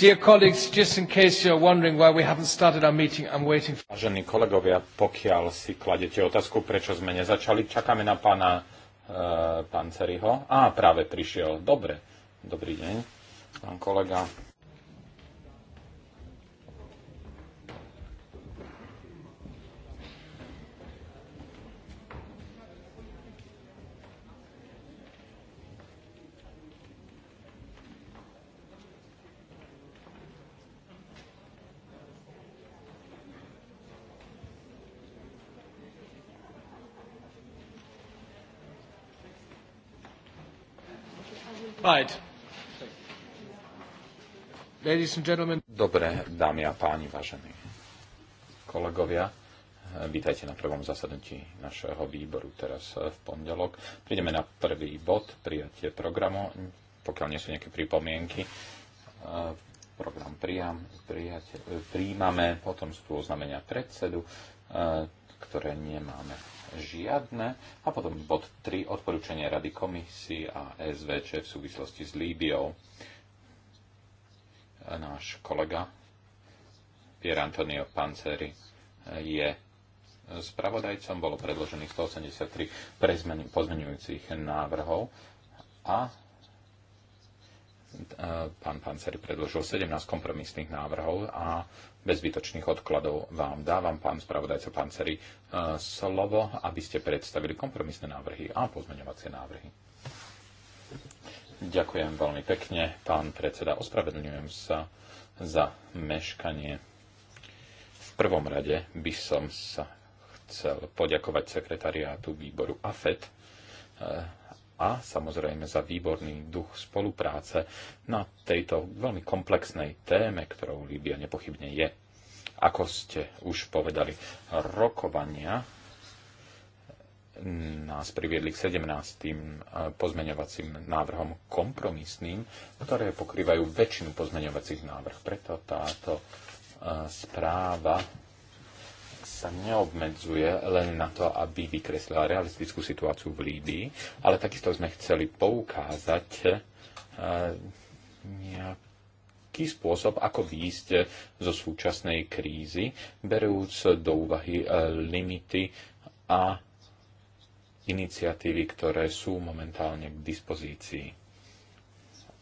Dear colleagues, just in case you're wondering why we haven't started our meeting, I'm waiting for... Vážení kolegovia, pokiaľ si kladete otázku, prečo sme nezačali, čakáme na pána e, Panceriho. Á, práve prišiel. Dobre. Dobrý deň, pán kolega. Dobre, dámy a páni, vážení kolegovia, vítajte na prvom zasadnutí našeho výboru teraz v pondelok. Prídeme na prvý bod, prijatie programu. Pokiaľ nie sú nejaké pripomienky, eh, program prijam, prijatie, eh, príjmame, potom sú tu oznamenia predsedu, eh, ktoré nemáme žiadne. A potom bod 3, odporúčanie Rady komisii a SVČ v súvislosti s Líbiou náš kolega Pier Antonio Panceri je spravodajcom. Bolo predložených 183 pozmenujúcich návrhov a e, pán Panceri predložil 17 kompromisných návrhov a bez odkladov vám dávam, pán spravodajca Panceri, e, slovo, aby ste predstavili kompromisné návrhy a pozmeňovacie návrhy. Ďakujem veľmi pekne, pán predseda. Ospravedlňujem sa za meškanie. V prvom rade by som sa chcel poďakovať sekretariátu výboru AFET eh, a samozrejme za výborný duch spolupráce na tejto veľmi komplexnej téme, ktorou Líbia nepochybne je. Ako ste už povedali, rokovania nás priviedli k 17. Eh, pozmeňovacím návrhom kompromisným, ktoré pokrývajú väčšinu pozmeňovacích návrh. Preto táto eh, správa sa neobmedzuje len na to, aby vykreslila realistickú situáciu v Líbii, ale takisto sme chceli poukázať eh, nejaký spôsob, ako výjsť zo súčasnej krízy, berúc do úvahy limity a iniciatívy, ktoré sú momentálne k dispozícii.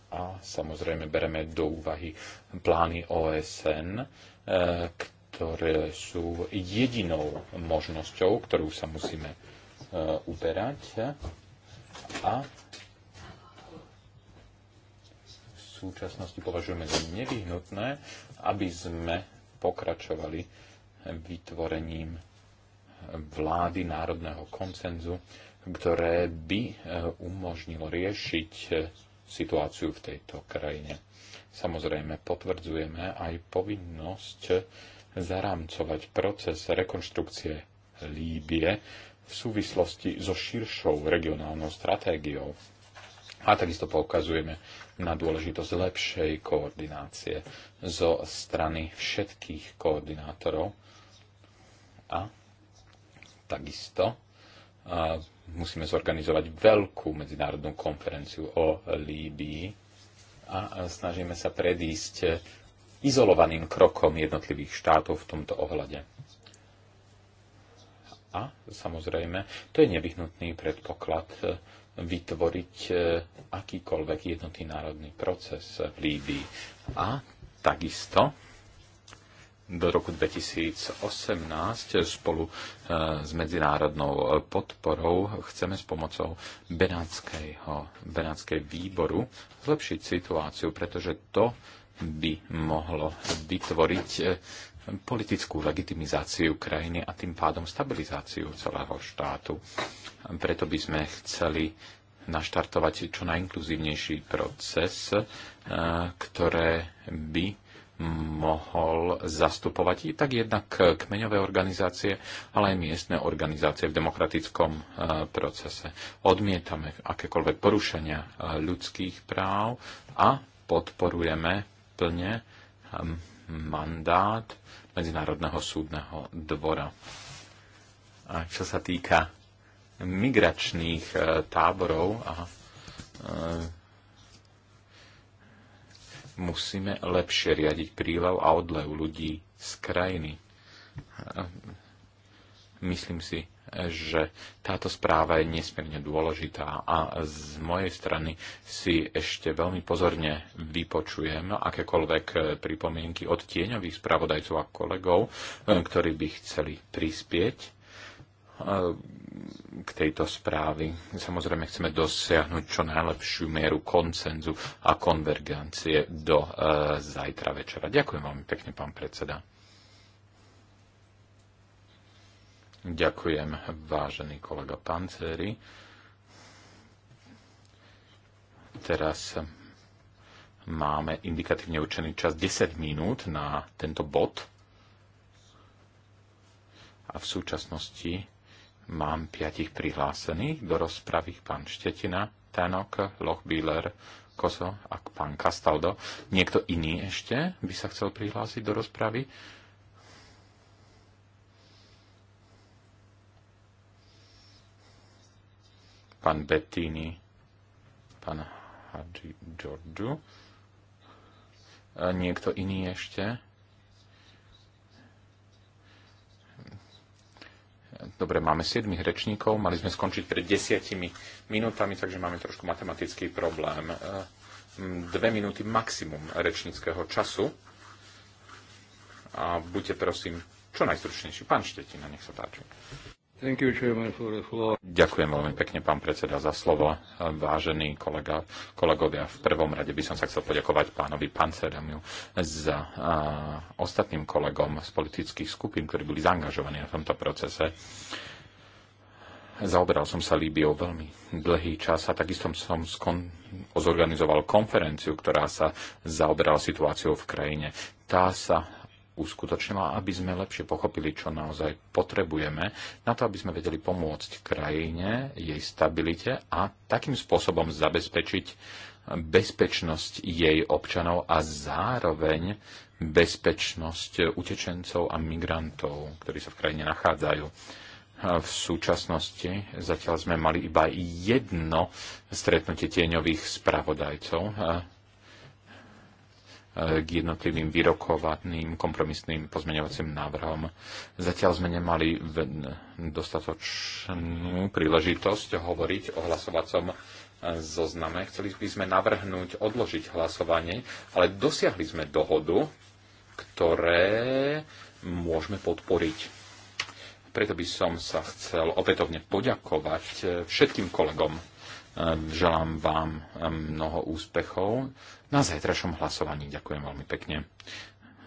A samozrejme bereme do úvahy plány OSN, eh, ktoré sú jedinou možnosťou, ktorú sa musíme eh, uberať. A v súčasnosti považujeme za nevyhnutné, aby sme pokračovali vytvorením vlády národného koncenzu, ktoré by eh, umožnilo riešiť eh, situáciu v tejto krajine. Samozrejme, potvrdzujeme aj povinnosť eh, zarámcovať proces rekonštrukcie Líbie v súvislosti so širšou regionálnou stratégiou. A takisto poukazujeme na dôležitosť lepšej koordinácie zo strany všetkých koordinátorov a takisto musíme zorganizovať veľkú medzinárodnú konferenciu o Líbii a snažíme sa predísť izolovaným krokom jednotlivých štátov v tomto ohľade. A samozrejme, to je nevyhnutný predpoklad eh, vytvoriť eh, akýkoľvek jednotný národný proces v Líbii. A takisto do roku 2018 spolu e, s medzinárodnou podporou chceme s pomocou Benátskej výboru zlepšiť situáciu, pretože to by mohlo vytvoriť e, politickú legitimizáciu krajiny a tým pádom stabilizáciu celého štátu. Preto by sme chceli naštartovať čo najinkluzívnejší proces, e, ktoré by mohol zastupovať i tak jednak kmeňové organizácie, ale aj miestne organizácie v demokratickom e, procese. Odmietame akékoľvek porušenia e, ľudských práv a podporujeme plne hm, mandát Medzinárodného súdneho dvora. A čo sa týka migračných e, táborov a Musíme lepšie riadiť prílev a odlev ľudí z krajiny. Myslím si, že táto správa je nesmierne dôležitá a z mojej strany si ešte veľmi pozorne vypočujem akékoľvek pripomienky od tieňových spravodajcov a kolegov, ktorí by chceli prispieť k tejto správy. Samozrejme chceme dosiahnuť čo najlepšiu mieru koncenzu a konvergencie do uh, zajtra večera. Ďakujem veľmi pekne, pán predseda. Ďakujem, vážený kolega Pancery. Teraz máme indikatívne určený čas 10 minút na tento bod. A v súčasnosti Mám piatich prihlásených do rozpravy pán Štetina, Tanok, Lochbíler, Koso a pán Castaldo. Niekto iný ešte by sa chcel prihlásiť do rozpravy? pán Bettini, pán Hadži Giorgio. E, niekto iný ešte? Dobre, máme 7 rečníkov, mali sme skončiť pred 10 minútami, takže máme trošku matematický problém. E, dve minúty maximum rečníckého času. A buďte prosím čo najstručnejší. Pán Štetina, nech sa páči. Ďakujem veľmi pekne, pán predseda, za slovo. Vážení kolega, kolegovia, v prvom rade by som sa chcel poďakovať pánovi Panceramiu za a, ostatným kolegom z politických skupín, ktorí boli zaangažovaní na tomto procese. Zaoberal som sa Líbiou veľmi dlhý čas a takisto som skon- zorganizoval konferenciu, ktorá sa zaoberala situáciou v krajine. Tá sa uskutočnila, aby sme lepšie pochopili, čo naozaj potrebujeme, na to, aby sme vedeli pomôcť krajine, jej stabilite a takým spôsobom zabezpečiť bezpečnosť jej občanov a zároveň bezpečnosť utečencov a migrantov, ktorí sa v krajine nachádzajú v súčasnosti. Zatiaľ sme mali iba jedno stretnutie tieňových spravodajcov. Eh, k jednotlivým vyrokovaným kompromisným pozmeňovacím návrhom. Zatiaľ sme nemali dostatočnú príležitosť hovoriť o hlasovacom eh, zozname. Chceli by sme navrhnúť odložiť hlasovanie, ale dosiahli sme dohodu, ktoré môžeme podporiť. Preto by som sa chcel opätovne poďakovať eh, všetkým kolegom, Želám vám mnoho úspechov na zajtrašom hlasovaní. Ďakujem veľmi pekne.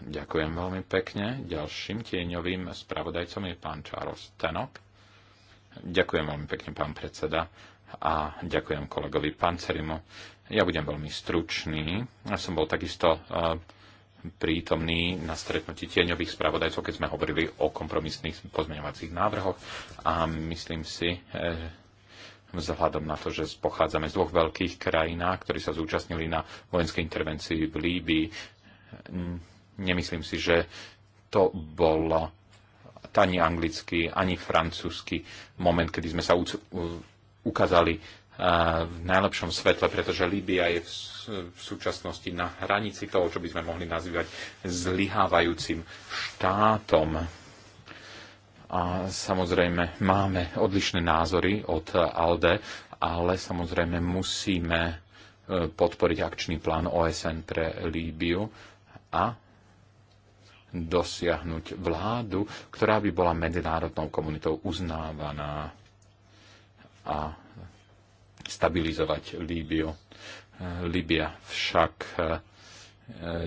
Ďakujem veľmi pekne. Ďalším tieňovým spravodajcom je pán Charles Tenok. Ďakujem veľmi pekne, pán predseda. A ďakujem kolegovi Cerimo. Ja budem veľmi stručný. Ja som bol takisto e, prítomný na stretnutí tieňových spravodajcov, keď sme hovorili o kompromisných pozmeňovacích návrhoch. A myslím si, e, vzhľadom na to, že pochádzame z dvoch veľkých krajinách, ktorí sa zúčastnili na vojenskej intervencii v Líbii. Nemyslím si, že to bol ani anglický, ani francúzsky moment, kedy sme sa ukázali v najlepšom svetle, pretože Líbia je v súčasnosti na hranici toho, čo by sme mohli nazývať zlyhávajúcim štátom a samozrejme, máme odlišné názory od eh, ALDE, ale samozrejme musíme eh, podporiť akčný plán OSN pre Líbiu a dosiahnuť vládu, ktorá by bola medzinárodnou komunitou uznávaná a stabilizovať Líbiu. Eh, Líbia však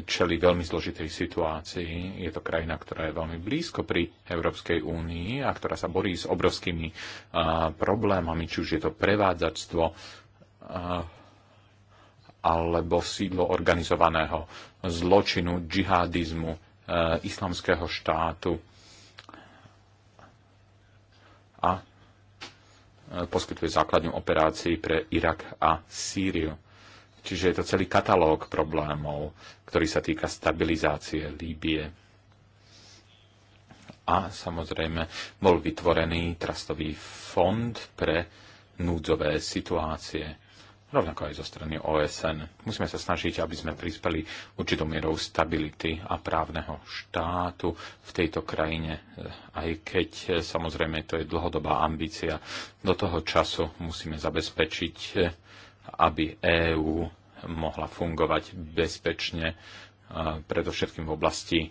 čeli veľmi zložitej situácii. Je to krajina, ktorá je veľmi blízko pri Európskej únii a ktorá sa borí s obrovskými problémami, či už je to prevádzactvo alebo sídlo organizovaného zločinu, džihadizmu, islamského štátu a poskytuje základnú operácii pre Irak a Sýriu. Čiže je to celý katalóg problémov, ktorý sa týka stabilizácie Líbie. A samozrejme bol vytvorený trastový fond pre núdzové situácie, rovnako aj zo strany OSN. Musíme sa snažiť, aby sme prispeli určitou mierou stability a právneho štátu v tejto krajine, aj keď samozrejme to je dlhodobá ambícia. Do toho času musíme zabezpečiť aby EÚ mohla fungovať bezpečne, e, predovšetkým v oblasti e,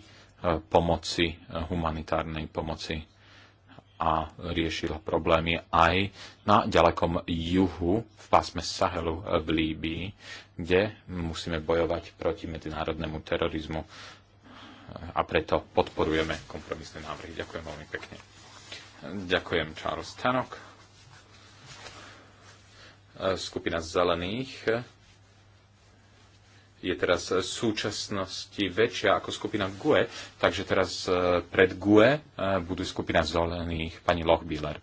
pomoci, e, humanitárnej pomoci a riešila problémy aj na ďalekom juhu v pásme Sahelu v Líbii, kde musíme bojovať proti medzinárodnému terorizmu a preto podporujeme kompromisné návrhy. Ďakujem veľmi pekne. Ďakujem Charles Tanok skupina zelených je teraz v súčasnosti väčšia ako skupina GUE, takže teraz e, pred GUE e, budú skupina zelených pani Lochbiller.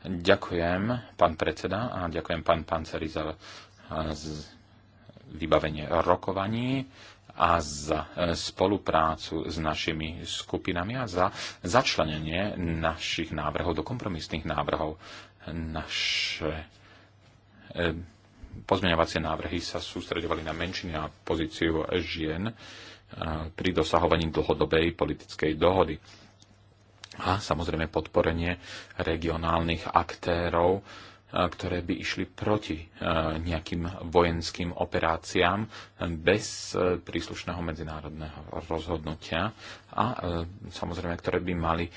Ďakujem, pán predseda, a ďakujem, pán Panceri, za e, vybavenie rokovaní a za spoluprácu s našimi skupinami a za začlenenie našich návrhov do kompromisných návrhov. Naše pozmeňovacie návrhy sa sústredovali na menšiny a pozíciu žien pri dosahovaní dlhodobej politickej dohody a samozrejme podporenie regionálnych aktérov ktoré by išli proti nejakým vojenským operáciám bez e, príslušného medzinárodného rozhodnutia a e, samozrejme, ktoré by mali e,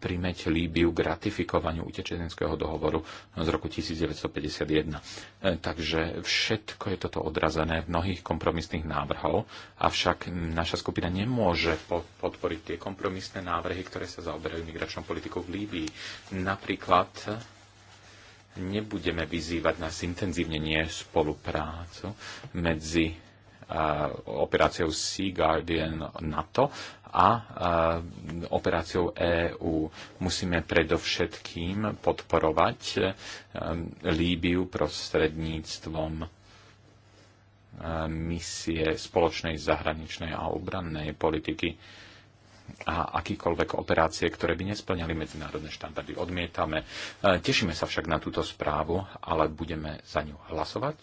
primeť Líbiu k ratifikovaniu utečeneckého dohovoru z roku 1951. Takže všetko je toto odrazené v mnohých kompromisných návrhov, avšak naša skupina nemôže podporiť tie kompromisné návrhy, ktoré sa zaoberajú migračnou politikou v Líbii. Napríklad nebudeme vyzývať na zintenzívnenie spoluprácu medzi operáciou Sea Guardian NATO a operáciou EÚ. Musíme predovšetkým podporovať e, Líbiu prostredníctvom e, misie spoločnej zahraničnej a obrannej politiky a akýkoľvek operácie, ktoré by nesplňali medzinárodné štandardy, odmietame. E, tešíme sa však na túto správu, ale budeme za ňu hlasovať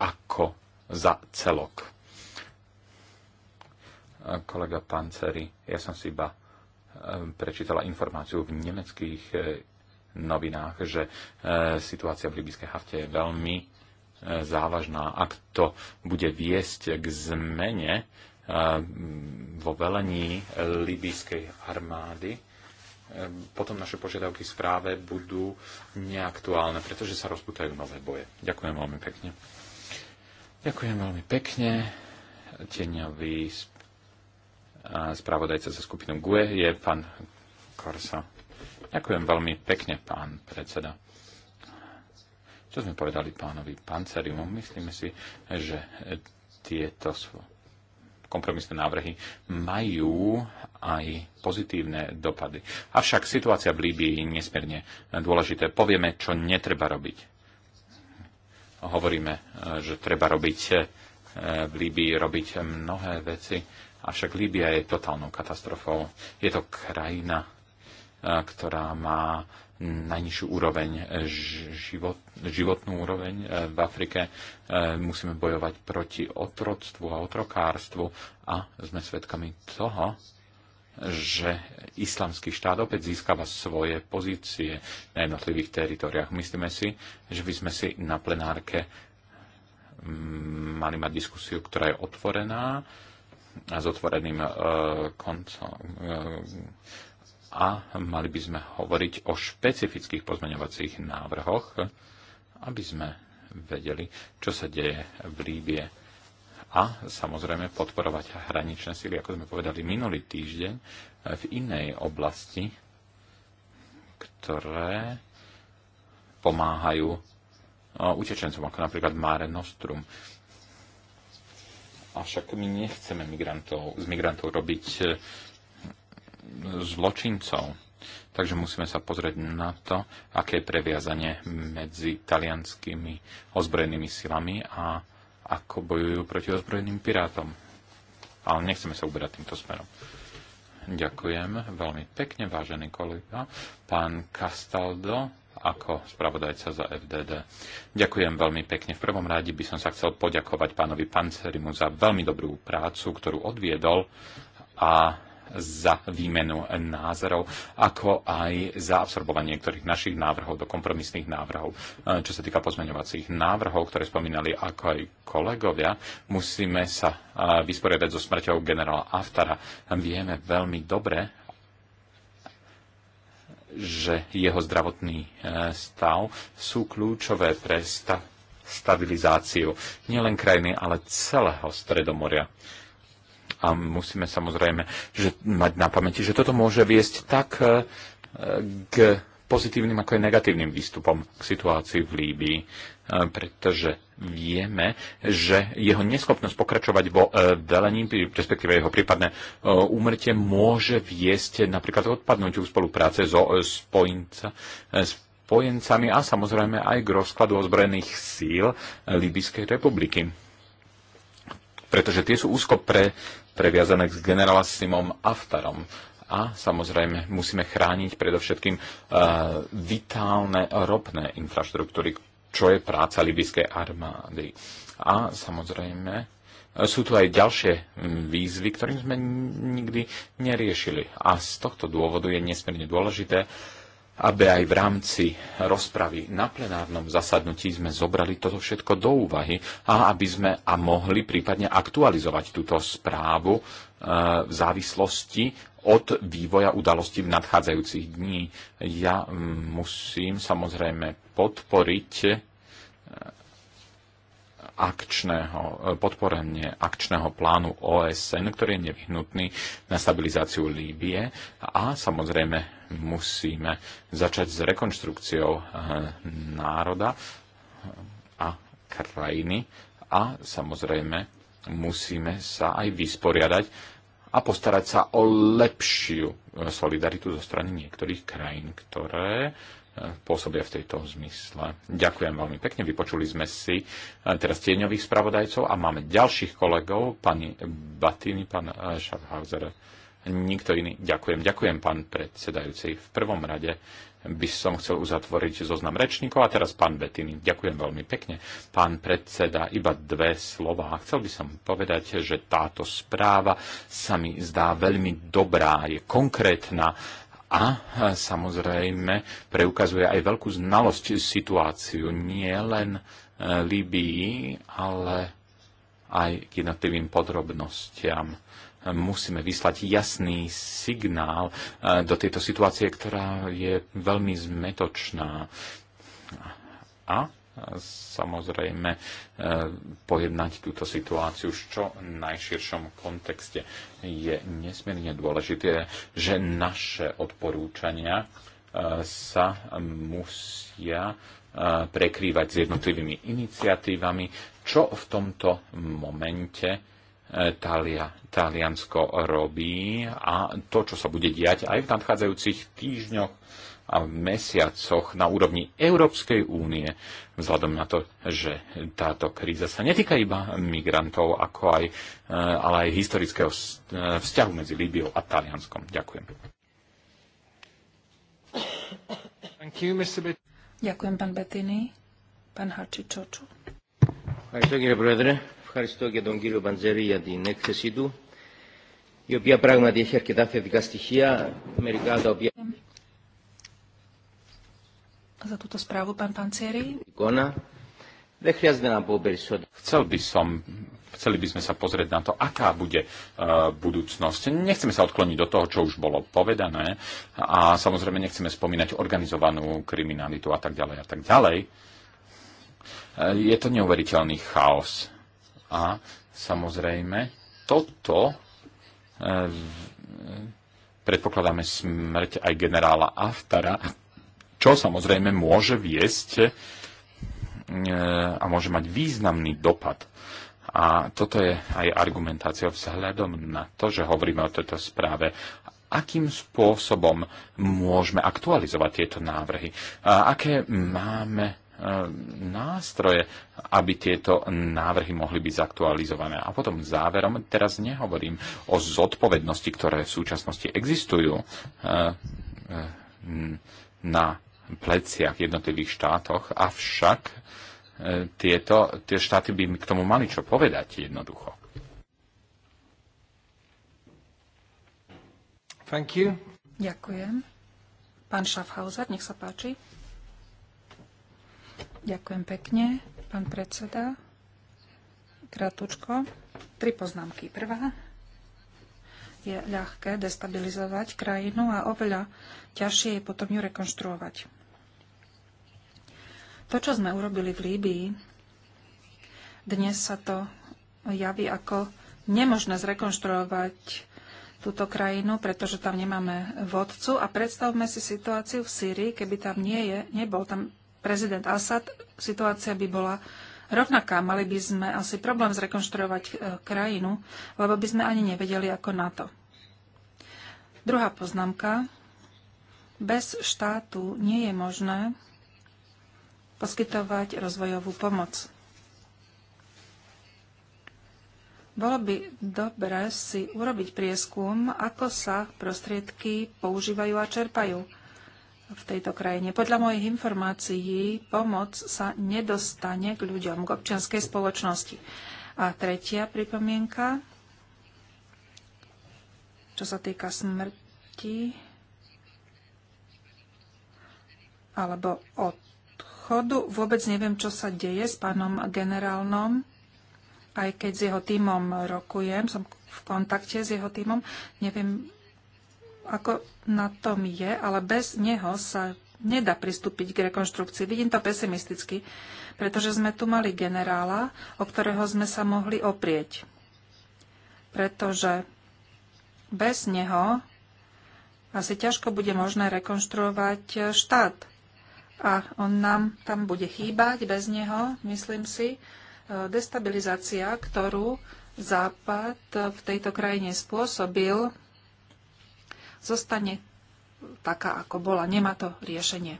ako za celok. E, kolega Panceri, ja som si iba e, prečítala informáciu v nemeckých novinách, že situácia v libyskej hafte je veľmi závažná. Ak to bude viesť k zmene Mm, vo velení libýskej armády, e, potom naše požiadavky správe budú neaktuálne, pretože sa rozputajú nové boje. Ďakujem veľmi pekne. Ďakujem veľmi pekne. Tieňový spravodajca za skupinu GUE je pán Korsa. Ďakujem veľmi pekne, pán predseda. Čo sme povedali pánovi Panceriumu? Myslíme si, že tieto sú kompromisné návrhy majú aj pozitívne dopady. Avšak situácia v Líbii je nesmierne dôležité. Povieme, čo netreba robiť. Hovoríme, že treba robiť eh, v Líbii robiť mnohé veci, avšak Líbia je totálnou katastrofou. Je to krajina, eh, ktorá má najnižšiu úroveň, život, životnú úroveň e, v Afrike. E, musíme bojovať proti otroctvu a otrokárstvu a sme svedkami toho, že islamský štát opäť získava svoje pozície na jednotlivých teritoriách. Myslíme si, že by sme si na plenárke mm, mali mať diskusiu, ktorá je otvorená a s otvoreným e, koncom a mali by sme hovoriť o špecifických pozmeňovacích návrhoch, aby sme vedeli, čo sa deje v Líbie. A samozrejme podporovať hraničné síly, ako sme povedali minulý týždeň, v inej oblasti, ktoré pomáhajú no, utečencom, ako napríklad Mare Nostrum. Avšak my nechceme migrantov, z migrantov robiť zločincov. Takže musíme sa pozrieť na to, aké je previazanie medzi talianskými ozbrojenými silami a ako bojujú proti ozbrojeným pirátom. Ale nechceme sa uberať týmto smerom. Ďakujem veľmi pekne, vážený kolega, pán Castaldo, ako spravodajca za FDD. Ďakujem veľmi pekne. V prvom rade by som sa chcel poďakovať pánovi Pancerimu za veľmi dobrú prácu, ktorú odviedol a za výmenu názorov, ako aj za absorbovanie niektorých našich návrhov do kompromisných návrhov. E, čo sa týka pozmeňovacích návrhov, ktoré spomínali ako aj kolegovia, musíme sa e, vysporiadať so smrťou generála Aftara. Vieme veľmi dobre, že jeho zdravotný e, stav sú kľúčové pre stabilizáciu nielen krajiny, ale celého Stredomoria. A musíme samozrejme že mať na pamäti, že toto môže viesť tak e, k pozitívnym ako aj negatívnym výstupom k situácii v Líbii, e, pretože vieme, že jeho neschopnosť pokračovať vo e, velení, respektíve jeho prípadné úmrtie, môže viesť napríklad odpadnúť odpadnutiu spolupráce so spojenca, spojencami a samozrejme aj k rozkladu ozbrojených síl Líbyskej republiky pretože tie sú úzko pre, previazané s generalasimom Aftarom. A samozrejme musíme chrániť predovšetkým eh, vitálne ropné infraštruktúry, čo je práca libyskej armády. A samozrejme sú tu aj ďalšie mm, výzvy, ktorým sme nikdy neriešili. A z tohto dôvodu je nesmierne dôležité, aby aj v rámci rozpravy na plenárnom zasadnutí sme zobrali toto všetko do úvahy a aby sme a mohli prípadne aktualizovať túto správu e, v závislosti od vývoja udalostí v nadchádzajúcich dní. Ja musím samozrejme podporiť e, akčného, e, podporenie akčného plánu OSN, ktorý je nevyhnutný na stabilizáciu Líbie a samozrejme musíme začať s rekonštrukciou eh, národa a krajiny a samozrejme musíme sa aj vysporiadať a postarať sa o lepšiu eh, solidaritu zo strany niektorých krajín, ktoré eh, pôsobia v tejto zmysle. Ďakujem veľmi pekne, vypočuli sme si teraz tieňových spravodajcov a máme ďalších kolegov, pani Batini, pán Schaffhauser, nikto iný. Ďakujem, ďakujem, pán predsedajúci. V prvom rade by som chcel uzatvoriť zoznam rečníkov a teraz pán Betiny. Ďakujem veľmi pekne. Pán predseda, iba dve slova. Chcel by som povedať, že táto správa sa mi zdá veľmi dobrá, je konkrétna a samozrejme preukazuje aj veľkú znalosť situáciu nie len e, Libii, ale aj k jednotlivým podrobnostiam musíme vyslať jasný signál e, do tejto situácie, ktorá je veľmi zmetočná. A samozrejme e, pojednať túto situáciu v čo najširšom kontexte. Je nesmierne dôležité, že naše odporúčania e, sa musia prekrývať s jednotlivými iniciatívami, čo v tomto momente E, Talia, Taliansko robí a to, čo sa bude diať aj v nadchádzajúcich týždňoch a mesiacoch na úrovni Európskej únie, vzhľadom na to, že táto kríza sa netýka iba migrantov, ako aj, e, ale aj historického e, vzťahu medzi Líbiou a Talianskom. Ďakujem. You, Ďakujem, pán Betiny. Pán Hači Čoču. Ďakujem, Ευχαριστώ και τον κύριο Παντζέρη για την έκθεσή του, η οποία πράγματι έχει αρκετά θετικά στοιχεία, μερικά τα οποία... Za túto správu, pán Pancieri. Ikona. Δεν χρειάζεται να πω Chcel by som, chceli by sme sa pozrieť na to, aká bude uh, budúcnosť. Nechceme sa odkloniť do toho, čo už bolo povedané a samozrejme nechceme spomínať organizovanú kriminalitu a tak ďalej a tak ďalej. E, je to neuveriteľný chaos. A samozrejme, toto e, predpokladáme smrť aj generála Aftara, čo samozrejme môže viesť e, a môže mať významný dopad. A toto je aj argumentácia vzhľadom na to, že hovoríme o tejto správe akým spôsobom môžeme aktualizovať tieto návrhy, a aké máme nástroje, aby tieto návrhy mohli byť zaktualizované. A potom záverom, teraz nehovorím o zodpovednosti, ktoré v súčasnosti existujú eh, eh, na pleciach jednotlivých štátoch, avšak eh, tieto, tie štáty by k tomu mali čo povedať jednoducho. Thank you. Ďakujem. Pán Schaffhauser, nech sa páči. Ďakujem pekne, pán predseda. Kratučko. Tri poznámky. Prvá. Je ľahké destabilizovať krajinu a oveľa ťažšie je potom ju rekonštruovať. To, čo sme urobili v Líbii, dnes sa to javí ako nemožné zrekonštruovať túto krajinu, pretože tam nemáme vodcu. A predstavme si situáciu v Sýrii, keby tam nie je, nebol tam prezident Assad, situácia by bola rovnaká. Mali by sme asi problém zrekonštruovať e, krajinu, lebo by sme ani nevedeli ako na to. Druhá poznámka. Bez štátu nie je možné poskytovať rozvojovú pomoc. Bolo by dobre si urobiť prieskum, ako sa prostriedky používajú a čerpajú v tejto krajine. Podľa mojich informácií pomoc sa nedostane k ľuďom, k občianskej spoločnosti. A tretia pripomienka, čo sa týka smrti alebo odchodu, vôbec neviem, čo sa deje s pánom generálnom, aj keď s jeho týmom rokujem, som v kontakte s jeho týmom, neviem, ako na tom je, ale bez neho sa nedá pristúpiť k rekonštrukcii. Vidím to pesimisticky, pretože sme tu mali generála, o ktorého sme sa mohli oprieť. Pretože bez neho asi ťažko bude možné rekonštruovať štát. A on nám tam bude chýbať bez neho, myslím si. E, destabilizácia, ktorú Západ v tejto krajine spôsobil, zostane taká, ako bola. Nemá to riešenie.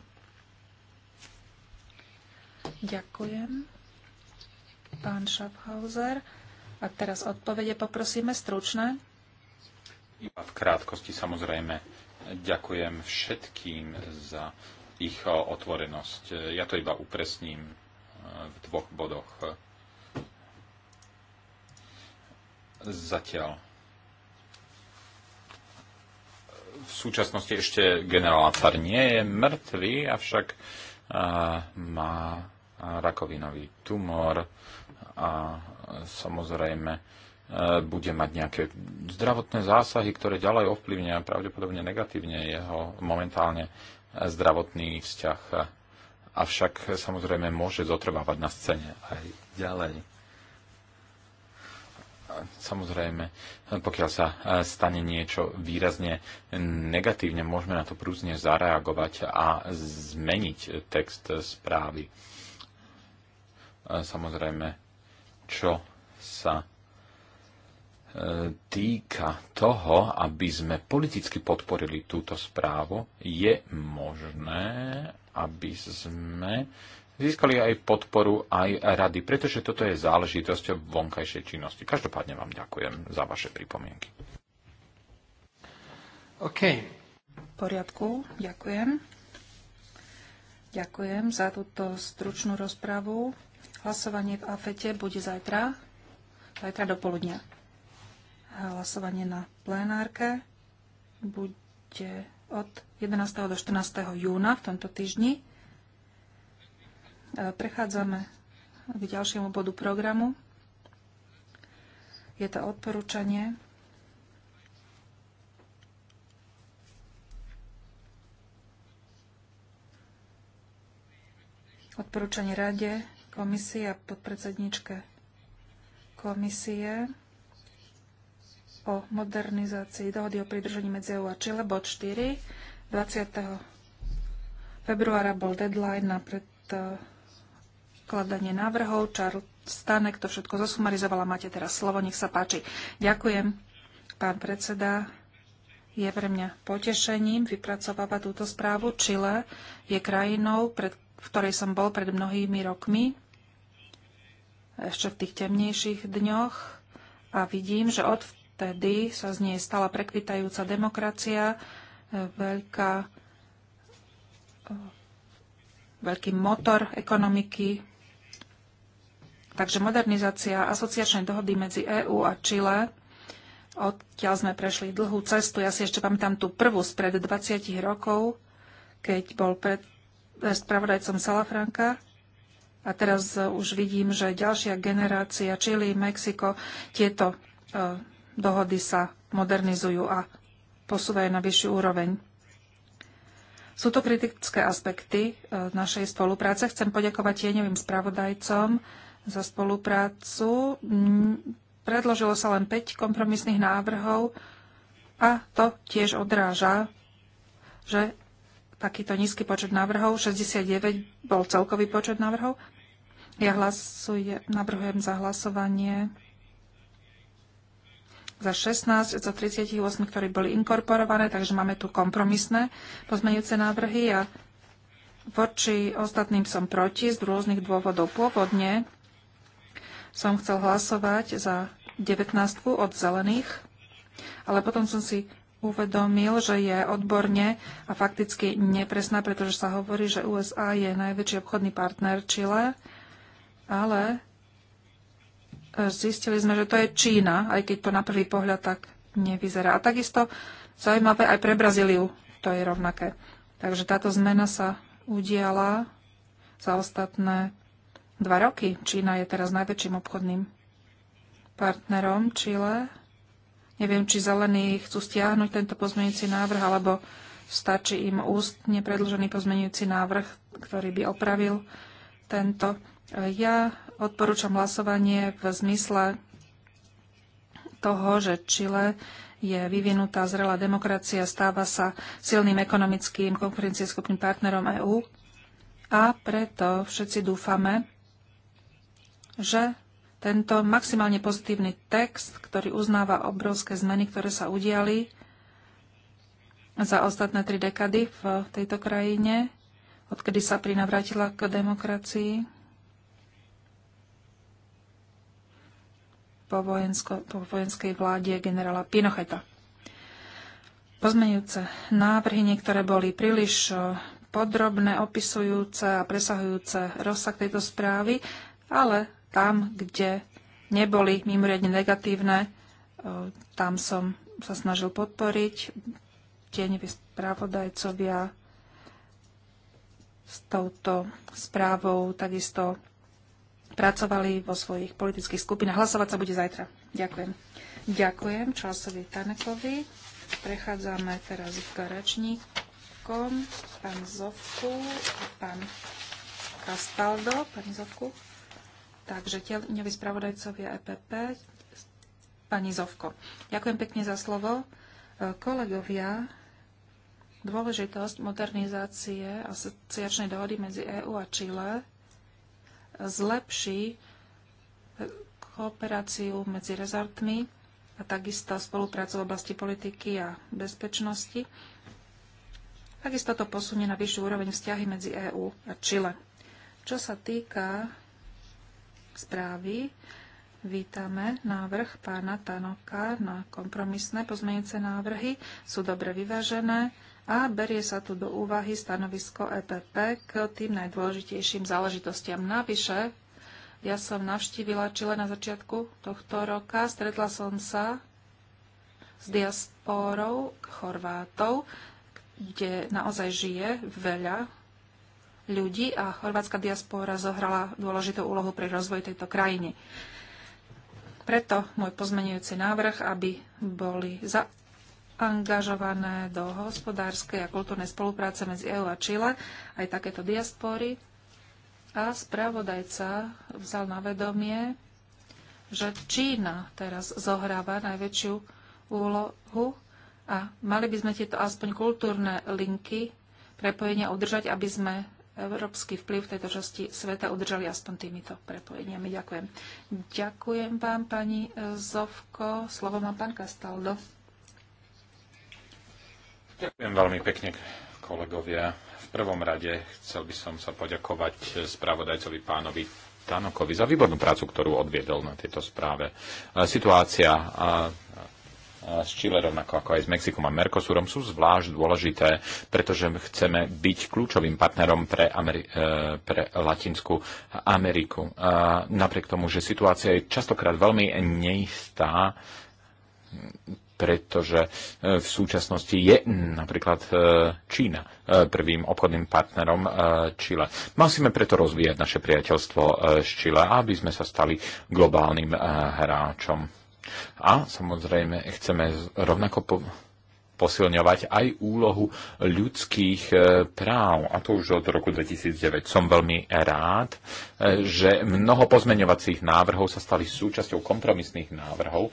Ďakujem, pán Schaffhauser. A teraz odpovede poprosíme stručné. Iba v krátkosti samozrejme ďakujem všetkým za ich otvorenosť. Ja to iba upresním eh, v dvoch bodoch. Zatiaľ v súčasnosti ešte generál Acar nie je mŕtvý, avšak má rakovinový tumor a samozrejme bude mať nejaké zdravotné zásahy, ktoré ďalej ovplyvnia pravdepodobne negatívne jeho momentálne zdravotný vzťah. Avšak samozrejme môže zotrvávať na scéne aj ďalej. Samozrejme, pokiaľ sa e, stane niečo výrazne negatívne, môžeme na to prúzne zareagovať a zmeniť text správy. Samozrejme, čo sa e, týka toho, aby sme politicky podporili túto správu, je možné, aby sme získali aj podporu aj rady, pretože toto je záležitosť vonkajšej činnosti. Každopádne vám ďakujem za vaše pripomienky. OK. V poriadku, ďakujem. Ďakujem za túto stručnú rozpravu. Hlasovanie v AFETE bude zajtra, zajtra do poludnia. Hlasovanie na plenárke bude od 11. do 14. júna v tomto týždni. E, prechádzame k ďalšiemu bodu programu. Je to odporúčanie odporúčanie rade, komisie a podpredsedničke komisie o modernizácii dohody o pridržení medzi EU a Čile, bod 4. 20. februára bol deadline na pred e, predkladanie návrhov. Charles Stanek to všetko zosumarizovala. Máte teraz slovo, nech sa páči. Ďakujem, pán predseda. Je pre mňa potešením vypracovávať túto správu. Čile je krajinou, pred, v ktorej som bol pred mnohými rokmi, ešte v tých temnejších dňoch a vidím, že odvtedy sa z nej stala prekvitajúca demokracia, e, veľká e, veľký motor ekonomiky Takže modernizácia asociačnej dohody medzi EÚ a Čile, odtiaľ sme prešli dlhú cestu. Ja si ešte pamätám tú prvú spred 20 rokov, keď bol pred eh, spravodajcom Salafranca. A teraz eh, už vidím, že ďalšia generácia Čili, Mexiko, tieto eh, dohody sa modernizujú a posúvajú na vyššiu úroveň. Sú to kritické aspekty našej spolupráce. Chcem poďakovať tieňovým spravodajcom, za spoluprácu. Predložilo sa len 5 kompromisných návrhov a to tiež odráža, že takýto nízky počet návrhov, 69 bol celkový počet návrhov. Ja hlasuje, navrhujem za hlasovanie za 16 zo 38, ktorí boli inkorporované, takže máme tu kompromisné pozmeňujúce návrhy a voči ostatným som proti z rôznych dôvodov. Pôvodne som chcel hlasovať za 19 od zelených, ale potom som si uvedomil, že je odborne a fakticky nepresná, pretože sa hovorí, že USA je najväčší obchodný partner Čile, ale zistili sme, že to je Čína, aj keď to na prvý pohľad tak nevyzerá. A takisto zaujímavé aj pre Brazíliu to je rovnaké. Takže táto zmena sa udiala za ostatné dva roky. Čína je teraz najväčším obchodným partnerom Čile. Neviem, či zelení chcú stiahnuť tento pozmeňujúci návrh, alebo stačí im ústne predlžený pozmeňujúci návrh, ktorý by opravil tento. Ja odporúčam hlasovanie v zmysle toho, že Čile je vyvinutá zrelá demokracia, stáva sa silným ekonomickým konkurencieschopným partnerom EÚ a preto všetci dúfame, že tento maximálne pozitívny text, ktorý uznáva obrovské zmeny, ktoré sa udiali za ostatné tri dekady v tejto krajine, odkedy sa prinavrátila k demokracii po, vojensko, po vojenskej vláde generála Pinocheta. Pozmenujúce návrhy, niektoré boli príliš podrobné, opisujúce a presahujúce rozsah tejto správy, ale tam, kde neboli mimoriadne negatívne, e, tam som sa snažil podporiť tieňoví správodajcovia s touto správou takisto pracovali vo svojich politických skupinách. Hlasovať sa bude zajtra. Ďakujem. Ďakujem Časovi Tanekovi. Prechádzame teraz k garačníkom, Pán Zovku a pán Kastaldo. Pán Zovku. Takže tieňoví spravodajcovia EPP, pani Zovko. Ďakujem pekne za slovo. E, kolegovia, dôležitosť modernizácie asociačnej dohody medzi EÚ a Čile zlepší e, kooperáciu medzi rezortmi a takisto spoluprácu v oblasti politiky a bezpečnosti. Takisto to posunie na vyššiu úroveň vzťahy medzi EÚ a Čile. Čo sa týka správy. Vítame návrh pána Tanoka na kompromisné pozmeňujúce návrhy. Sú dobre vyvážené a berie sa tu do úvahy stanovisko EPP k tým najdôležitejším záležitostiam. Navyše, ja som navštívila Čile na začiatku tohto roka. Stretla som sa s diasporou Chorvátov, kde naozaj žije veľa ľudí a chorvátska diaspora zohrala dôležitú úlohu pri rozvoji tejto krajiny. Preto môj pozmenujúci návrh, aby boli zaangažované do hospodárskej a kultúrnej spolupráce medzi EU a Čile aj takéto diaspory. A spravodajca vzal na vedomie, že Čína teraz zohráva najväčšiu úlohu a mali by sme tieto aspoň kultúrne linky prepojenia udržať, aby sme európsky vplyv v tejto časti sveta udržali aspoň týmito prepojeniami. Ďakujem. Ďakujem vám, pani e, Zovko. Slovo má pán Kastaldo. Ďakujem veľmi pekne, kolegovia. V prvom rade chcel by som sa poďakovať spravodajcovi pánovi Tanokovi za výbornú prácu, ktorú odviedol na tejto správe. E, situácia s Chile, rovnako ako aj s Mexikom a Mercosurom, sú zvlášť dôležité, pretože chceme byť kľúčovým partnerom pre, Ameri- e, pre Latinskú Ameriku. A napriek tomu, že situácia je častokrát veľmi neistá, pretože e, v súčasnosti je napríklad e, Čína prvým obchodným partnerom Čile. Musíme preto rozvíjať naše priateľstvo s Čile, aby sme sa stali globálnym hráčom a samozrejme chceme rovnako po- posilňovať aj úlohu ľudských e, práv. A to už od roku 2009. Som veľmi rád, e, že mnoho pozmeňovacích návrhov sa stali súčasťou kompromisných návrhov. E,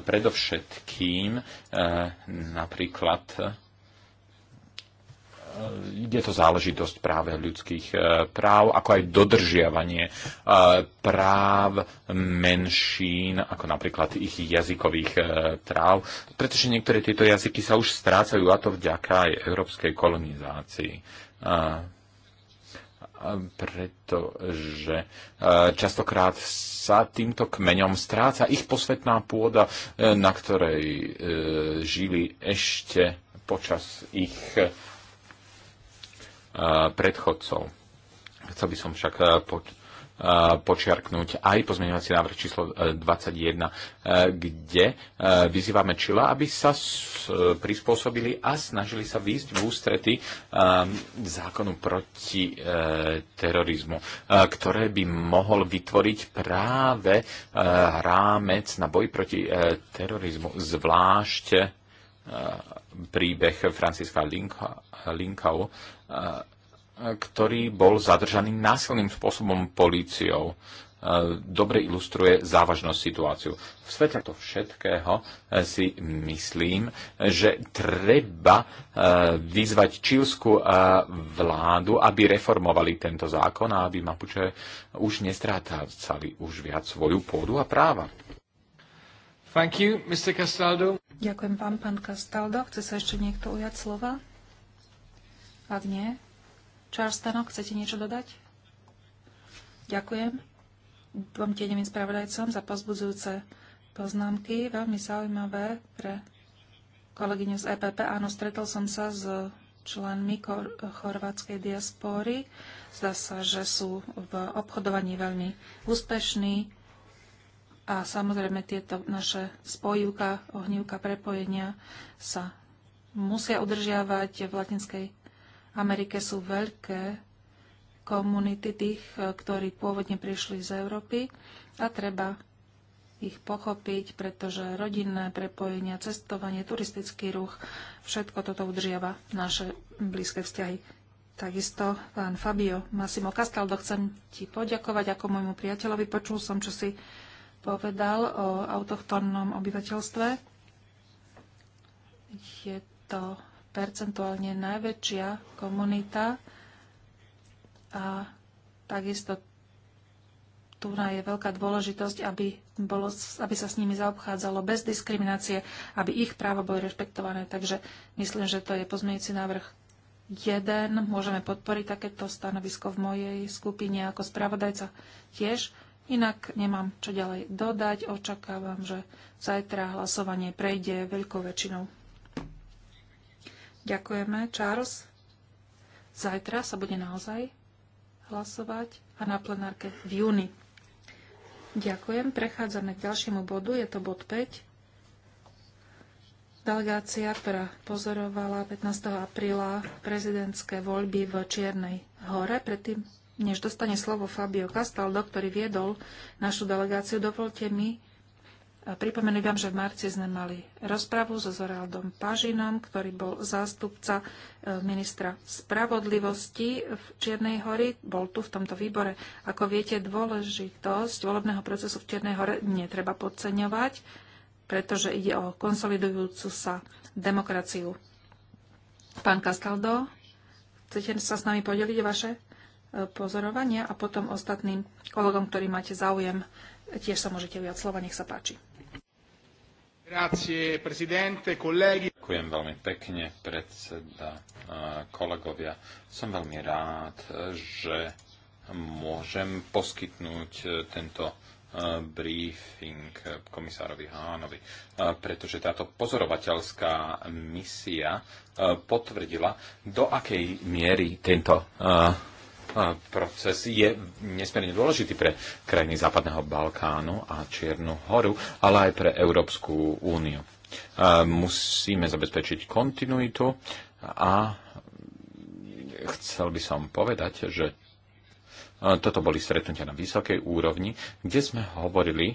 predovšetkým napríklad je to záležitosť práve ľudských e, práv, ako aj dodržiavanie e, práv menšín, ako napríklad ich jazykových e, práv, pretože niektoré tieto jazyky sa už strácajú a to vďaka aj európskej kolonizácii pretože častokrát sa týmto kmeňom stráca ich posvetná pôda, na ktorej žili ešte počas ich predchodcov. Chcel by som však počiarknúť aj pozmeňovací návrh číslo 21, e, e, kde e, vyzývame Čila, aby sa prispôsobili a snažili sa výjsť v ústrety zákonu proti terorizmu, ktoré by mohol vytvoriť práve rámec na boj proti terorizmu, zvlášť príbeh Franciska Linkau, ktorý bol zadržaný násilným spôsobom políciou dobre ilustruje závažnosť situáciu. V svete to všetkého e, si myslím, že treba e, vyzvať čilskú e, vládu, aby reformovali tento zákon a aby Mapuče už nestrácali už viac svoju pôdu a práva. Thank you, Mr. Castaldo. Ďakujem vám, pán Castaldo. Chce sa ešte niekto ujať slova? Ak nie, Charles chcete niečo dodať? Ďakujem dvom tieňovým spravodajcom za pozbudzujúce poznámky. Veľmi zaujímavé pre kolegyňu z EPP. Áno, stretol som sa s členmi chorvátskej diaspory. Zdá sa, že sú v obchodovaní veľmi úspešní a samozrejme tieto naše spojivka, ohnívka prepojenia sa musia udržiavať v Latinskej Amerike sú veľké komunity tých, e, ktorí pôvodne prišli z Európy a treba ich pochopiť, pretože rodinné prepojenia, cestovanie, turistický ruch, všetko toto udržiava naše blízke vzťahy. Takisto pán Fabio Massimo Castaldo, chcem ti poďakovať ako môjmu priateľovi. Počul som, čo si povedal o autochtónnom obyvateľstve. Je to percentuálne najväčšia komunita a takisto tu je veľká dôležitosť, aby, bolo, aby sa s nimi zaobchádzalo bez diskriminácie, aby ich práva boli rešpektované. Takže myslím, že to je pozmeňujúci návrh 1. Môžeme podporiť takéto stanovisko v mojej skupine ako spravodajca tiež. Inak nemám čo ďalej dodať. Očakávam, že zajtra hlasovanie prejde veľkou väčšinou. Ďakujeme, Charles. Zajtra sa bude naozaj hlasovať a na plenárke v júni. Ďakujem. Prechádzame k ďalšiemu bodu. Je to bod 5. Delegácia, ktorá pozorovala 15. apríla prezidentské voľby v Čiernej hore. Predtým, než dostane slovo Fabio Castaldo, ktorý viedol našu delegáciu, dovolte mi Pripomeniem vám, že v marci sme mali rozpravu so Zoraldom Pažinom, ktorý bol zástupca e, ministra spravodlivosti v Čiernej hory. Bol tu v tomto výbore. Ako viete, dôležitosť volebného procesu v Čiernej hore netreba podceňovať, pretože ide o konsolidujúcu sa demokraciu. Pán Castaldo, chcete sa s nami podeliť vaše e, pozorovania a potom ostatným kolegom, ktorí máte záujem, tiež sa môžete viac slova. Nech sa páči. Ďakujem veľmi pekne, predseda, kolegovia. Som veľmi rád, že môžem poskytnúť e, tento e, briefing komisárovi Hánovi, e, pretože táto pozorovateľská misia potvrdila, do akej miery tento proces je nesmierne dôležitý pre krajiny Západného Balkánu a Čiernu horu, ale aj pre Európsku úniu. Musíme zabezpečiť kontinuitu a chcel by som povedať, že toto boli stretnutia na vysokej úrovni, kde sme hovorili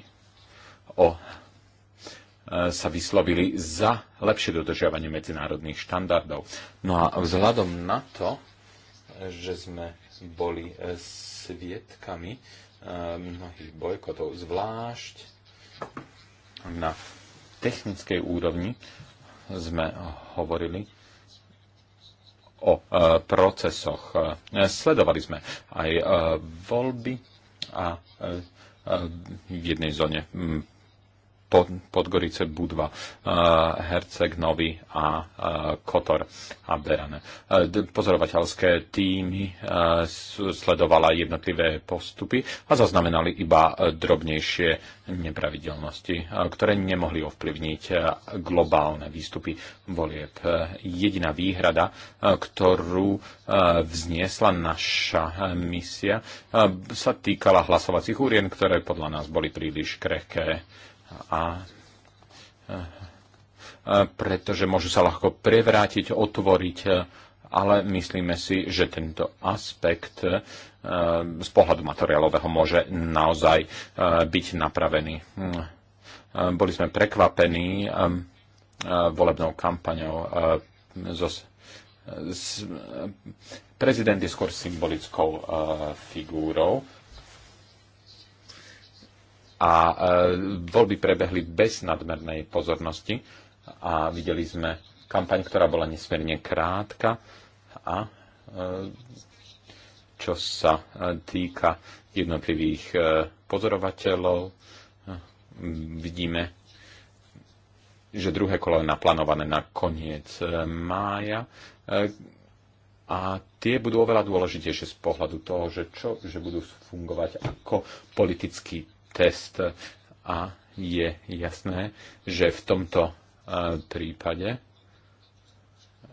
o e, sa vyslovili za lepšie dodržiavanie medzinárodných štandardov. No a vzhľadom na to, že sme boli e, svietkami e, mnohých bojkotov, zvlášť na technickej úrovni sme hovorili o e, procesoch. Sledovali sme aj voľby a v jednej zóne pod, Podgorice, Budva, eh, Herceg, Novy a eh, Kotor a Berane. Eh, pozorovateľské týmy sledovala jednotlivé postupy a zaznamenali iba drobnejšie nepravidelnosti, ktoré nemohli ovplyvniť globálne výstupy volieb. Jediná výhrada, ktorú vzniesla naša misia, sa týkala hlasovacích úrien, ktoré podľa nás boli príliš krehké a, a pretože môžu sa ľahko prevrátiť, otvoriť, e, ale myslíme si, že tento aspekt e, z pohľadu materiálového môže naozaj e, byť napravený. Hm. Boli sme prekvapení volebnou kampaňou prezident je skôr symbolickou figúrou a e, voľby prebehli bez nadmernej pozornosti a videli sme kampaň, ktorá bola nesmierne krátka a e, čo sa e, týka jednotlivých pozorovateľov, vidíme, že druhé kolo je naplánované na koniec mája a tie budú oveľa dôležitejšie z pohľadu toho, že, čo, že budú fungovať ako politický test a je jasné, že v tomto e, prípade,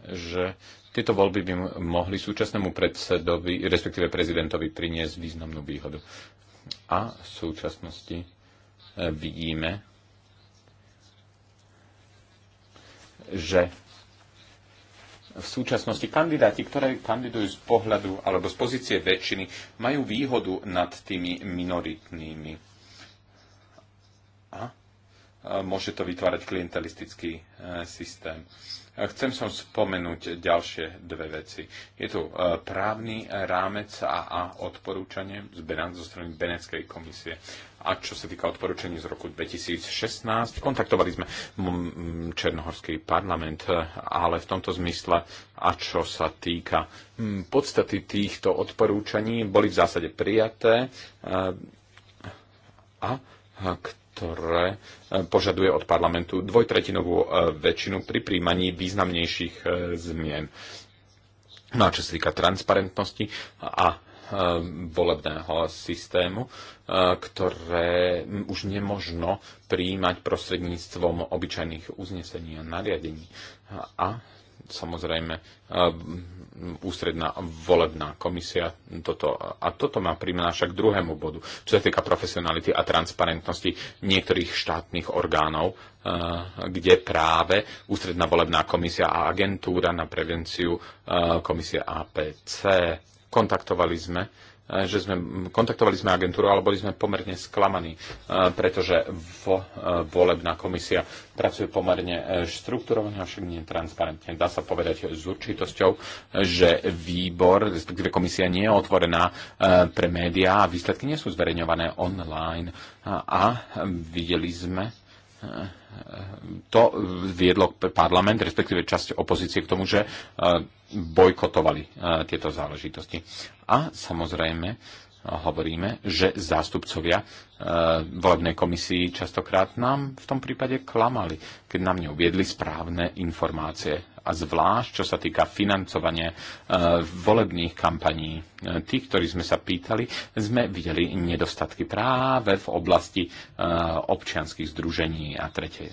že tieto voľby by mohli súčasnému predsedovi, respektíve prezidentovi, priniesť významnú výhodu. A v súčasnosti e, vidíme, že v súčasnosti kandidáti, ktoré kandidujú z pohľadu alebo z pozície väčšiny, majú výhodu nad tými minoritnými a môže to vytvárať klientelistický e, systém. Chcem som spomenúť ďalšie dve veci. Je tu e, právny rámec a, a odporúčanie z Benát, zo strany Beneckej komisie. A čo sa týka odporúčaní z roku 2016, kontaktovali sme Černohorský parlament, e, ale v tomto zmysle, a čo sa týka podstaty týchto odporúčaní, boli v zásade prijaté a k ktoré e, požaduje od parlamentu dvojtretinovú e, väčšinu pri príjmaní významnejších e, zmien. No a čo sa týka transparentnosti a volebného systému, ktoré už nemožno príjmať prostredníctvom obyčajných uznesení a nariadení. A samozrejme eh, ústredná volebná komisia toto. A toto má prináša k druhému bodu, čo sa týka profesionality a transparentnosti niektorých štátnych orgánov, eh, kde práve ústredná volebná komisia a agentúra na prevenciu eh, komisie APC kontaktovali sme E, že sme kontaktovali sme agentúru, ale boli sme pomerne sklamaní, e, pretože vo, e, volebná komisia pracuje pomerne štruktúrovane, avšak transparentne. Dá sa povedať s určitosťou, že výbor, respektíve komisia nie je otvorená pre médiá a výsledky nie sú zverejňované online. A videli sme to viedlo parlament, respektíve časť opozície k tomu, že bojkotovali eh, tieto záležitosti. A samozrejme hovoríme, že zástupcovia eh, volebnej komisii častokrát nám v tom prípade klamali, keď nám neuviedli správne informácie. A zvlášť, čo sa týka financovania eh, volebných kampaní, tých, ktorí sme sa pýtali, sme videli nedostatky práve v oblasti občianských združení a tretej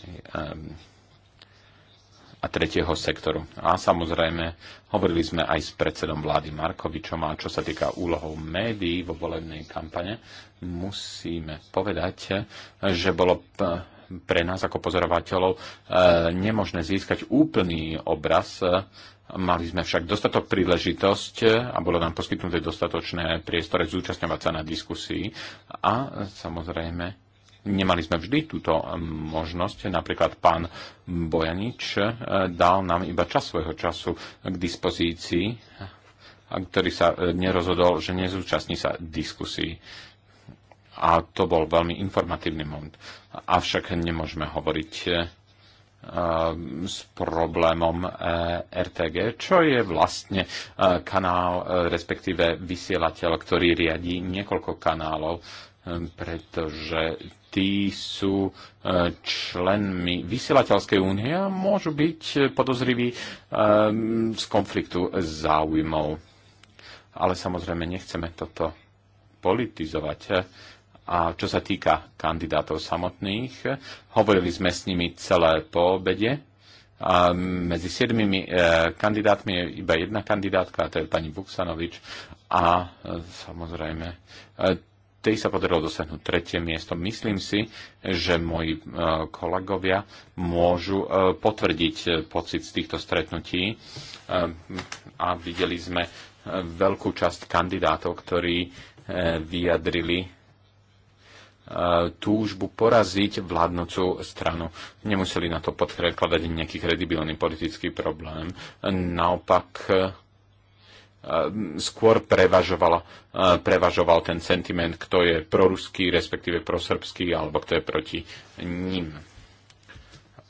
a tretieho sektoru. A samozrejme, hovorili sme aj s predsedom vlády Markovičom a čo sa týka úlohov médií vo volebnej kampane, musíme povedať, že bolo pre nás ako pozorovateľov e, nemožné získať úplný obraz. Mali sme však dostatok príležitosť a bolo nám poskytnuté dostatočné priestore zúčastňovať sa na diskusii a samozrejme Nemali sme vždy túto eh, možnosť. Napríklad pán Bojanič eh, dal nám iba čas svojho času k dispozícii, ktorý sa eh, nerozhodol, že nezúčastní sa diskusí. A to bol veľmi informatívny moment. Avšak nemôžeme hovoriť s problémom RTG, čo je vlastne kanál, respektíve vysielateľ, ktorý riadí niekoľko kanálov pretože tí sú e, členmi vysielateľskej únie a môžu byť podozriví e, z konfliktu záujmov. Ale samozrejme nechceme toto politizovať. A čo sa týka kandidátov samotných, hovorili sme s nimi celé po obede. A medzi siedmimi e, kandidátmi je iba jedna kandidátka, a to je pani Buksanovič. A samozrejme, tej sa podarilo dosiahnuť tretie miesto. Myslím si, že moji e, kolegovia môžu e, potvrdiť e, pocit z týchto stretnutí a videli sme veľkú časť kandidátov, ktorí vyjadrili túžbu poraziť vládnúcu stranu. Nemuseli na to podkladať nejaký kredibilný politický problém. Naopak skôr prevažoval, prevažoval ten sentiment, kto je proruský, respektíve prosrbský, alebo kto je proti ním.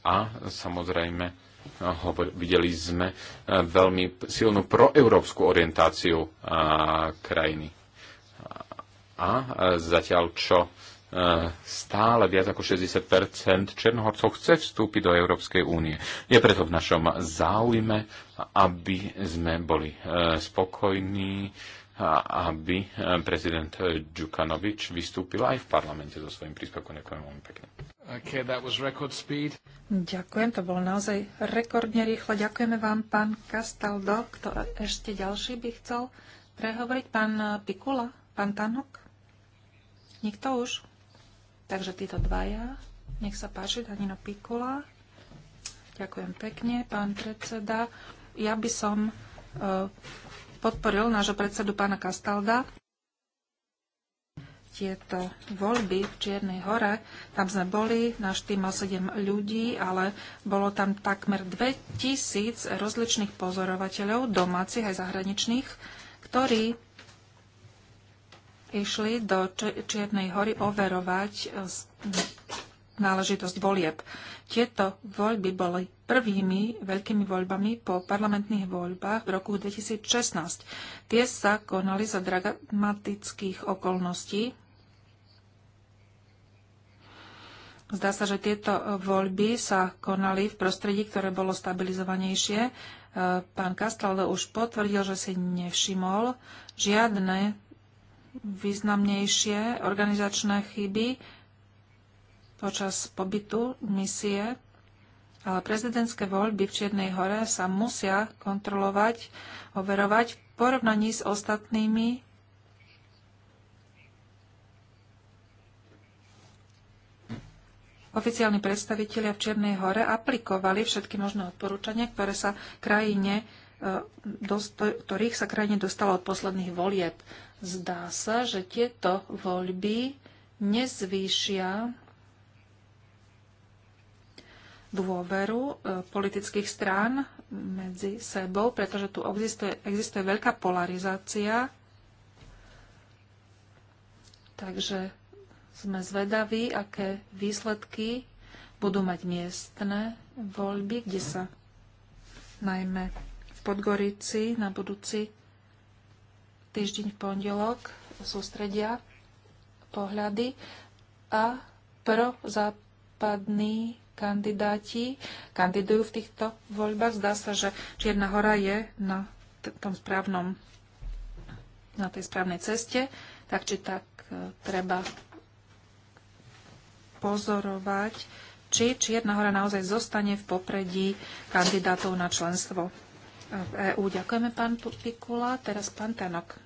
A samozrejme, videli sme veľmi silnú proeurópsku orientáciu krajiny. A zatiaľ čo stále viac ako 60 Černohorcov chce vstúpiť do Európskej únie. Je preto v našom záujme aby sme boli e, spokojní a aby e, prezident Djukanovič vystúpil aj v parlamente so svojím príspevkom. Ďakujem veľmi pekne. Okay, that was record speed. Ďakujem, to bolo naozaj rekordne rýchlo. Ďakujeme vám, pán Castaldo. Kto ešte ďalší by chcel prehovoriť? Pán Pikula? Pán Tanok? Nikto už? Takže títo dvaja. Nech sa páči, Danino Pikula. Ďakujem pekne, pán predseda ja by som e, podporil nášho predsedu pána Kastalda. Tieto voľby v Čiernej hore, tam sme boli, náš tým mal 7 ľudí, ale bolo tam takmer 2000 rozličných pozorovateľov, domácich aj zahraničných, ktorí išli do Čiernej hory overovať e, náležitosť volieb. Tieto voľby boli prvými veľkými voľbami po parlamentných voľbách v roku 2016. Tie sa konali za dramatických okolností. Zdá sa, že tieto voľby sa konali v prostredí, ktoré bolo stabilizovanejšie. E, pán Castaldo už potvrdil, že si nevšimol žiadne významnejšie organizačné chyby počas pobytu misie, ale prezidentské voľby v Čiernej hore sa musia kontrolovať, overovať v porovnaní s ostatnými Oficiálni predstavitelia v Čiernej hore aplikovali všetky možné odporúčania, ktoré sa krajine, e, ktorých sa krajine dostalo od posledných volieb. Zdá sa, že tieto voľby nezvýšia dôveru e, politických strán medzi sebou, pretože tu existuje, existuje veľká polarizácia. Takže sme zvedaví, aké výsledky budú mať miestne voľby, kde sa najmä v Podgorici na budúci týždeň v pondelok sústredia pohľady a prozápadný kandidáti kandidujú v týchto voľbách. Zdá sa, že Čierna hora je na tom správnom, na tej správnej ceste. Tak či tak e, treba pozorovať, či Čierna hora naozaj zostane v popredí kandidátov na členstvo v EÚ. Ďakujeme, pán Pikula. Teraz pán Tenok.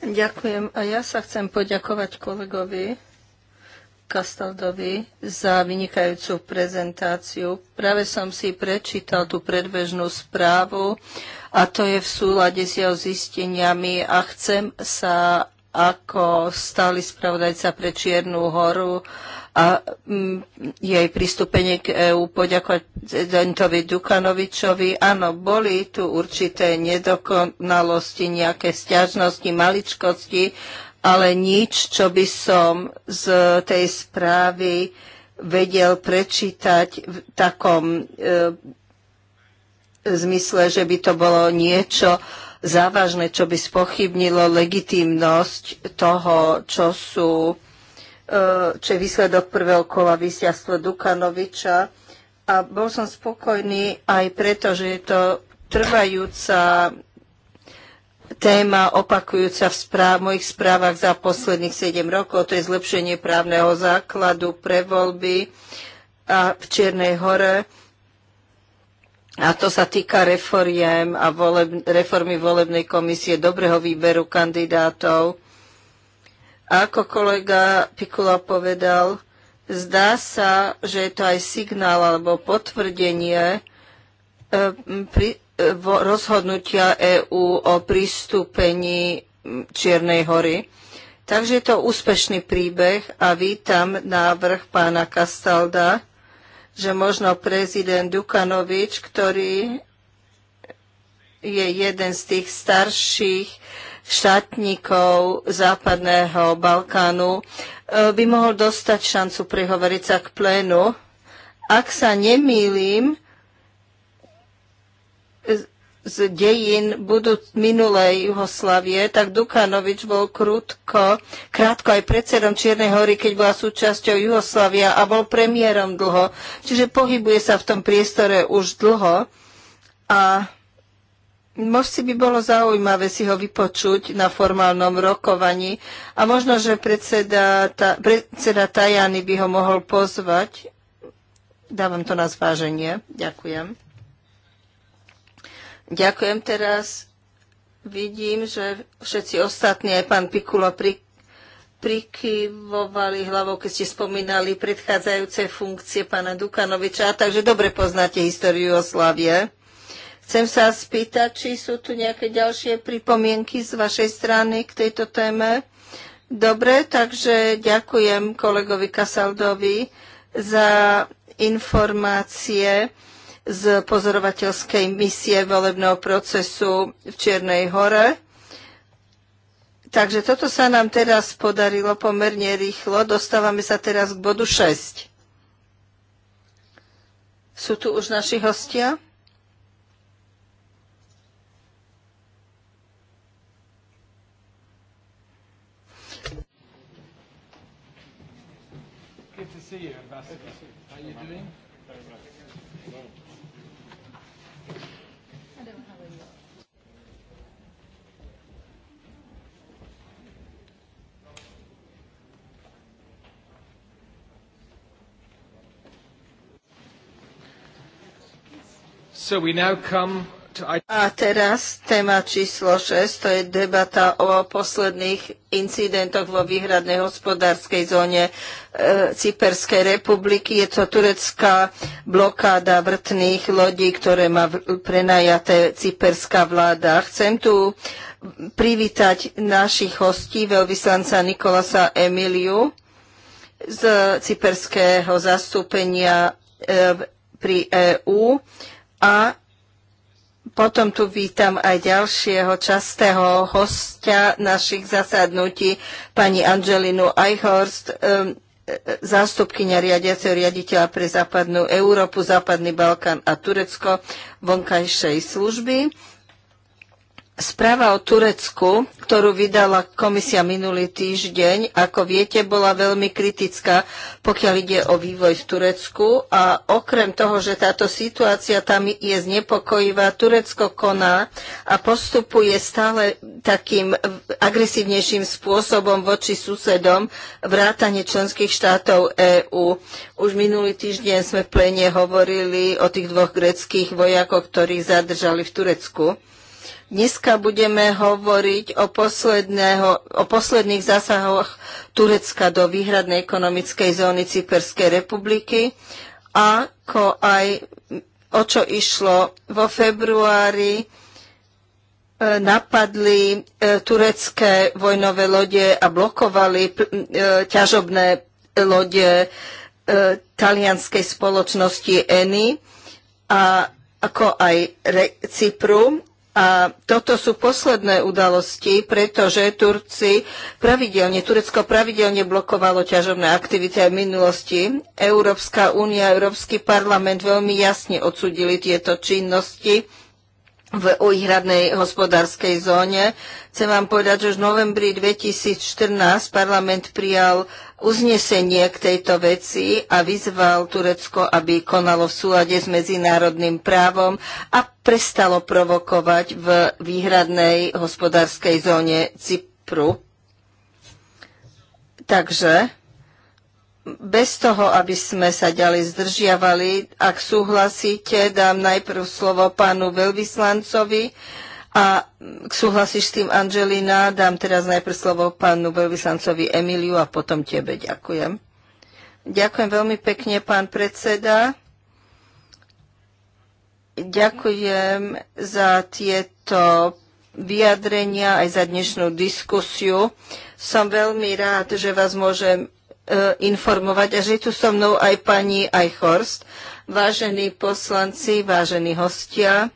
Ďakujem. A ja sa chcem poďakovať kolegovi Kastaldovi za vynikajúcu prezentáciu. Práve som si prečítal tú predbežnú správu a to je v súlade s jeho zisteniami a chcem sa ako stály spravodajca pre Čiernu horu a mm, jej pristúpenie k EÚ poďakovať prezidentovi Dukanovičovi. Áno, boli tu určité nedokonalosti, nejaké stiažnosti, maličkosti, ale nič, čo by som z tej správy vedel prečítať v takom e, zmysle, že by to bolo niečo závažné, čo by spochybnilo legitímnosť toho, čo sú e, čo je výsledok prvého kola vysiastva Dukanoviča. A bol som spokojný aj preto, že je to trvajúca téma opakujúca v správ, mojich správach za posledných 7 rokov, to je zlepšenie právneho základu pre voľby a v Čiernej hore. A to sa týka reforiem a voleb, reformy volebnej komisie, dobrého výberu kandidátov. A ako kolega Pikula povedal, zdá sa, že je to aj signál alebo potvrdenie e, pri, rozhodnutia EÚ o pristúpení Čiernej hory. Takže je to úspešný príbeh a vítam návrh pána Kastalda, že možno prezident Dukanovič, ktorý je jeden z tých starších štátnikov Západného Balkánu, e, by mohol dostať šancu prihovoriť sa k plénu. Ak sa nemýlim, z dejín budú minulej Juhoslavie, tak Dukanovič bol krútko, krátko aj predsedom Čiernej hory, keď bola súčasťou Juhoslavia a bol premiérom dlho. Čiže pohybuje sa v tom priestore už dlho a Možno by bolo zaujímavé si ho vypočuť na formálnom rokovaní a možno, že predseda, ta, predseda Tajany by ho mohol pozvať. Dávam to na zváženie. Ďakujem. Ďakujem teraz. Vidím, že všetci ostatní, aj pán Pikula, pri, prikyvovali hlavou, keď ste spomínali predchádzajúce funkcie pána Dukanoviča, takže dobre poznáte históriu Oslavie. Chcem sa spýtať, či sú tu nejaké ďalšie pripomienky z vašej strany k tejto téme. Dobre, takže ďakujem kolegovi Kasaldovi za informácie z pozorovateľskej misie volebného procesu v Čiernej hore. Takže toto sa nám teraz podarilo pomerne rýchlo. Dostávame sa teraz k bodu 6. Sú tu už naši hostia? Good to see you, Ambassador. How are you doing? So we now come to... A teraz téma číslo 6, to je debata o posledných incidentoch vo výhradnej hospodárskej zóne e, Cyperskej republiky. Je to turecká blokáda vrtných lodí, ktoré má prenajaté cyperská vláda. Chcem tu privítať našich hostí, veľvyslanca Nikolasa Emiliu z cyperského zastúpenia e, pri EÚ. A potom tu vítam aj ďalšieho častého hostia našich zasadnutí, pani Angelinu Eichhorst, zástupkynia riadiaceho riaditeľa pre západnú Európu, západný Balkán a Turecko vonkajšej služby. Správa o Turecku, ktorú vydala komisia minulý týždeň, ako viete, bola veľmi kritická, pokiaľ ide o vývoj v Turecku. A okrem toho, že táto situácia tam je znepokojivá, Turecko koná a postupuje stále takým agresívnejším spôsobom voči susedom vrátane členských štátov EÚ. Už minulý týždeň sme v plene hovorili o tých dvoch greckých vojakoch, ktorých zadržali v Turecku. Dneska budeme hovoriť o, o posledných zásahoch Turecka do výhradnej ekonomickej zóny Cyperskej republiky, ako aj o čo išlo vo februári e, napadli e, turecké vojnové lode a blokovali e, ťažobné lode talianskej spoločnosti ENI a ako aj Cypru a toto sú posledné udalosti, pretože Turci pravidelne, Turecko pravidelne blokovalo ťažobné aktivity aj v minulosti. Európska únia, Európsky parlament veľmi jasne odsudili tieto činnosti v úhradnej hospodárskej zóne. Chcem vám povedať, že už v novembri 2014 parlament prijal uznesenie k tejto veci a vyzval Turecko, aby konalo v súlade s medzinárodným právom a prestalo provokovať v výhradnej hospodárskej zóne Cypru. Takže bez toho, aby sme sa ďalej zdržiavali, ak súhlasíte, dám najprv slovo pánu veľvyslancovi a ak súhlasíš s tým, Angelina, dám teraz najprv slovo pánu veľvyslancovi Emiliu a potom tebe. Ďakujem. Ďakujem veľmi pekne, pán predseda. Ďakujem za tieto vyjadrenia aj za dnešnú diskusiu. Som veľmi rád, že vás môžem E, informovať a že tu so mnou aj pani Eichhorst. Vážení poslanci, vážení hostia,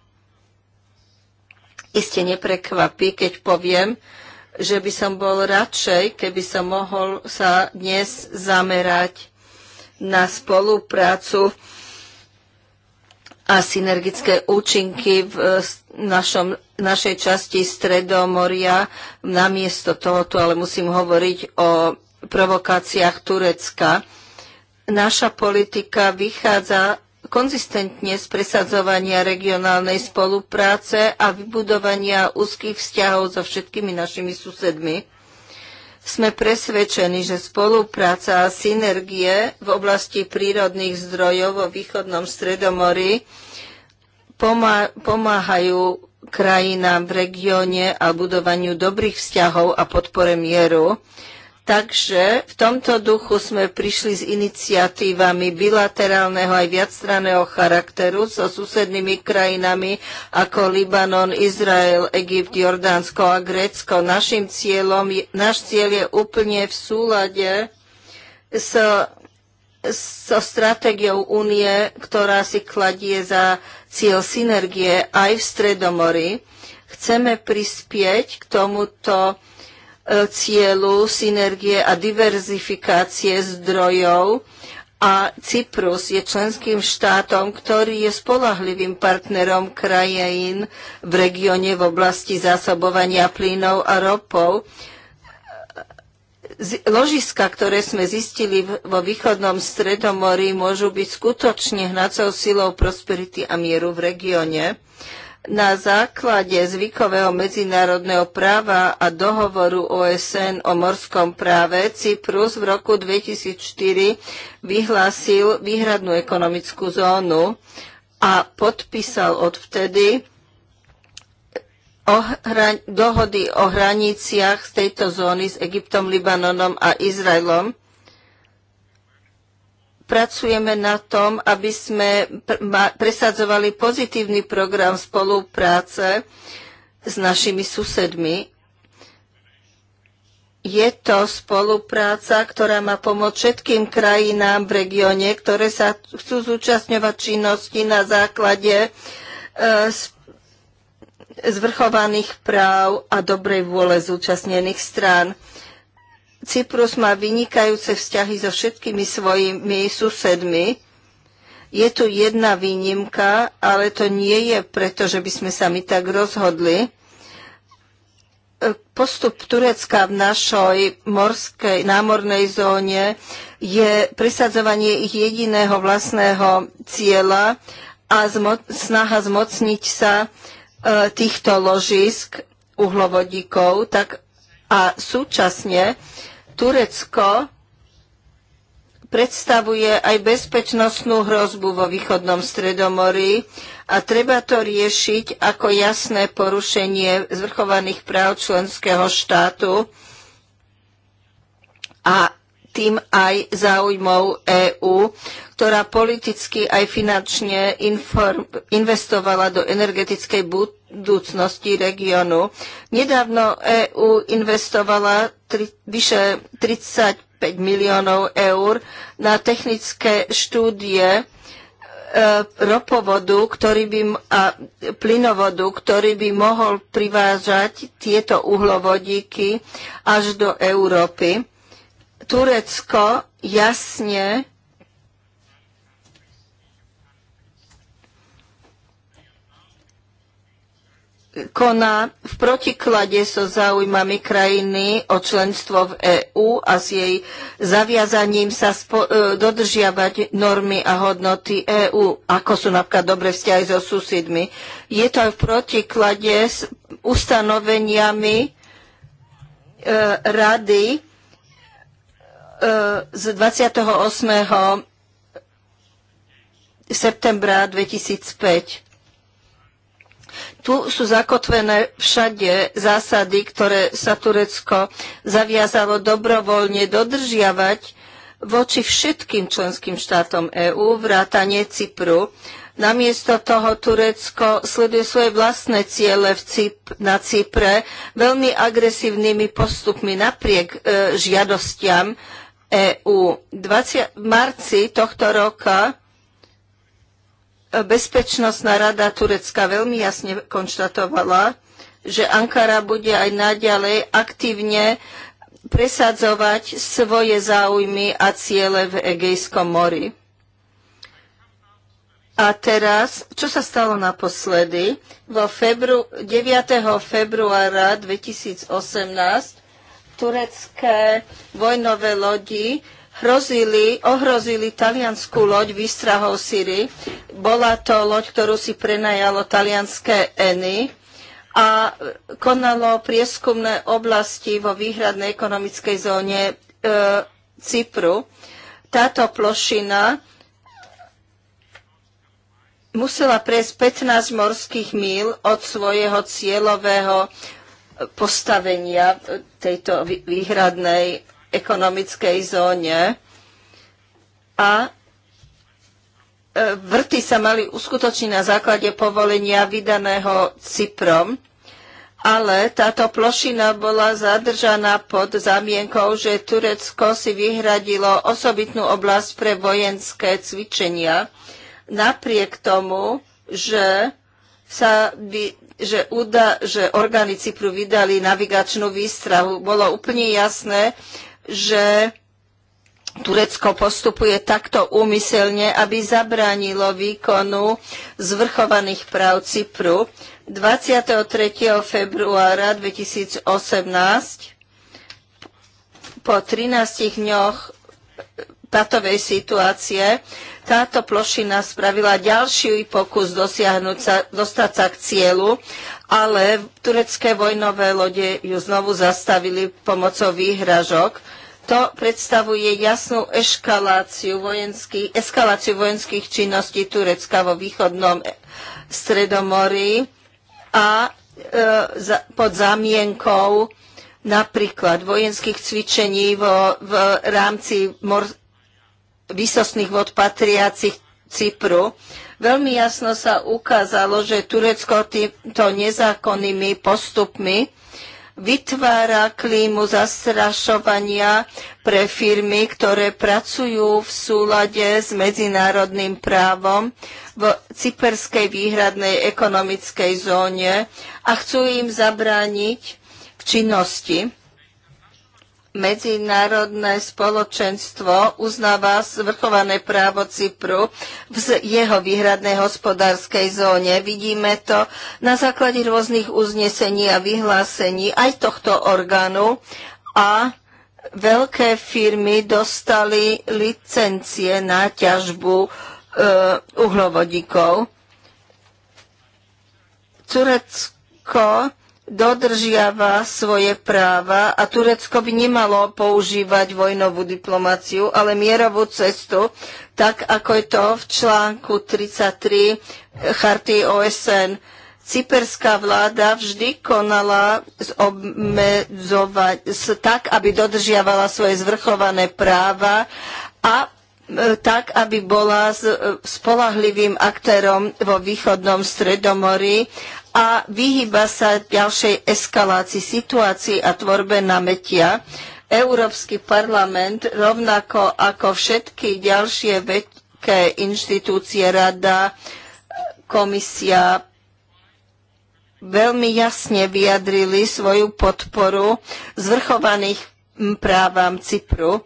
iste neprekvapí, keď poviem, že by som bol radšej, keby som mohol sa dnes zamerať na spoluprácu a synergické účinky v našom, našej časti Stredomoria. Namiesto tohoto ale musím hovoriť o provokáciách Turecka. Naša politika vychádza konzistentne z presadzovania regionálnej spolupráce a vybudovania úzkých vzťahov so všetkými našimi susedmi. Sme presvedčení, že spolupráca a synergie v oblasti prírodných zdrojov vo východnom stredomorí pomáhajú krajinám v regióne a budovaniu dobrých vzťahov a podpore mieru. Takže v tomto duchu sme prišli s iniciatívami bilaterálneho aj viacstranného charakteru so susednými krajinami ako Libanon, Izrael, Egypt, Jordánsko a Grécko. Našim cieľom, náš cieľ je úplne v súlade s so stratégiou únie, ktorá si kladie za cieľ synergie aj v Stredomori. Chceme prispieť k tomuto cieľu synergie a diverzifikácie zdrojov a Cyprus je členským štátom, ktorý je spolahlivým partnerom krajín v regióne v oblasti zásobovania plynov a ropov. Ložiska, ktoré sme zistili vo východnom stredomorí, môžu byť skutočne hnacou silou prosperity a mieru v regióne na základe zvykového medzinárodného práva a dohovoru OSN o morskom práve Cyprus v roku 2004 vyhlásil výhradnú ekonomickú zónu a podpísal odvtedy dohody o hraniciach z tejto zóny s Egyptom, Libanonom a Izraelom pracujeme na tom, aby sme presadzovali pozitívny program spolupráce s našimi susedmi. Je to spolupráca, ktorá má pomôcť všetkým krajinám v regióne, ktoré sa chcú zúčastňovať činnosti na základe e, zvrchovaných práv a dobrej vôle zúčastnených strán. Cyprus má vynikajúce vzťahy so všetkými svojimi susedmi. Je tu jedna výnimka, ale to nie je preto, že by sme sa my tak rozhodli. Postup Turecka v našej morskej námornej zóne je presadzovanie ich jediného vlastného cieľa a zmo- snaha zmocniť sa e, týchto ložisk uhlovodíkov, tak a súčasne Turecko predstavuje aj bezpečnostnú hrozbu vo východnom Stredomorí a treba to riešiť ako jasné porušenie zvrchovaných práv členského štátu a tým aj záujmov EÚ, ktorá politicky aj finančne inform, investovala do energetickej budúcnosti regiónu. Nedávno EÚ investovala tri, vyše 35 miliónov eur na technické štúdie e, ropovodu, ktorý by, a plynovodu, ktorý by mohol privážať tieto uhlovodíky až do Európy. Turecko jasne koná v protiklade so záujmami krajiny o členstvo v EÚ a s jej zaviazaním sa spo- e, dodržiavať normy a hodnoty EÚ, ako sú napríklad dobre vzťahy so susedmi. Je to aj v protiklade s ustanoveniami e, rady z 28. septembra 2005. Tu sú zakotvené všade zásady, ktoré sa Turecko zaviazalo dobrovoľne dodržiavať voči všetkým členským štátom EÚ, vrátane Cypru. Namiesto toho Turecko sleduje svoje vlastné ciele v Cip- na Cypre veľmi agresívnymi postupmi napriek e, žiadostiam EÚ. V marci tohto roka Bezpečnostná rada Turecka veľmi jasne konštatovala, že Ankara bude aj naďalej aktívne presadzovať svoje záujmy a ciele v Egejskom mori. A teraz, čo sa stalo naposledy? Vo febru, 9. februára 2018 turecké vojnové lodi hrozili, ohrozili taliansku loď výstrahov Syry. Bola to loď, ktorú si prenajalo talianské ENI a konalo prieskumné oblasti vo výhradnej ekonomickej zóne e, Cypru. Táto plošina musela prejsť 15 morských míl od svojho cieľového postavenia v tejto výhradnej ekonomickej zóne a e, vrty sa mali uskutočniť na základe povolenia vydaného Cyprom, ale táto plošina bola zadržaná pod zamienkou, že Turecko si vyhradilo osobitnú oblasť pre vojenské cvičenia. Napriek tomu, že sa by, že, UDA, že orgány Cypru vydali navigačnú výstrahu. Bolo úplne jasné, že Turecko postupuje takto úmyselne, aby zabránilo výkonu zvrchovaných práv Cypru. 23. februára 2018 po 13 dňoch patovej situácie táto plošina spravila ďalší pokus dosiahnuť sa, dostať sa k cieľu, ale turecké vojnové lode ju znovu zastavili pomocou výhražok. To predstavuje jasnú eskaláciu, vojenský, eskaláciu vojenských činností Turecka vo východnom Stredomorí a e, za, pod zámienkou napríklad vojenských cvičení vo, v rámci mor, výsostných vod patriacich Cypru. Veľmi jasno sa ukázalo, že Turecko týmto nezákonnými postupmi vytvára klímu zastrašovania pre firmy, ktoré pracujú v súlade s medzinárodným právom v cyperskej výhradnej ekonomickej zóne a chcú im zabrániť v činnosti medzinárodné spoločenstvo uznáva zvrchované právo Cypru v jeho výhradnej hospodárskej zóne. Vidíme to na základe rôznych uznesení a vyhlásení aj tohto orgánu a veľké firmy dostali licencie na ťažbu e, uhlovodíkov. Turecko dodržiava svoje práva a Turecko by nemalo používať vojnovú diplomáciu, ale mierovú cestu, tak ako je to v článku 33 Charty OSN. Cyperská vláda vždy konala tak, aby dodržiavala svoje zvrchované práva a e, tak, aby bola e, spolahlivým aktérom vo východnom stredomorí a vyhyba sa ďalšej eskalácii situácií a tvorbe nametia. Európsky parlament, rovnako ako všetky ďalšie veľké inštitúcie, rada, komisia, veľmi jasne vyjadrili svoju podporu zvrchovaných právam Cypru.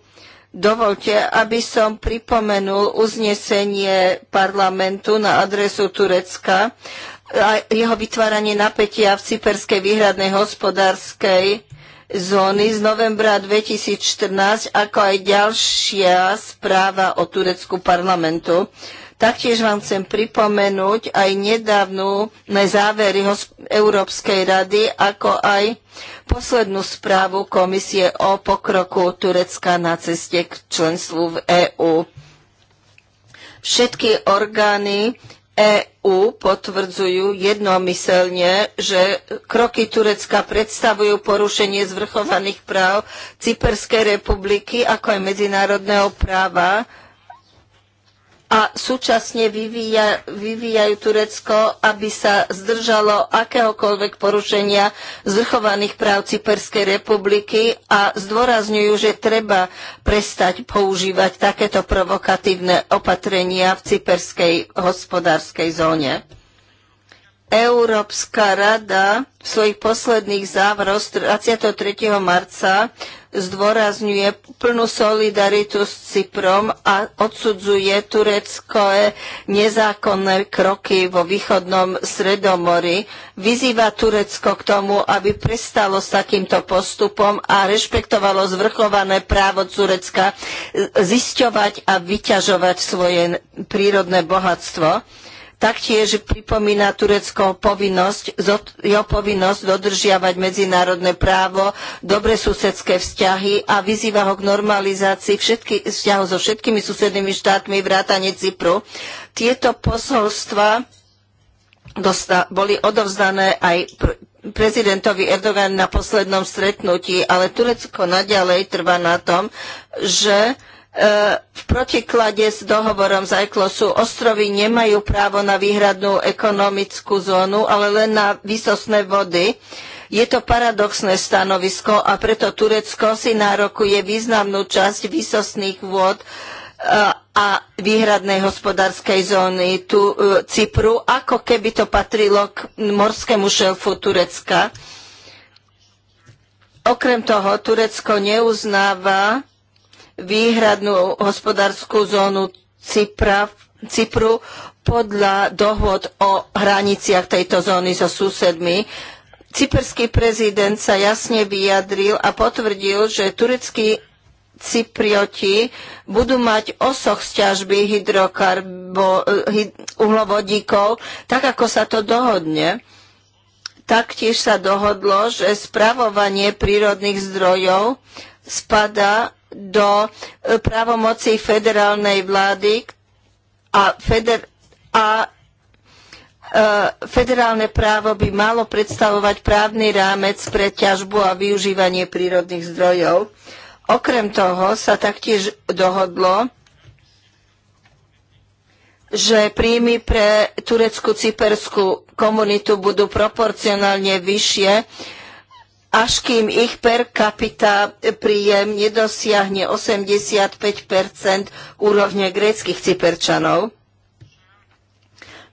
Dovolte, aby som pripomenul uznesenie parlamentu na adresu Turecka a jeho vytváranie napätia v cyperskej výhradnej hospodárskej zóny z novembra 2014, ako aj ďalšia správa o Turecku parlamentu. Taktiež vám chcem pripomenúť aj nedávnu závery Európskej rady, ako aj poslednú správu komisie o pokroku Turecka na ceste k členstvu v EÚ. Všetky orgány EÚ potvrdzujú jednomyselne, že kroky Turecka predstavujú porušenie zvrchovaných práv Cyperskej republiky, ako aj medzinárodného práva a súčasne vyvíja, vyvíjajú Turecko, aby sa zdržalo akéhokoľvek porušenia zvrchovaných práv Cyperskej republiky a zdôrazňujú, že treba prestať používať takéto provokatívne opatrenia v cyperskej hospodárskej zóne. Európska rada v svojich posledných záveroch 23. marca zdôrazňuje plnú solidaritu s Cyprom a odsudzuje turecké nezákonné kroky vo východnom Sredomori. Vyzýva Turecko k tomu, aby prestalo s takýmto postupom a rešpektovalo zvrchované právo Turecka zisťovať a vyťažovať svoje prírodné bohatstvo Taktiež pripomína Turecko povinnosť, jeho povinnosť dodržiavať medzinárodné právo, dobre susedské vzťahy a vyzýva ho k normalizácii všetky, vzťahov so všetkými susednými štátmi vrátane Cypru. Tieto posolstva dosta, boli odovzdané aj pr- prezidentovi Erdogan na poslednom stretnutí, ale Turecko naďalej trvá na tom, že E, v protiklade s dohovorom z ICLOSu ostrovy nemajú právo na výhradnú ekonomickú zónu, ale len na výsostné vody. Je to paradoxné stanovisko a preto Turecko si nárokuje významnú časť výsostných vôd e, a výhradnej hospodárskej zóny tu, e, Cypru, ako keby to patrilo k morskému šelfu Turecka. Okrem toho, Turecko neuznáva výhradnú hospodárskú zónu Cypra, Cypru podľa dohod o hraniciach tejto zóny so susedmi. Cyperský prezident sa jasne vyjadril a potvrdil, že tureckí Cyprioti budú mať osoch z ťažby hydrokarbo, eh, uhlovodíkov, tak ako sa to dohodne. Taktiež sa dohodlo, že spravovanie prírodných zdrojov spada do e, právomoci federálnej vlády a, feder- a e, federálne právo by malo predstavovať právny rámec pre ťažbu a využívanie prírodných zdrojov. Okrem toho sa taktiež dohodlo, že príjmy pre tureckú cyperskú komunitu budú proporcionálne vyššie až kým ich per capita príjem nedosiahne 85 úrovne gréckých cyperčanov.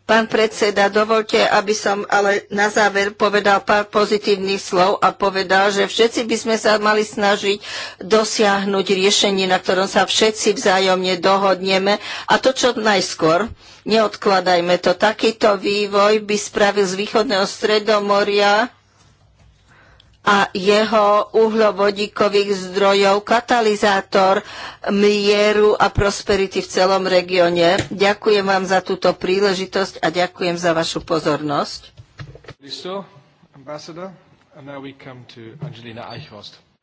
Pán predseda, dovolte, aby som ale na záver povedal pár pozitívnych slov a povedal, že všetci by sme sa mali snažiť dosiahnuť riešenie, na ktorom sa všetci vzájomne dohodneme a to čo najskôr. Neodkladajme to. Takýto vývoj by spravil z východného stredomoria a jeho uhlovodíkových zdrojov katalizátor mieru a prosperity v celom regióne. Ďakujem vám za túto príležitosť a ďakujem za vašu pozornosť.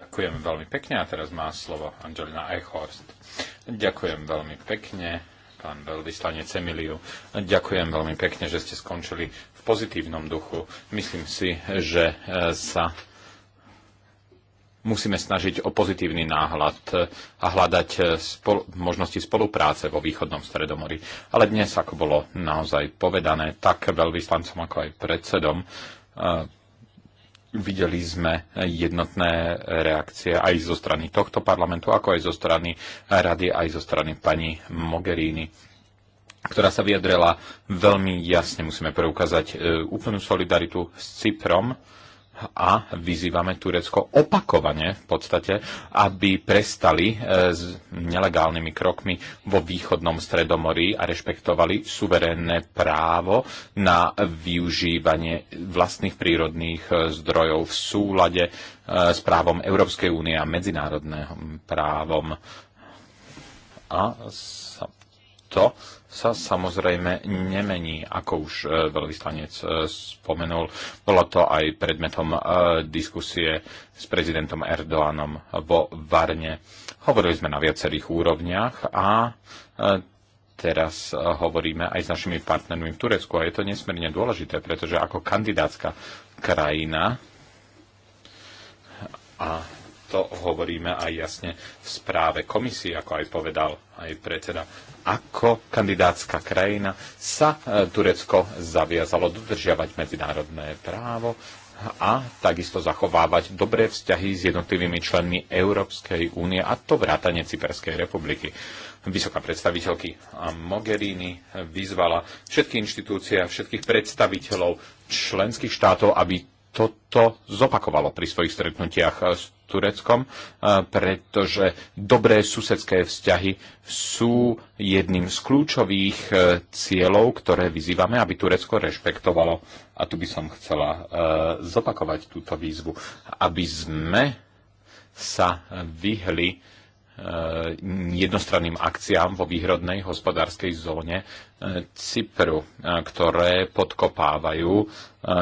Ďakujem veľmi pekne a teraz má slovo Angelina Eichhorst. Ďakujem veľmi pekne, pán veľvyslanec Emiliu. Ďakujem veľmi pekne, že ste skončili v pozitívnom duchu. Myslím si, že e, sa musíme snažiť o pozitívny náhľad a hľadať eh, spol- možnosti spolupráce vo východnom stredomori. Ale dnes, ako bolo naozaj povedané, tak veľvyslancom ako aj predsedom, eh, videli sme jednotné reakcie aj zo strany tohto parlamentu, ako aj zo strany rady, aj zo strany pani Mogherini ktorá sa vyjadrela veľmi jasne. Musíme preukázať eh, úplnú solidaritu s Cyprom, a vyzývame Turecko opakovane v podstate, aby prestali e, s nelegálnymi krokmi vo východnom stredomorí a rešpektovali suverénne právo na využívanie vlastných prírodných e, zdrojov v súlade e, s právom Európskej únie a medzinárodným právom. A to sa samozrejme nemení, ako už e, veľvyslanec e, spomenul. Bolo to aj predmetom e, diskusie s prezidentom Erdoánom vo Varne. Hovorili sme na viacerých úrovniach a teraz hovoríme aj s našimi partnermi v Turecku a je to nesmierne dôležité, pretože ako kandidátska krajina a to hovoríme aj jasne v správe komisii, ako aj povedal aj predseda, ako kandidátska krajina sa e, Turecko zaviazalo dodržiavať medzinárodné právo a takisto zachovávať dobré vzťahy s jednotlivými členmi Európskej únie a to vrátane Cyperskej republiky. Vysoká predstaviteľky Mogherini vyzvala všetky inštitúcie a všetkých predstaviteľov členských štátov, aby toto zopakovalo pri svojich stretnutiach eh, s Tureckom, eh, pretože dobré susedské vzťahy sú jedným z kľúčových eh, cieľov, ktoré vyzývame, aby Turecko rešpektovalo. A tu by som chcela zopakovať túto výzvu, aby sme sa vyhli E, jednostranným akciám vo výhrodnej hospodárskej zóne e, Cypru, e, ktoré podkopávajú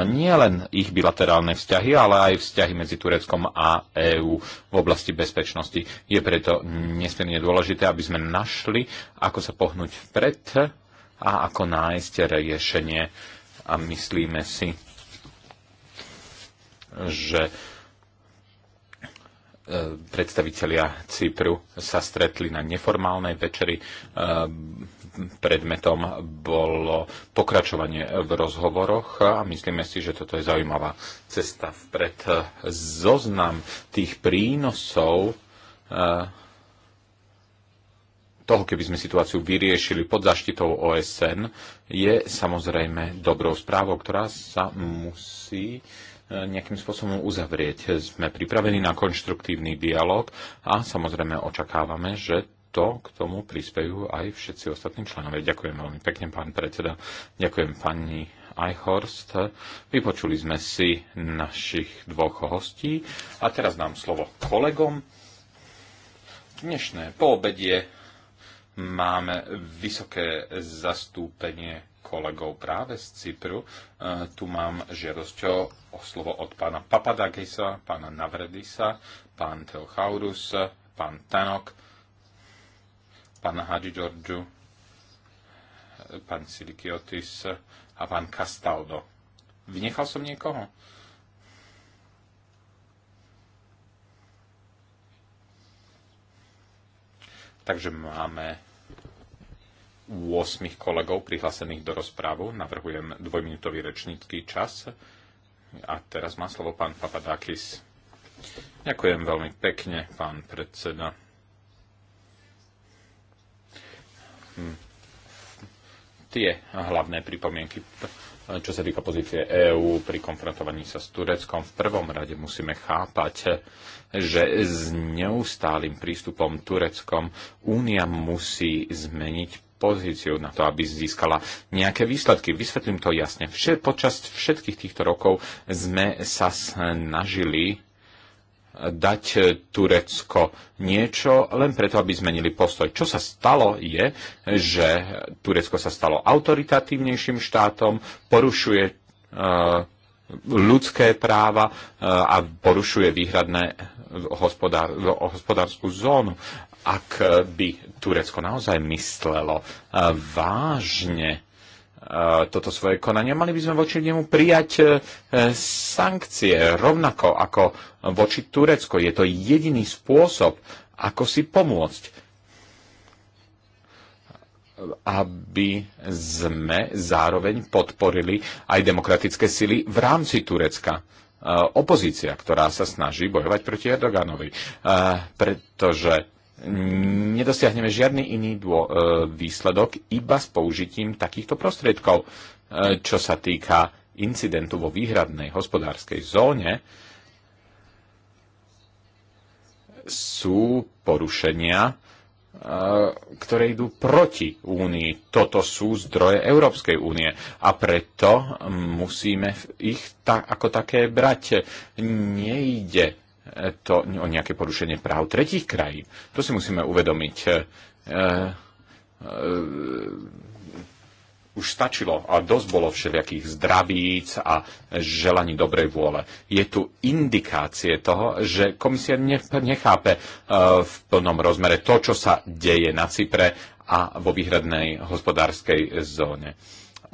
nielen ich bilaterálne vzťahy, ale aj vzťahy medzi Tureckom a EÚ v oblasti bezpečnosti. Je preto nesmierne dôležité, aby sme našli, ako sa pohnúť vpred a ako nájsť riešenie. A myslíme si, že E, predstavitelia Cypru sa stretli na neformálnej večeri. E, predmetom bolo pokračovanie v rozhovoroch a myslíme si, že toto je zaujímavá cesta vpred. E, zoznam tých prínosov toho, keby sme situáciu vyriešili pod zaštitou OSN, je samozrejme dobrou správou, ktorá sa musí uh, nejakým spôsobom uzavrieť. Sme pripravení na konštruktívny dialog a samozrejme očakávame, že to k tomu prispejú aj všetci ostatní členovia. Ďakujem veľmi pekne, pán predseda. Ďakujem pani Eichhorst. Vypočuli sme si našich dvoch hostí a teraz dám slovo kolegom. Dnešné poobedie máme vysoké zastúpenie kolegov práve z Cypru. E, tu mám žiadosť o slovo od pána Papadagisa, pána Navredisa, pán Teochaurus, pán Tanok, pán Hadži pán Silikiotis a pán Castaldo. Vynechal som niekoho? Takže máme 8 kolegov prihlásených do rozprávu. Navrhujem dvojminútový rečnícky čas. A teraz má slovo pán Papadakis. Ďakujem veľmi pekne, pán predseda. Hm. Tie hlavné pripomienky, čo sa týka pozície EÚ pri konfrontovaní sa s Tureckom, v prvom rade musíme chápať, že s neustálým prístupom Tureckom Únia musí zmeniť pozíciu na to, aby získala nejaké výsledky. Vysvetlím to jasne. Vše, počas všetkých týchto rokov sme sa snažili dať Turecko niečo len preto, aby zmenili postoj. Čo sa stalo je, že Turecko sa stalo autoritatívnejším štátom, porušuje uh, ľudské práva uh, a porušuje výhradné hospodár, hospodárskú zónu ak by Turecko naozaj myslelo e, vážne e, toto svoje konanie, mali by sme voči nemu prijať e, sankcie rovnako ako voči Turecko. Je to jediný spôsob, ako si pomôcť aby sme zároveň podporili aj demokratické sily v rámci Turecka opozícia, ktorá sa snaží bojovať proti Erdoganovi. Pretože nedosiahneme žiadny iný dô, e, výsledok iba s použitím takýchto prostriedkov. E, čo sa týka incidentu vo výhradnej hospodárskej zóne, sú porušenia, e, ktoré idú proti únii. Toto sú zdroje Európskej únie a preto musíme ich ta, ako také brať. Nejde to o nejaké porušenie práv tretich krajín. To si musíme uvedomiť. E, e, e, už stačilo a dosť bolo všelijakých zdravíc a želaní dobrej vôle. Je tu indikácie toho, že komisia nechápe e, v plnom rozmere to, čo sa deje na Cypre a vo výhradnej hospodárskej zóne.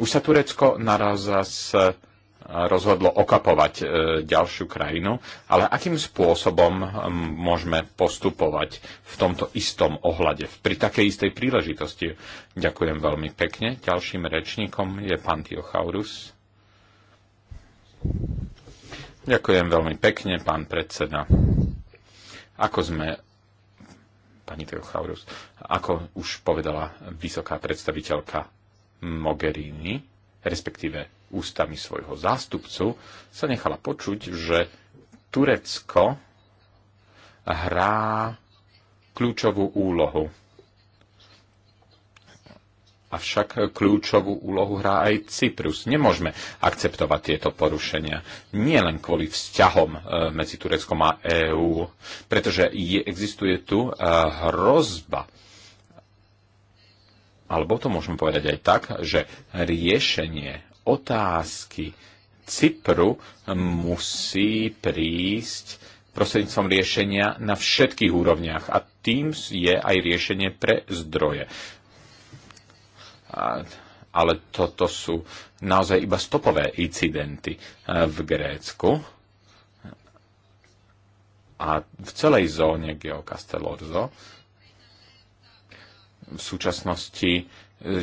Už sa Turecko naraz zase rozhodlo okapovať e, ďalšiu krajinu, ale akým spôsobom môžeme postupovať v tomto istom ohľade, pri takej istej príležitosti. Ďakujem veľmi pekne. Ďalším rečníkom je pán Tiochaurus. Ďakujem veľmi pekne, pán predseda. Ako sme pani Teochaurus, ako už povedala vysoká predstaviteľka Mogherini, respektíve ústami svojho zástupcu, sa nechala počuť, že Turecko hrá kľúčovú úlohu. Avšak kľúčovú úlohu hrá aj Cyprus. Nemôžeme akceptovať tieto porušenia. Nie len kvôli vzťahom e, medzi Tureckom a EÚ, pretože existuje tu e, hrozba alebo to môžeme povedať aj tak, že riešenie otázky Cypru musí prísť prostredníctvom riešenia na všetkých úrovniach a tým je aj riešenie pre zdroje. ale toto sú naozaj iba stopové incidenty e, v Grécku a v celej zóne Geocastelorzo v súčasnosti e,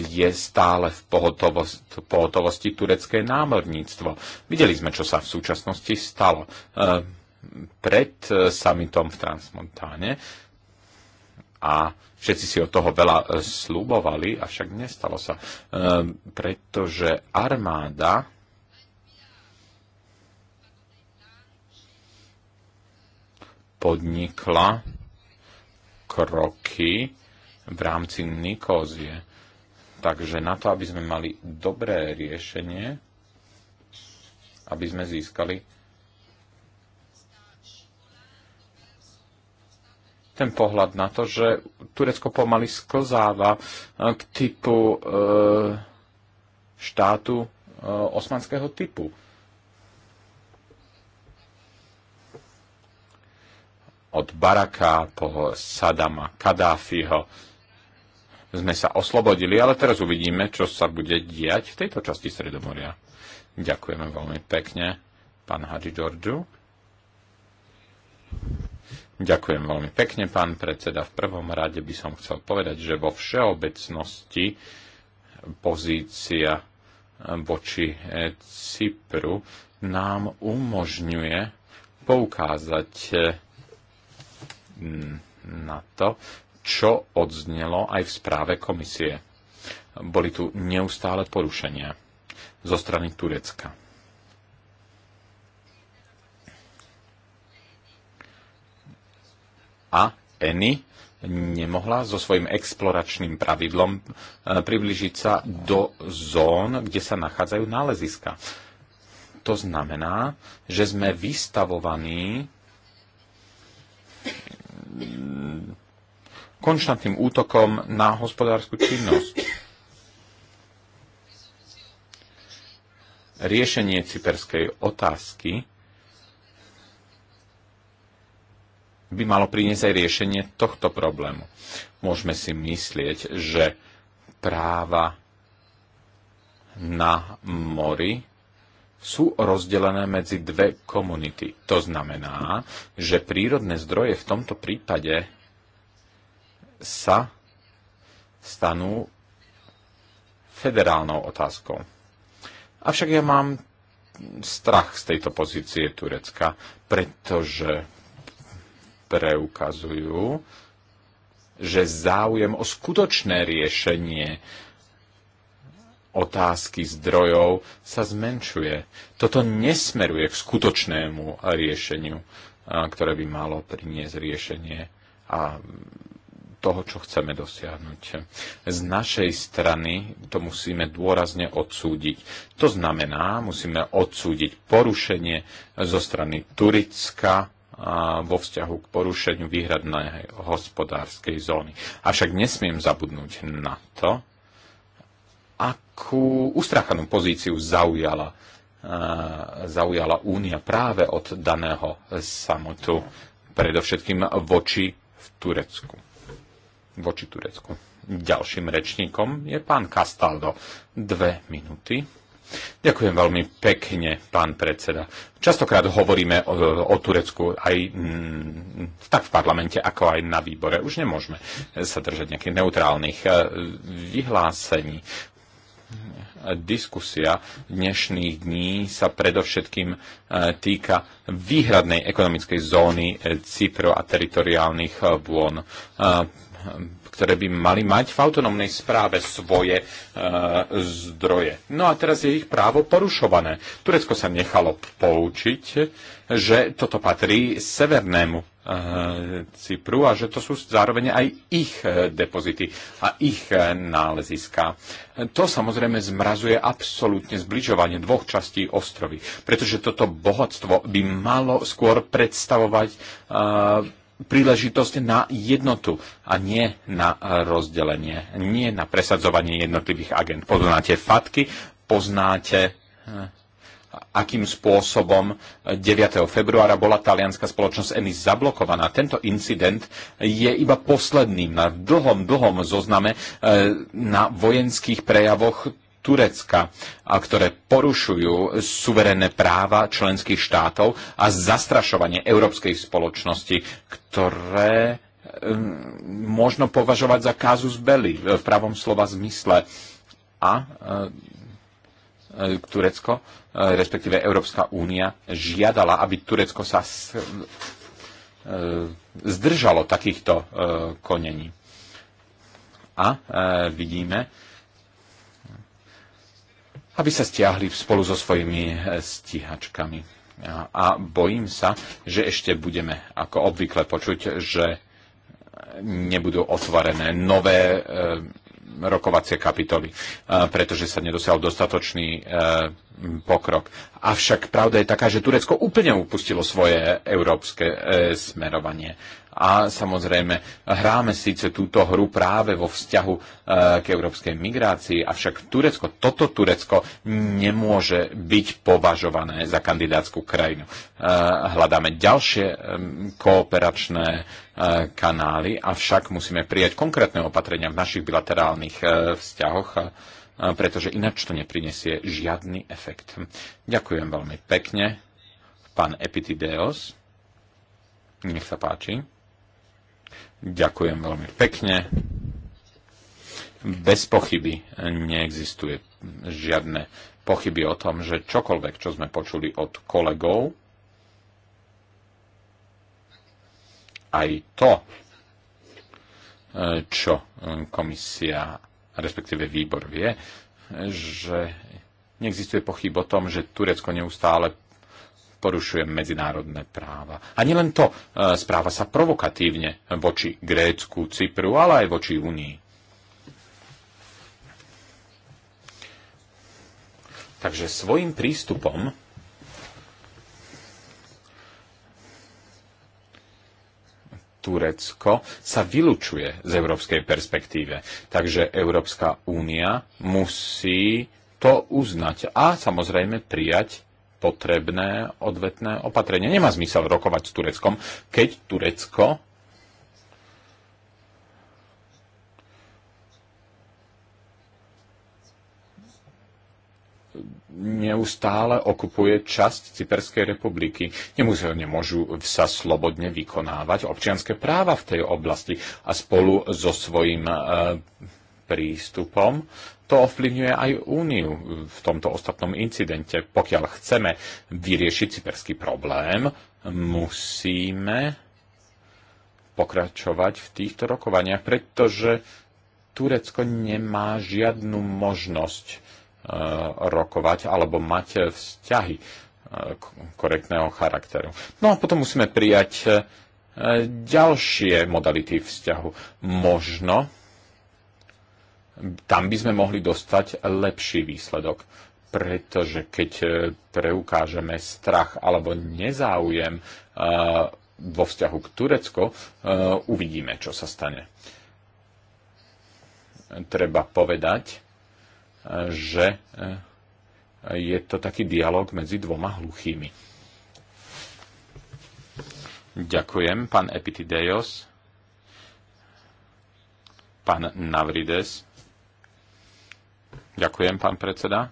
je stále v pohotovosti, pohotovosti turecké námorníctvo. Videli sme, čo sa v súčasnosti stalo. E, pred e, summitom v Transmontáne a všetci si od toho veľa slúbovali, avšak nestalo sa, pretože armáda podnikla kroky, v rámci Nikózie. Takže na to, aby sme mali dobré riešenie, aby sme získali ten pohľad na to, že Turecko pomaly sklzáva e, k typu e, štátu e, osmanského typu. Od Baraka po Sadama, Kadáfiho, sme sa oslobodili, ale teraz uvidíme, čo sa bude diať v tejto časti Stredomoria. Ďakujeme veľmi pekne, pán Hadži Džordžu. Ďakujem veľmi pekne, pán predseda. V prvom rade by som chcel povedať, že vo všeobecnosti pozícia voči eh, Cypru nám umožňuje poukázať eh, na to, čo odznelo aj v správe komisie. Boli tu neustále porušenia zo strany Turecka. A Eni nemohla so svojím exploračným pravidlom e, priblížiť sa do zón, kde sa nachádzajú náleziska. To znamená, že sme vystavovaní konštantným útokom na hospodárskú činnosť. Riešenie cyperskej otázky by malo priniesť aj riešenie tohto problému. Môžeme si myslieť, že práva na mori sú rozdelené medzi dve komunity. To znamená, že prírodné zdroje v tomto prípade sa stanú federálnou otázkou. Avšak ja mám strach z tejto pozície Turecka, pretože preukazujú, že záujem o skutočné riešenie otázky zdrojov sa zmenšuje. Toto nesmeruje k skutočnému riešeniu, ktoré by malo priniesť riešenie a toho, čo chceme dosiahnuť. Z našej strany to musíme dôrazne odsúdiť. To znamená, musíme odsúdiť porušenie zo strany Turicka vo vzťahu k porušeniu výhradnej hospodárskej zóny. Avšak nesmiem zabudnúť na to, akú ustrachanú pozíciu zaujala zaujala Únia práve od daného samotu, predovšetkým voči v Turecku voči Turecku. Ďalším rečníkom je pán Castaldo. Dve minúty. Ďakujem veľmi pekne, pán predseda. Častokrát hovoríme o, o Turecku aj m, mm, tak v parlamente, ako aj na výbore. Už nemôžeme sa držať nejakých neutrálnych e, vyhlásení. Diskusia dnešných dní sa predovšetkým e, týka výhradnej ekonomickej zóny e, Cypru a teritoriálnych vôn. Ehm, ktoré by mali mať v autonómnej správe svoje e, zdroje. No a teraz je ich právo porušované. Turecko sa nechalo poučiť, že toto patrí severnému e, Cypru a že to sú zároveň aj ich eh, depozity a ich náleziska. To samozrejme zmrazuje absolútne zbližovanie dvoch častí ostrovy, pretože toto bohatstvo by malo skôr predstavovať e, príležitosť na jednotu a nie na rozdelenie, nie na presadzovanie jednotlivých agent. Poznáte fatky, poznáte eh, akým spôsobom 9. februára bola talianská spoločnosť Enis zablokovaná. Tento incident je iba posledným na dlhom, dlhom zozname eh, na vojenských prejavoch Turecka, a ktoré porušujú suverénne práva členských štátov a zastrašovanie európskej spoločnosti, ktoré možno považovať za kázus belli e, v pravom slova zmysle. A e, e, Turecko, respektíve Európska únia, žiadala, aby Turecko sa zdržalo takýchto konení. A vidíme, aby sa stiahli spolu so svojimi eh, stíhačkami. A bojím sa, že ešte budeme ako obvykle počuť, že eh, nebudú otvorené nové eh, rokovacie kapitoly, pretože sa nedosial dostatočný pokrok. Avšak pravda je taká, že Turecko úplne upustilo svoje európske smerovanie a samozrejme hráme síce túto hru práve vo vzťahu e, k európskej migrácii, avšak Turecko, toto Turecko nemôže byť považované za kandidátsku krajinu. E, hľadáme ďalšie e, kooperačné kanály, avšak musíme prijať konkrétne opatrenia v našich bilaterálnych vzťahoch, pretože ináč to neprinesie žiadny efekt. Ďakujem veľmi pekne. Pán Epitideos, nech sa páči. Ďakujem veľmi pekne. Bez pochyby neexistuje žiadne pochyby o tom, že čokoľvek, čo sme počuli od kolegov, aj to, čo komisia, respektíve výbor vie, že neexistuje pochyb o tom, že Turecko neustále porušuje medzinárodné práva. A nielen to, e, správa sa provokatívne voči Grécku, Cypru, ale aj voči Unii. Takže svojim prístupom Turecko sa vylučuje z európskej perspektíve. Takže Európska únia musí to uznať a samozrejme prijať potrebné odvetné opatrenie. Nemá zmysel rokovať s Tureckom, keď Turecko neustále okupuje časť Cyperskej republiky. Nemôžu, nemôžu sa slobodne vykonávať občianské práva v tej oblasti a spolu so svojím e, prístupom to ovplyvňuje aj Úniu v tomto ostatnom incidente. Pokiaľ chceme vyriešiť cyperský problém, musíme pokračovať v týchto rokovaniach, pretože Turecko nemá žiadnu možnosť e, rokovať alebo mať vzťahy e, korektného charakteru. No a potom musíme prijať e, ďalšie modality vzťahu. Možno tam by sme mohli dostať lepší výsledok. Pretože keď e, preukážeme strach alebo nezáujem e, vo vzťahu k Turecku, e, uvidíme, čo sa stane. Treba povedať, že je to taký dialog medzi dvoma hluchými. Ďakujem, pán Epitideos, pán Navrides Ďakujem, pán predseda.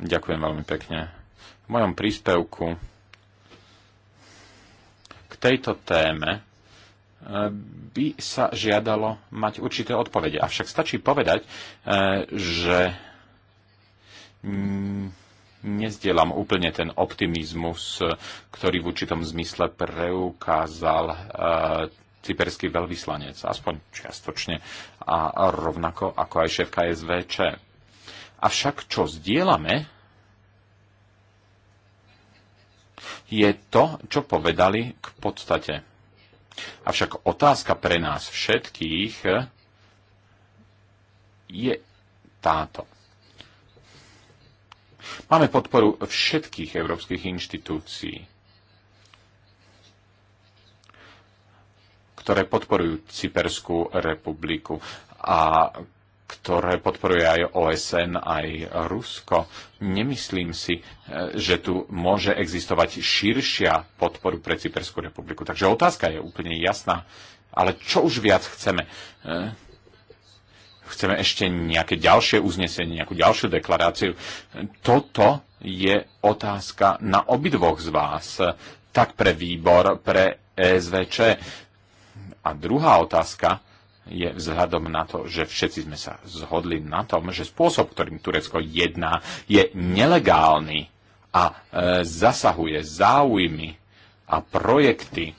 Ďakujem veľmi pekne. V mojom príspevku k tejto téme e, by sa žiadalo mať určité odpovede. Avšak stačí povedať, e, že mm, nezdielam úplne ten optimizmus, ktorý v určitom zmysle preukázal e, cyperský veľvyslanec, aspoň čiastočne, a rovnako ako aj šéfka SVČ. Avšak čo zdieľame, je to, čo povedali k podstate. Avšak otázka pre nás všetkých je táto. Máme podporu všetkých európskych inštitúcií ktoré podporujú Cyperskú republiku a ktoré podporuje aj OSN, aj Rusko. Nemyslím si, e, že tu môže existovať širšia podporu pre Cyperskú republiku. Takže otázka je úplne jasná. Ale čo už viac chceme? E, chceme ešte nejaké ďalšie uznesenie, nejakú ďalšiu deklaráciu. E, toto je otázka na obidvoch z vás, tak pre výbor, pre ESVČ, a druhá otázka je vzhľadom na to, že všetci sme sa zhodli na tom, že spôsob, ktorým Turecko jedná, je nelegálny a e, zasahuje záujmy a projekty e,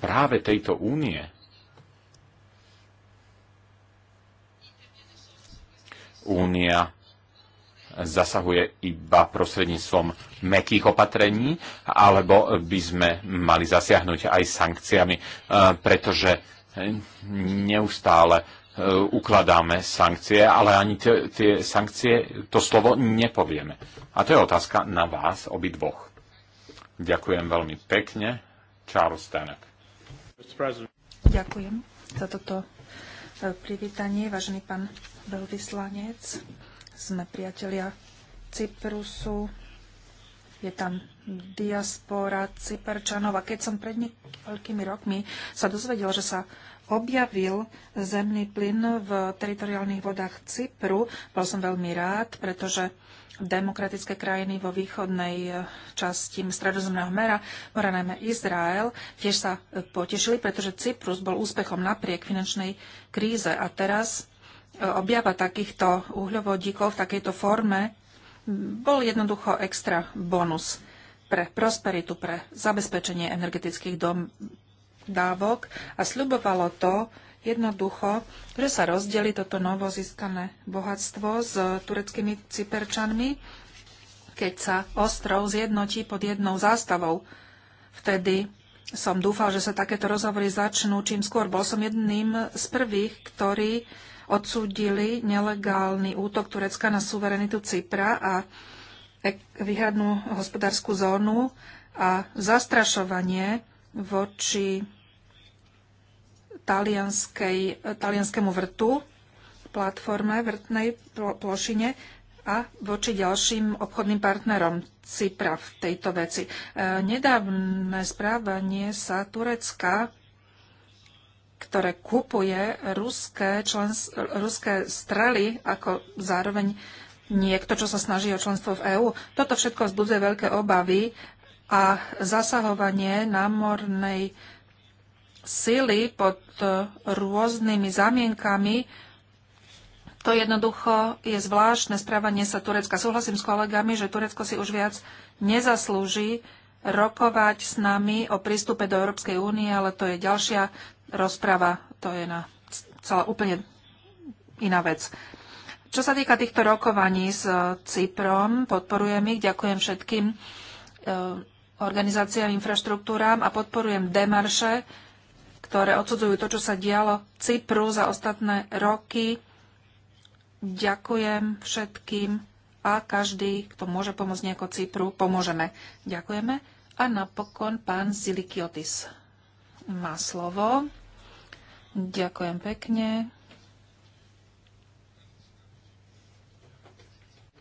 práve tejto únie. Únia zasahuje iba prostredníctvom mekých opatrení, alebo by sme mali zasiahnuť aj sankciami, e, pretože neustále e, ukladáme sankcie, ale ani tie sankcie, to slovo nepovieme. A to je otázka na vás obidvoch. Ďakujem veľmi pekne. Charles Stanek. Ďakujem za toto e, privítanie, vážený pán veľvyslanec. Sme priatelia Cyprusu, je tam diaspora Cyperčanov. A keď som pred niekoľkými rokmi sa dozvedel, že sa objavil zemný plyn v teritoriálnych vodách Cypru, bol som veľmi rád, pretože demokratické krajiny vo východnej e, časti Stredozemného mera, mora najmä Izrael, tiež sa potešili, pretože Cyprus bol úspechom napriek finančnej kríze. A teraz objava takýchto uhľovodíkov v takejto forme bol jednoducho extra bonus pre prosperitu, pre zabezpečenie energetických dom, dávok a sľubovalo to jednoducho, že sa rozdeli toto novo získané bohatstvo s tureckými cyperčanmi, keď sa ostrov zjednotí pod jednou zástavou. Vtedy som dúfal, že sa takéto rozhovory začnú čím skôr. Bol som jedným z prvých, ktorý odsúdili nelegálny útok Turecka na suverenitu Cypra a výhradnú hospodárskú zónu a zastrašovanie voči talianskému vrtu, platforme, vrtnej plošine a voči ďalším obchodným partnerom Cypra v tejto veci. E, nedávne správanie sa Turecka ktoré kupuje ruské, člens, ruské strely ako zároveň niekto, čo sa snaží o členstvo v EÚ. Toto všetko vzbudzuje veľké obavy a zasahovanie námornej sily pod e, rôznymi zamienkami. To jednoducho je zvláštne správanie sa Turecka. Súhlasím s kolegami, že Turecko si už viac nezaslúži rokovať s nami o prístupe do Európskej únie, ale to je ďalšia rozpráva, to je na celá úplne iná vec. Čo sa týka týchto rokovaní s e, Cyprom, podporujem ich, ďakujem všetkým e, organizáciám, infraštruktúram a podporujem demarše, ktoré odsudzujú to, čo sa dialo Cypru za ostatné roky. Ďakujem všetkým a každý, kto môže pomôcť nejako Cypru, pomôžeme. Ďakujeme. A napokon pán Zilikiotis má slovo. Ďakujem pekne.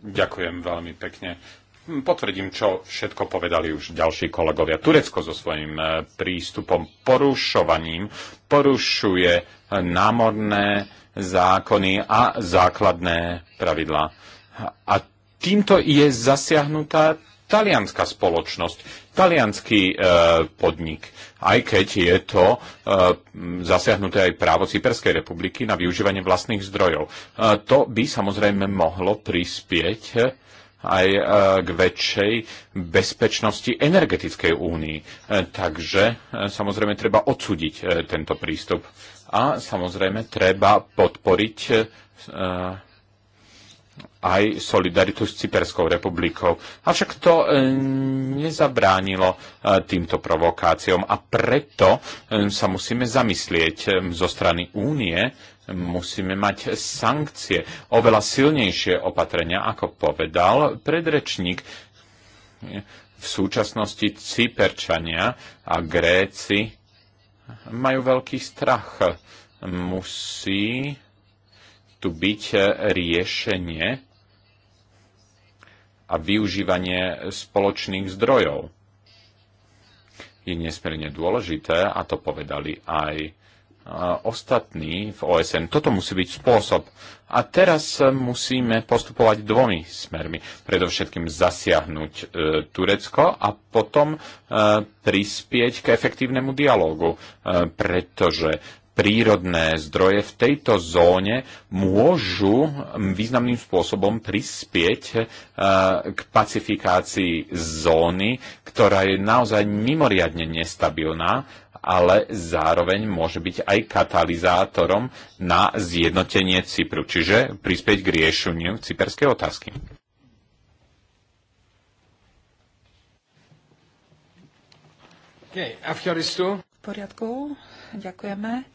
Ďakujem veľmi pekne. Potvrdím, čo všetko povedali už ďalší kolegovia. Turecko so svojím eh, prístupom porušovaním porušuje námorné zákony a základné pravidlá. A týmto je zasiahnutá talianská spoločnosť talianský e, podnik, aj keď je to e, zasiahnuté aj právo Cyperskej republiky na využívanie vlastných zdrojov. E, to by samozrejme mohlo prispieť aj e, k väčšej bezpečnosti energetickej únii. E, takže e, samozrejme treba odsúdiť e, tento prístup a samozrejme treba podporiť e, aj solidaritu s Cyperskou republikou. Avšak to e, nezabránilo e, týmto provokáciám a preto e, sa musíme zamyslieť zo strany únie, musíme mať sankcie, oveľa silnejšie opatrenia, ako povedal predrečník. V súčasnosti Cyperčania a Gréci majú veľký strach. Musí tu byť e, riešenie a využívanie spoločných zdrojov. Je nesmierne dôležité, a to povedali aj e, ostatní v OSN. Toto musí byť spôsob. A teraz e, musíme postupovať dvomi smermi. Predovšetkým zasiahnuť e, Turecko a potom e, prispieť k efektívnemu dialogu. e, pretože prírodné zdroje v tejto zóne môžu významným spôsobom prispieť e, k pacifikácii zóny, ktorá je naozaj mimoriadne nestabilná, ale zároveň môže byť aj katalizátorom na zjednotenie Cypru, čiže prispieť k riešeniu cyperskej otázky. V poriadku, ďakujeme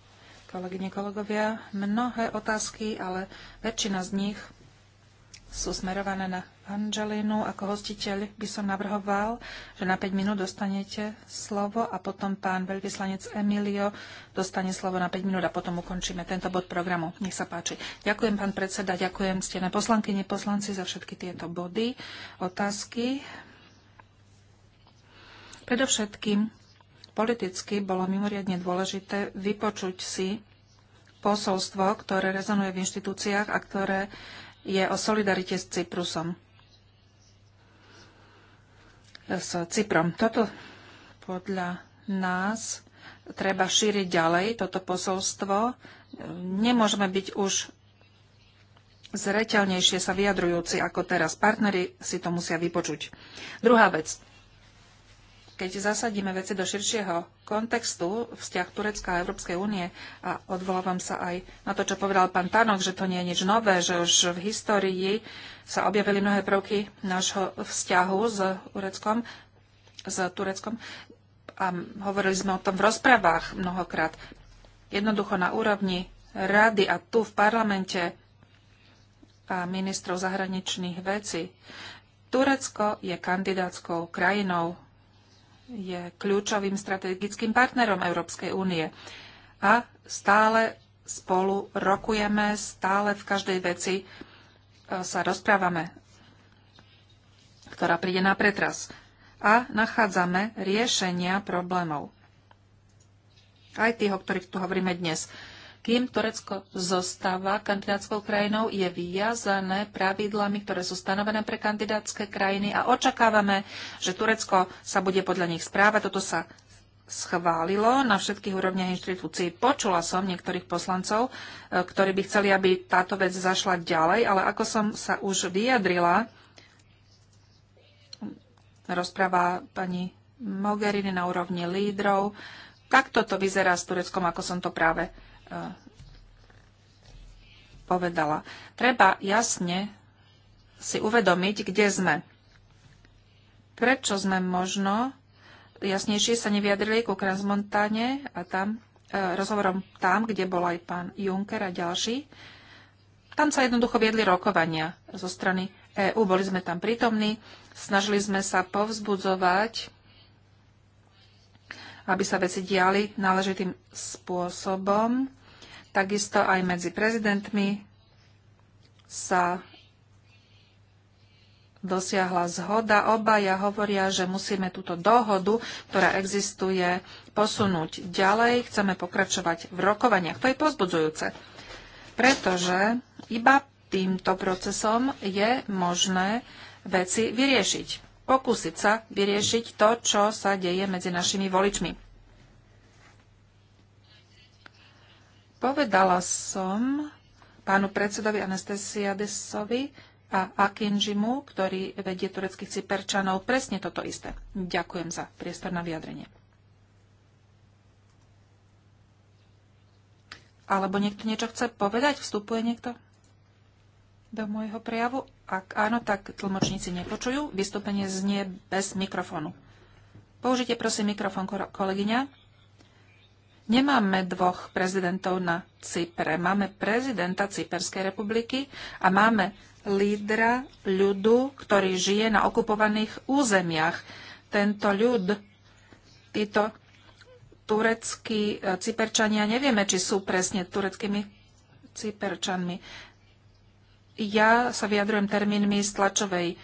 kolegyne, kolegovia. Mnohé otázky, ale väčšina z nich sú smerované na Angelinu. Ako hostiteľ by som navrhoval, že na 5 minút dostanete slovo a potom pán veľvyslanec Emilio dostane slovo na 5 minút a potom ukončíme tento bod programu. Nech sa páči. Ďakujem, pán predseda, ďakujem ste na poslanky, neposlanci za všetky tieto body, otázky. Predovšetkým Politicky bolo mimoriadne dôležité vypočuť si posolstvo, ktoré rezonuje v inštitúciách a ktoré je o solidarite s Cyprusom. S Cyprom. Toto podľa nás treba šíriť ďalej, toto posolstvo. Nemôžeme byť už zreteľnejšie sa vyjadrujúci ako teraz. Partnery si to musia vypočuť. Druhá vec keď zasadíme veci do širšieho kontextu, vzťah Turecka a Európskej únie, a odvolávam sa aj na to, čo povedal pán Tanok, že to nie je nič nové, že už v histórii sa objavili mnohé prvky nášho vzťahu s Tureckom, s Tureckom a hovorili sme o tom v rozprávach mnohokrát. Jednoducho na úrovni rady a tu v parlamente a ministrov zahraničných vecí. Turecko je kandidátskou krajinou je kľúčovým strategickým partnerom Európskej únie. A stále spolu rokujeme, stále v každej veci e, sa rozprávame, ktorá príde na pretras. A nachádzame riešenia problémov. Aj tých, o ktorých tu hovoríme dnes. Kým Turecko zostáva kandidátskou krajinou, je vyjazané pravidlami, ktoré sú stanovené pre kandidátske krajiny a očakávame, že Turecko sa bude podľa nich správať. Toto sa schválilo na všetkých úrovniach inštitúcií. Počula som niektorých poslancov, e, ktorí by chceli, aby táto vec zašla ďalej, ale ako som sa už vyjadrila, rozpráva pani Mogherini na úrovni lídrov, takto to vyzerá s Tureckom, ako som to práve E, povedala. Treba jasne si uvedomiť, kde sme. Prečo sme možno jasnejšie sa nevyjadrili ku Krasmontane a tam e, rozhovorom tam, kde bol aj pán Juncker a ďalší. Tam sa jednoducho viedli rokovania zo strany EÚ. Boli sme tam prítomní, snažili sme sa povzbudzovať, aby sa veci diali náležitým spôsobom Takisto aj medzi prezidentmi sa dosiahla zhoda. Obaja hovoria, že musíme túto dohodu, ktorá existuje, posunúť ďalej. Chceme pokračovať v rokovaniach. To je pozbudzujúce, pretože iba týmto procesom je možné veci vyriešiť. Pokúsiť sa vyriešiť to, čo sa deje medzi našimi voličmi. Povedala som pánu predsedovi Anastasiadesovi a Akinžimu, ktorý vedie tureckých cyperčanov, presne toto isté. Ďakujem za priestor na vyjadrenie. Alebo niekto niečo chce povedať? Vstupuje niekto do môjho prejavu? Ak áno, tak tlmočníci nepočujú. Vystúpenie znie bez mikrofónu. Použite prosím mikrofón, kolegyňa. Nemáme dvoch prezidentov na Cypre. Máme prezidenta Cyperskej republiky a máme lídra ľudu, ktorý žije na okupovaných územiach. Tento ľud, títo tureckí e, cyperčania, nevieme, či sú presne tureckými cyperčanmi. Ja sa vyjadrujem termínmi z tlačovej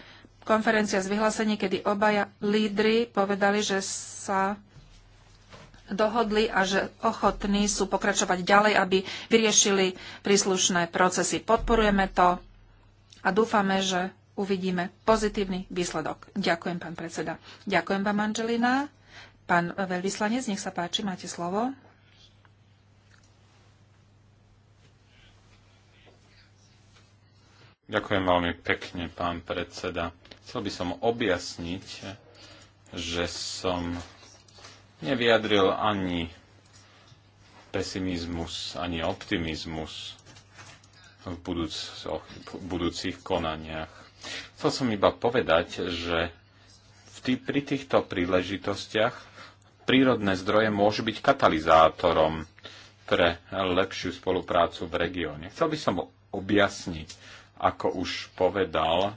konferencia z vyhlásení, kedy obaja lídry povedali, že sa dohodli a že ochotní sú pokračovať ďalej, aby vyriešili príslušné procesy. Podporujeme to a dúfame, že uvidíme pozitívny výsledok. Ďakujem, pán predseda. Ďakujem vám, Angelina. Pán veľvyslanec, nech sa páči, máte slovo. Ďakujem veľmi pekne, pán predseda. Chcel by som objasniť, že som nevyjadril ani pesimizmus, ani optimizmus v, v budúcich konaniach. Chcel som iba povedať, že v tý, pri týchto príležitostiach prírodné zdroje môžu byť katalizátorom pre lepšiu spoluprácu v regióne. Chcel by som objasniť, ako už povedal,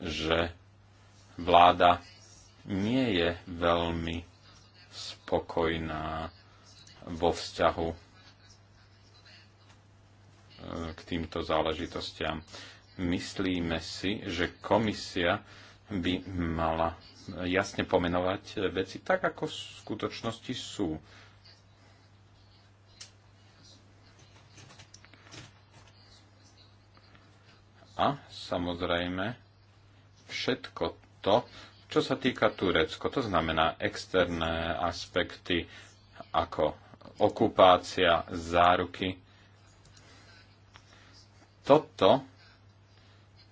že vláda nie je veľmi spokojná vo vzťahu e, k týmto záležitostiam. Myslíme si, že komisia by mala jasne pomenovať veci tak, ako v skutočnosti sú. A samozrejme, všetko to, čo sa týka Turecko, to znamená externé aspekty ako okupácia, záruky. Toto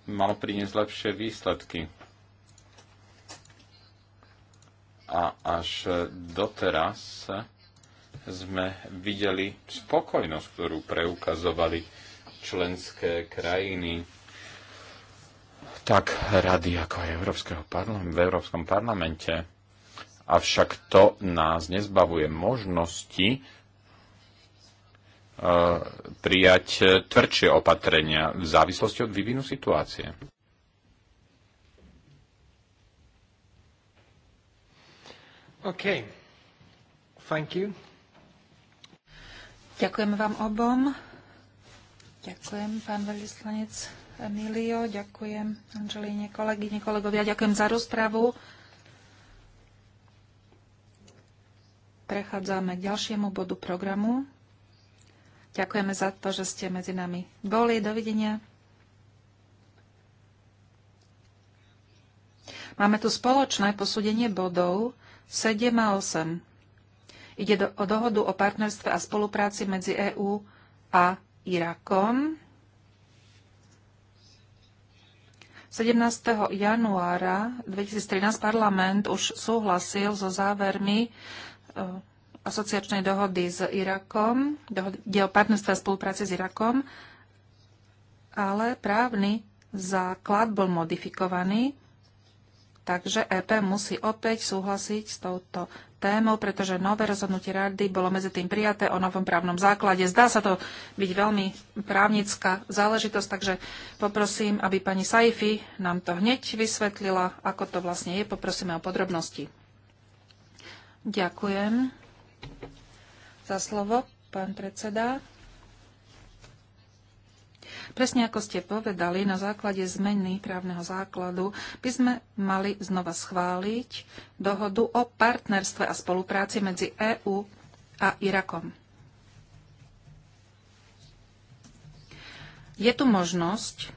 malo priniesť lepšie výsledky. A až doteraz sme videli spokojnosť, ktorú preukazovali členské krajiny tak rady ako aj Európskeho v Európskom parlamente. Avšak to nás nezbavuje možnosti e, prijať tvrdšie opatrenia v závislosti od vývinu situácie. OK. Thank you. Ďakujem vám obom. Ďakujem, pán veľvyslanec. Emilio, ďakujem Angelíne, kolegyne, kolegovia, ďakujem za rozpravu. Prechádzame k ďalšiemu bodu programu. Ďakujeme za to, že ste medzi nami boli. Dovidenia. Máme tu spoločné posúdenie bodov 7 a 8. Ide do, o dohodu o partnerstve a spolupráci medzi EÚ a Irakom. 17. januára 2013 parlament už súhlasil so závermi e, asociačnej dohody s Irakom, dohody o partnerstve a spolupráci s Irakom, ale právny základ bol modifikovaný Takže EP musí opäť súhlasiť s touto témou, pretože nové rozhodnutie rady bolo medzi tým prijaté o novom právnom základe. Zdá sa to byť veľmi právnická záležitosť, takže poprosím, aby pani Saifi nám to hneď vysvetlila, ako to vlastne je. Poprosíme o podrobnosti. Ďakujem za slovo, pán predseda. Presne ako ste povedali, na základe zmeny právneho základu by sme mali znova schváliť dohodu o partnerstve a spolupráci medzi EÚ a Irakom. Je tu možnosť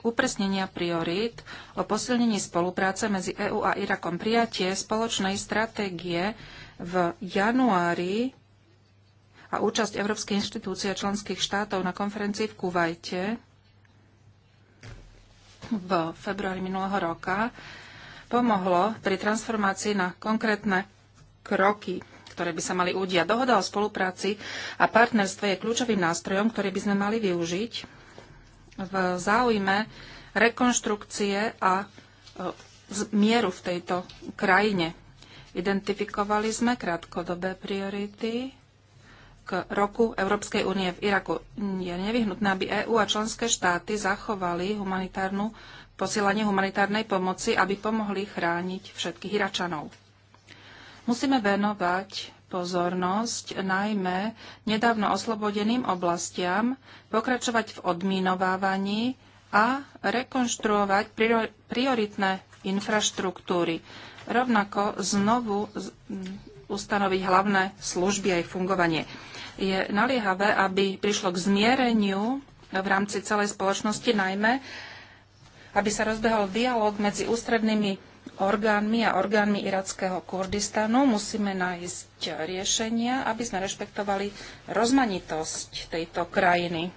upresnenia priorít o posilnení spolupráce medzi EÚ a Irakom. Prijatie spoločnej stratégie v januári a účasť Európskej inštitúcie a členských štátov na konferencii v Kuvajte v februári minulého roka pomohlo pri transformácii na konkrétne kroky, ktoré by sa mali udiať. Dohoda o spolupráci a partnerstve je kľúčovým nástrojom, ktorý by sme mali využiť v záujme rekonštrukcie a e, mieru v tejto krajine. Identifikovali sme krátkodobé priority, k roku Európskej únie v Iraku. Je nevyhnutné, aby EÚ a členské štáty zachovali humanitárnu, posielanie humanitárnej pomoci, aby pomohli chrániť všetkých Iračanov. Musíme venovať pozornosť najmä nedávno oslobodeným oblastiam, pokračovať v odminovávaní a rekonštruovať prioritné infraštruktúry. Rovnako znovu ustanoviť hlavné služby a ich fungovanie je naliehavé, aby prišlo k zmiereniu v rámci celej spoločnosti, najmä aby sa rozbehol dialog medzi ústrednými orgánmi a orgánmi irackého Kurdistanu. Musíme nájsť riešenia, aby sme rešpektovali rozmanitosť tejto krajiny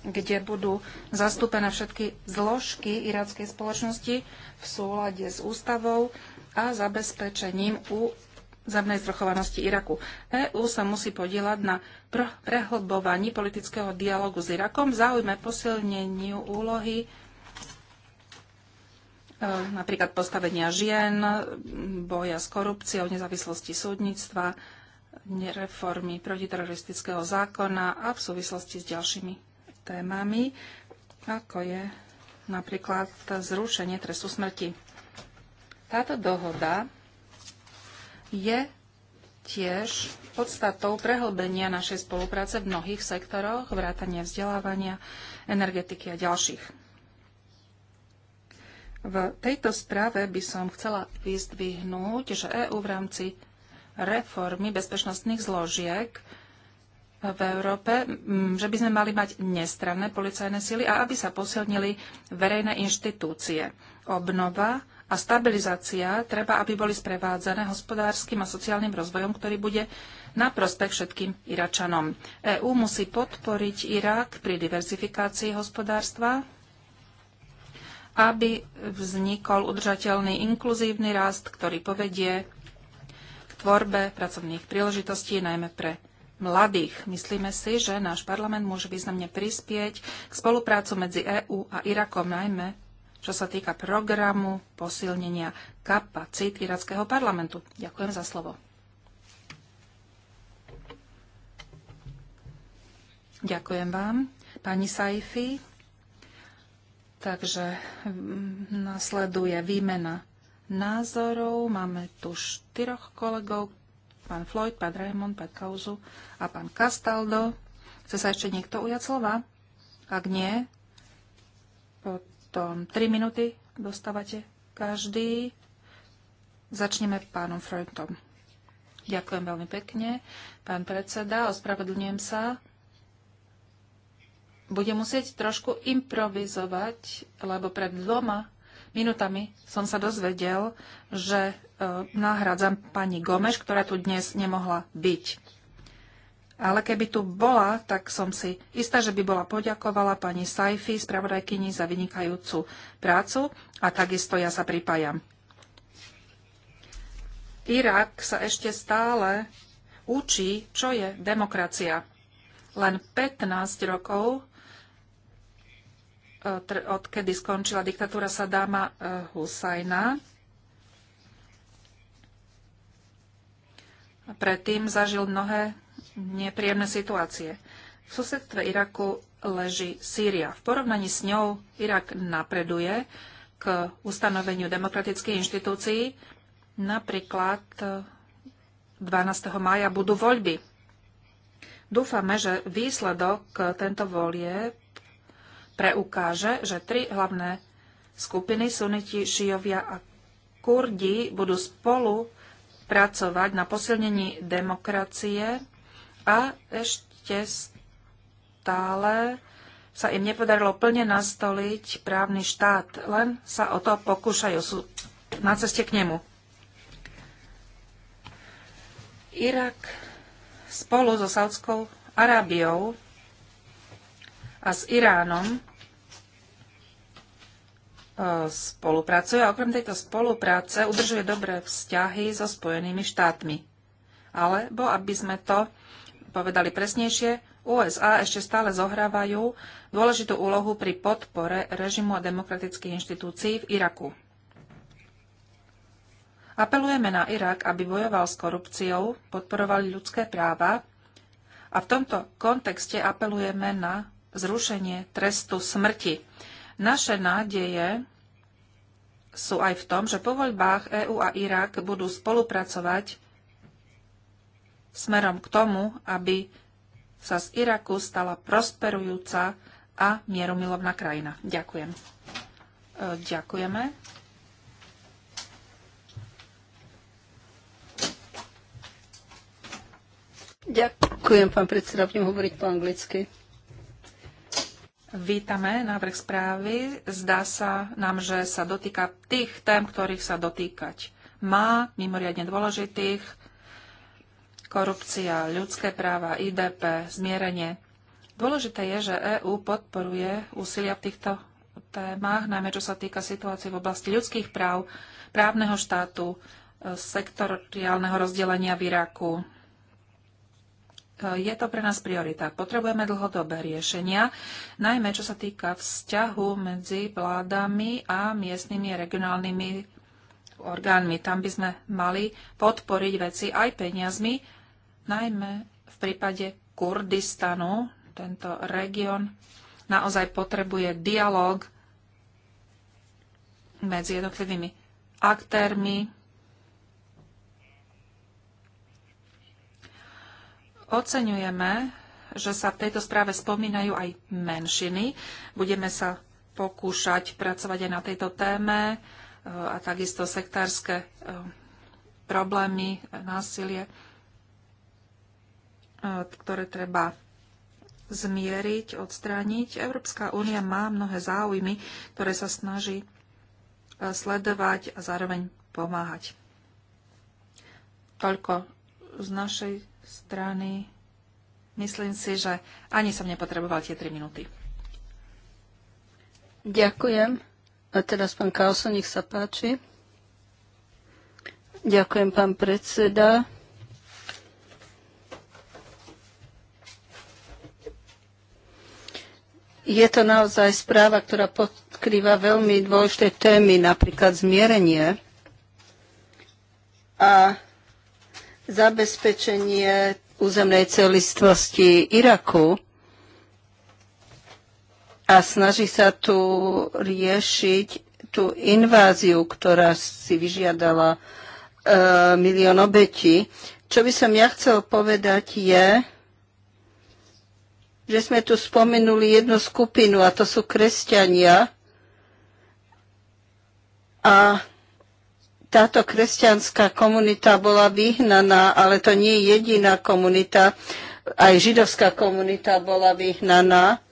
kde budú zastúpené všetky zložky irackej spoločnosti v súlade s ústavou a zabezpečením u zemnej zvrchovanosti Iraku. EÚ sa musí podielať na prehlbovaní politického dialogu s Irakom v záujme posilneniu úlohy e, napríklad postavenia žien, boja s korupciou, nezávislosti súdnictva, reformy protiteroristického zákona a v súvislosti s ďalšími témami, ako je napríklad zrušenie trestu smrti. Táto dohoda je tiež podstatou prehlbenia našej spolupráce v mnohých sektoroch, vrátania vzdelávania, energetiky a ďalších. V tejto správe by som chcela vyzdvihnúť, že EÚ v rámci reformy bezpečnostných zložiek v Európe, mm, že by sme mali mať nestranné policajné sily a aby sa posilnili verejné inštitúcie. Obnova a stabilizácia treba, aby boli sprevádzané hospodárskym a sociálnym rozvojom, ktorý bude na prospech všetkým Iračanom. EÚ musí podporiť Irak pri diverzifikácii hospodárstva, aby vznikol udržateľný inkluzívny rast, ktorý povedie k tvorbe pracovných príležitostí, najmä pre mladých. Myslíme si, že náš parlament môže významne prispieť k spoluprácu medzi EÚ a Irakom, najmä čo sa týka programu posilnenia kapacít irackého parlamentu. Ďakujem za slovo. Ďakujem vám, pani Saifi. Takže mm, nasleduje výmena názorov. Máme tu štyroch kolegov, pán Floyd, pán Raymond, pán Kauzu a pán Castaldo. Chce sa ešte niekto ujať slova? Ak nie, pod potom 3 minúty dostávate každý. Začneme pánom Frentom. Ďakujem veľmi pekne. Pán predseda, ospravedlňujem sa. Budem musieť trošku improvizovať, lebo pred dvoma minutami som sa dozvedel, že e, nahradzam pani Gomeš, ktorá tu dnes nemohla byť. Ale keby tu bola, tak som si istá, že by bola poďakovala pani Saifi, spravodajkyni, za vynikajúcu prácu a takisto ja sa pripájam. Irak sa ešte stále učí, čo je demokracia. Len 15 rokov, e, odkedy skončila diktatúra Sadáma e, Husajna, predtým zažil mnohé nepríjemné situácie. V susedstve Iraku leží Sýria. V porovnaní s ňou Irak napreduje k ustanoveniu demokratických inštitúcií. Napríklad 12. Eh, maja budú voľby. Dúfame, že výsledok eh, tento volie preukáže, že tri hlavné skupiny suniti, šijovia a kurdi budú spolu pracovať na posilnení demokracie a ešte stále sa im nepodarilo plne nastoliť právny štát, len sa o to pokúšajú, sú na ceste k nemu. Irak spolu so Saudskou Arábiou a s Iránom e, spolupracuje a okrem tejto spolupráce udržuje dobré vzťahy so Spojenými štátmi. Alebo, aby sme to povedali presnejšie, USA ešte stále zohrávajú dôležitú úlohu pri podpore režimu a demokratických inštitúcií v Iraku. Apelujeme na Irak, aby bojoval s korupciou, podporovali ľudské práva a v tomto kontexte apelujeme na zrušenie trestu smrti. Naše nádeje sú aj v tom, že po voľbách EÚ a Irak budú spolupracovať smerom k tomu, aby sa z Iraku stala prosperujúca a mierumilovná krajina. Ďakujem. E, ďakujeme. Ďakujem, pán predseda, budem hovoriť po anglicky. Vítame návrh správy. Zdá sa nám, že sa dotýka tých tém, ktorých sa dotýkať má, mimoriadne dôležitých, korupcia, ľudské práva, IDP, zmierenie. Dôležité je, že EÚ podporuje úsilia v týchto témach, najmä čo sa týka situácie v oblasti ľudských práv, právneho štátu, e, sektoriálneho rozdelenia v Iraku. E, je to pre nás priorita. Potrebujeme dlhodobé riešenia, najmä čo sa týka vzťahu medzi vládami a miestnymi a regionálnymi orgánmi. Tam by sme mali podporiť veci aj peniazmi, Najmä v prípade Kurdistanu tento región naozaj potrebuje dialog medzi jednotlivými aktérmi. Oceňujeme, že sa v tejto správe spomínajú aj menšiny. Budeme sa pokúšať pracovať aj na tejto téme e, a takisto sektárske e, problémy, násilie. E, ktoré treba zmieriť, odstrániť. Európska únia má mnohé záujmy, ktoré sa snaží e, sledovať a zároveň pomáhať. Toľko z našej strany. Myslím si, že ani som nepotreboval tie 3 minúty. Ďakujem. A teraz pán Kauso, nech sa páči. Ďakujem, pán predseda. Je to naozaj správa, ktorá podkrýva veľmi dôležité témy, napríklad zmierenie a zabezpečenie územnej celistvosti Iraku a snaží sa tu riešiť tú inváziu, ktorá si vyžiadala e, milión obetí. Čo by som ja chcel povedať je, že sme tu spomenuli jednu skupinu a to sú kresťania. A táto kresťanská komunita bola vyhnaná, ale to nie je jediná komunita. Aj židovská komunita bola vyhnaná.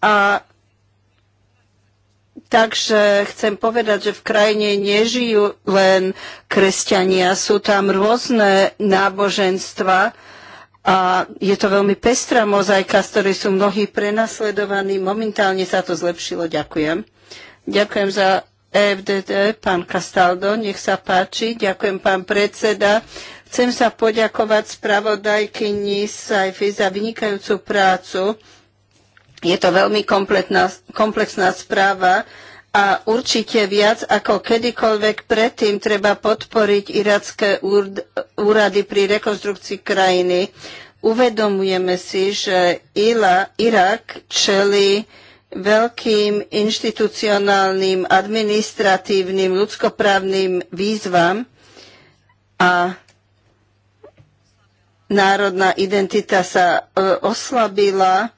A takže chcem povedať, že v krajine nežijú len kresťania, sú tam rôzne náboženstva a je to veľmi pestrá mozaika, z ktorej sú mnohí prenasledovaní. Momentálne sa to zlepšilo. Ďakujem. Ďakujem za EFDD, pán Castaldo, nech sa páči. Ďakujem, pán predseda. Chcem sa poďakovať spravodajky Sajfi za vynikajúcu prácu. Je to veľmi komplexná správa a určite viac ako kedykoľvek predtým treba podporiť iracké úrady pri rekonstrukcii krajiny. Uvedomujeme si, že Ila, Irak čeli veľkým inštitucionálnym, administratívnym, ľudskoprávnym výzvam a národná identita sa e, oslabila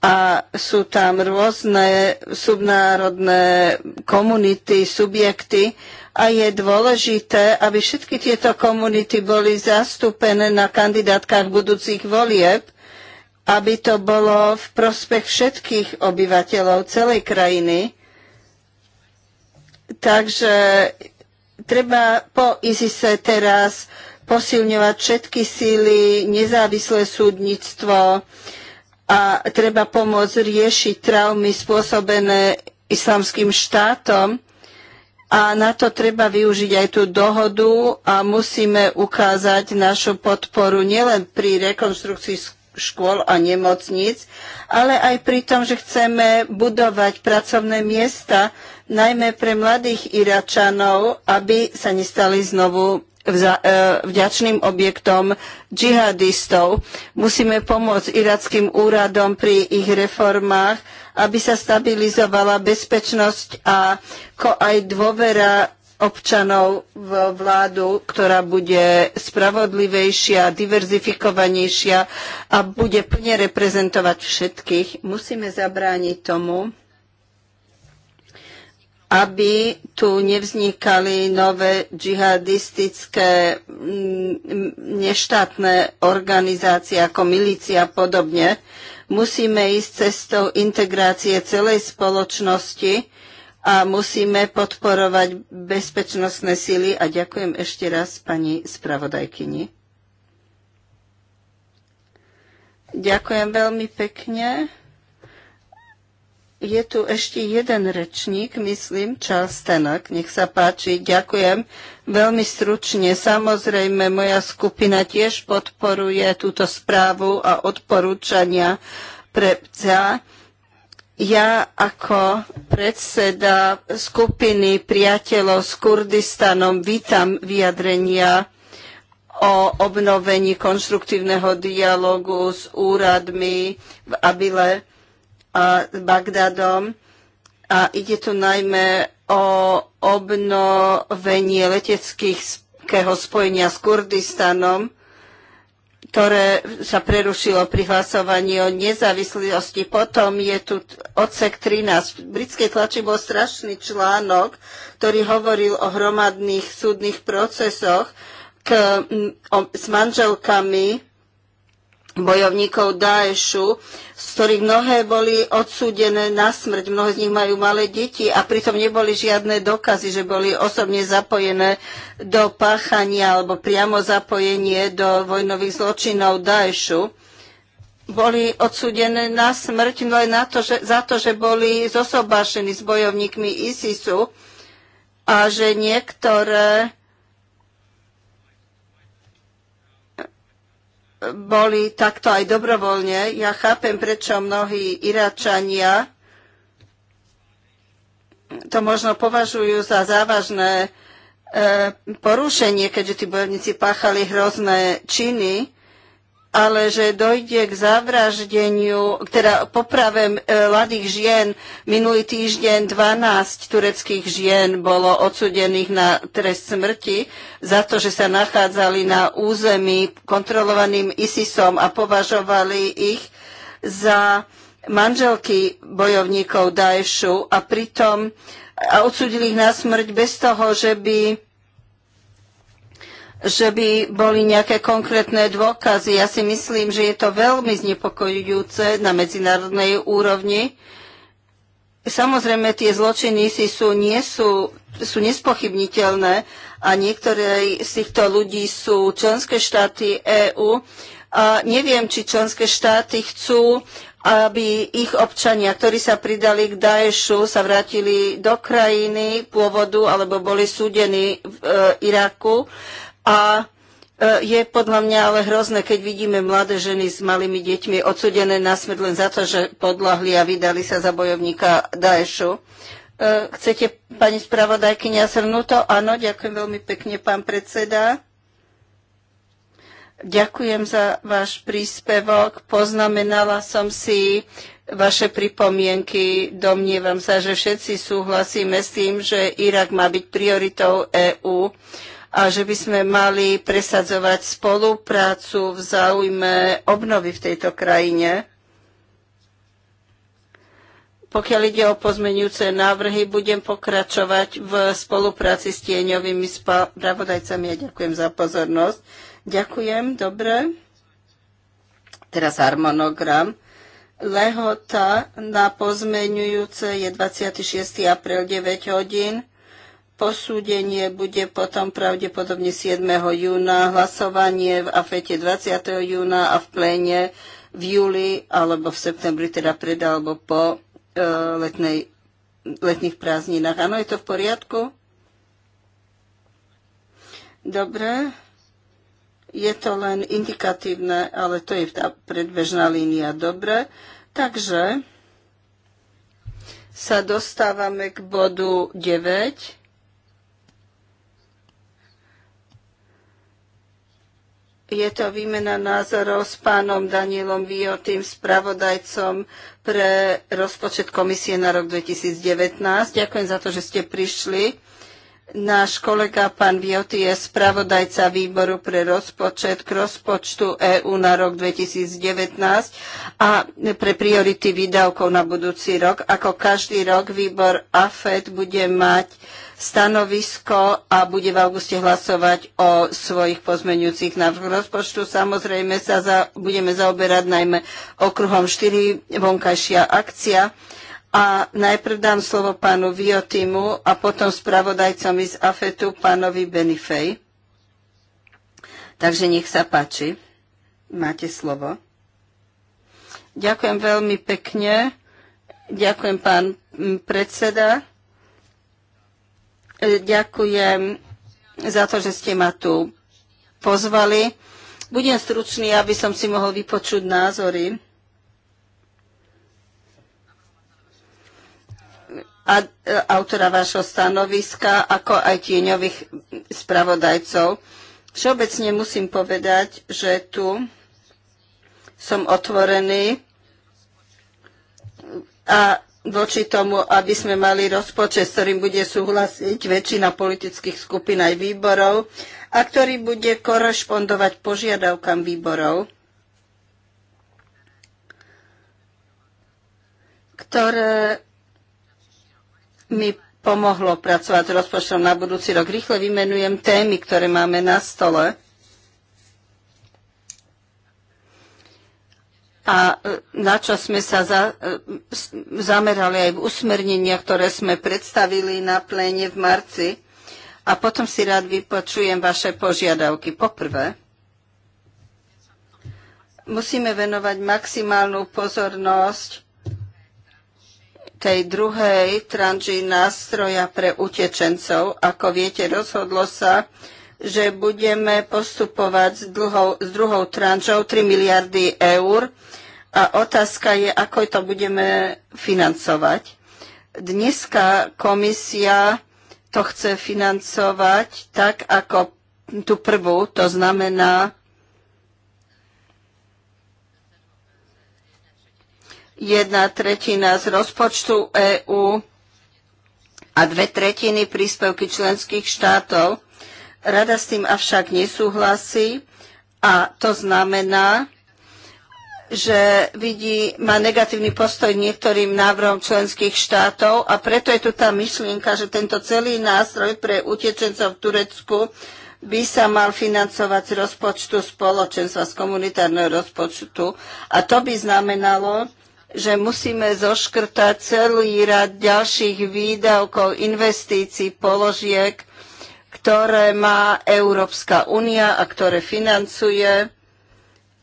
a sú tam rôzne subnárodné komunity, subjekty a je dôležité, aby všetky tieto komunity boli zastúpené na kandidátkach budúcich volieb, aby to bolo v prospech všetkých obyvateľov celej krajiny. Takže treba po ISISe teraz posilňovať všetky síly, nezávislé súdnictvo, a treba pomôcť riešiť traumy spôsobené islamským štátom a na to treba využiť aj tú dohodu a musíme ukázať našu podporu nielen pri rekonstrukcii škôl a nemocníc, ale aj pri tom, že chceme budovať pracovné miesta, najmä pre mladých Iračanov, aby sa nestali znovu E, vďačným objektom džihadistov. Musíme pomôcť irackým úradom pri ich reformách, aby sa stabilizovala bezpečnosť a ko aj dôvera občanov v vládu, ktorá bude spravodlivejšia, diverzifikovanejšia a bude plne reprezentovať všetkých. Musíme zabrániť tomu, aby tu nevznikali nové džihadistické mm, neštátne organizácie ako milícia a podobne. Musíme ísť cestou integrácie celej spoločnosti a musíme podporovať bezpečnostné síly A ďakujem ešte raz pani spravodajkyni. Ďakujem veľmi pekne. Je tu ešte jeden rečník, myslím, Charles Tenak. Nech sa páči, ďakujem. Veľmi stručne, samozrejme, moja skupina tiež podporuje túto správu a odporúčania pre PCA. Ja ako predseda skupiny priateľov s Kurdistanom vítam vyjadrenia o obnovení konštruktívneho dialogu s úradmi v Abile a Bagdadom. A ide tu najmä o obnovenie leteckého spojenia s Kurdistanom, ktoré sa prerušilo pri hlasovaní o nezávislosti. Potom je tu odsek 13. V britskej tlači bol strašný článok, ktorý hovoril o hromadných súdnych procesoch k, o, s manželkami bojovníkov Daešu, z ktorých mnohé boli odsúdené na smrť, mnohé z nich majú malé deti a pritom neboli žiadne dokazy, že boli osobne zapojené do páchania alebo priamo zapojenie do vojnových zločinov Daešu. Boli odsúdené na smrť len na to, že, za to, že boli zosobášení s bojovníkmi ISISu a že niektoré boli takto aj dobrovoľne. Ja chápem, prečo mnohí Iračania to možno považujú za závažné e, porušenie, keďže tí bojovníci páchali hrozné činy, ale že dojde k zavraždeniu, teda poprave e, mladých žien. Minulý týždeň 12 tureckých žien bolo odsudených na trest smrti za to, že sa nachádzali na území kontrolovaným ISISom a považovali ich za manželky bojovníkov Daešu a pritom a odsudili ich na smrť bez toho, že by že by boli nejaké konkrétne dôkazy. Ja si myslím, že je to veľmi znepokojujúce na medzinárodnej úrovni. Samozrejme, tie zločiny si sú, nie sú, sú nespochybniteľné a niektoré z týchto ľudí sú členské štáty EÚ. A neviem, či členské štáty chcú, aby ich občania, ktorí sa pridali k Daešu, sa vrátili do krajiny pôvodu alebo boli súdení v e, Iraku a e, je podľa mňa ale hrozné, keď vidíme mladé ženy s malými deťmi odsudené na smrť len za to, že podľahli a vydali sa za bojovníka Daešu. E, chcete, pani spravodajkynia, zhrnúť to? Áno, ďakujem veľmi pekne, pán predseda. Ďakujem za váš príspevok. Poznamenala som si vaše pripomienky. Domnievam sa, že všetci súhlasíme s tým, že Irak má byť prioritou EÚ a že by sme mali presadzovať spoluprácu v záujme obnovy v tejto krajine. Pokiaľ ide o pozmenujúce návrhy, budem pokračovať v spolupráci s tieňovými spravodajcami a ja ďakujem za pozornosť. Ďakujem, dobre. Teraz harmonogram. Lehota na pozmenujúce je 26. apríl 9 hodín. Posúdenie bude potom pravdepodobne 7. júna, hlasovanie v AFETE 20. júna a v pléne v júli alebo v septembri, teda pred alebo po e, letnej, letných prázdninách. Áno, je to v poriadku? Dobre. Je to len indikatívne, ale to je tá predbežná línia. Dobre. Takže sa dostávame k bodu 9 Je to výmena názorov s pánom Danielom Biotým, spravodajcom pre rozpočet komisie na rok 2019. Ďakujem za to, že ste prišli. Náš kolega pán Viotti je spravodajca výboru pre rozpočet k rozpočtu EÚ na rok 2019 a pre priority výdavkov na budúci rok. Ako každý rok výbor AFED bude mať stanovisko a bude v auguste hlasovať o svojich pozmeňujúcich návrhoch rozpočtu. Samozrejme sa za, budeme zaoberať najmä okruhom 4 vonkajšia akcia a najprv dám slovo pánu Viotimu a potom spravodajcom z AFETu pánovi Benifej. Takže nech sa páči. Máte slovo. Ďakujem veľmi pekne. Ďakujem pán predseda. Ďakujem za to, že ste ma tu pozvali. Budem stručný, aby som si mohol vypočuť názory E, autora vášho stanoviska, ako aj tieňových spravodajcov. Všeobecne musím povedať, že tu som otvorený a voči tomu, aby sme mali rozpočet, s ktorým bude súhlasiť väčšina politických skupín aj výborov a ktorý bude korešpondovať požiadavkám výborov, ktoré mi pomohlo pracovať s rozpočtom na budúci rok. Rýchle vymenujem témy, ktoré máme na stole. A e, na čo sme sa za, e, zamerali aj v usmerneniach, ktoré sme predstavili na pléne v marci. A potom si rád vypočujem vaše požiadavky. Poprvé, musíme venovať maximálnu pozornosť tej druhej tranži nástroja pre utečencov. Ako viete, rozhodlo sa, že budeme postupovať s, dlhou, s druhou tranžou 3 miliardy eur a otázka je, ako to budeme financovať. Dneska komisia to chce financovať tak, ako tú prvú, to znamená jedna tretina z rozpočtu EÚ a dve tretiny príspevky členských štátov. Rada s tým avšak nesúhlasí a to znamená, že vidí, má negatívny postoj niektorým návrhom členských štátov a preto je tu tá myšlienka, že tento celý nástroj pre utečencov v Turecku by sa mal financovať z rozpočtu spoločenstva, z komunitárneho rozpočtu. A to by znamenalo, že musíme zoškrtať celý rad ďalších výdavkov, investícií, položiek, ktoré má Európska únia a ktoré financuje.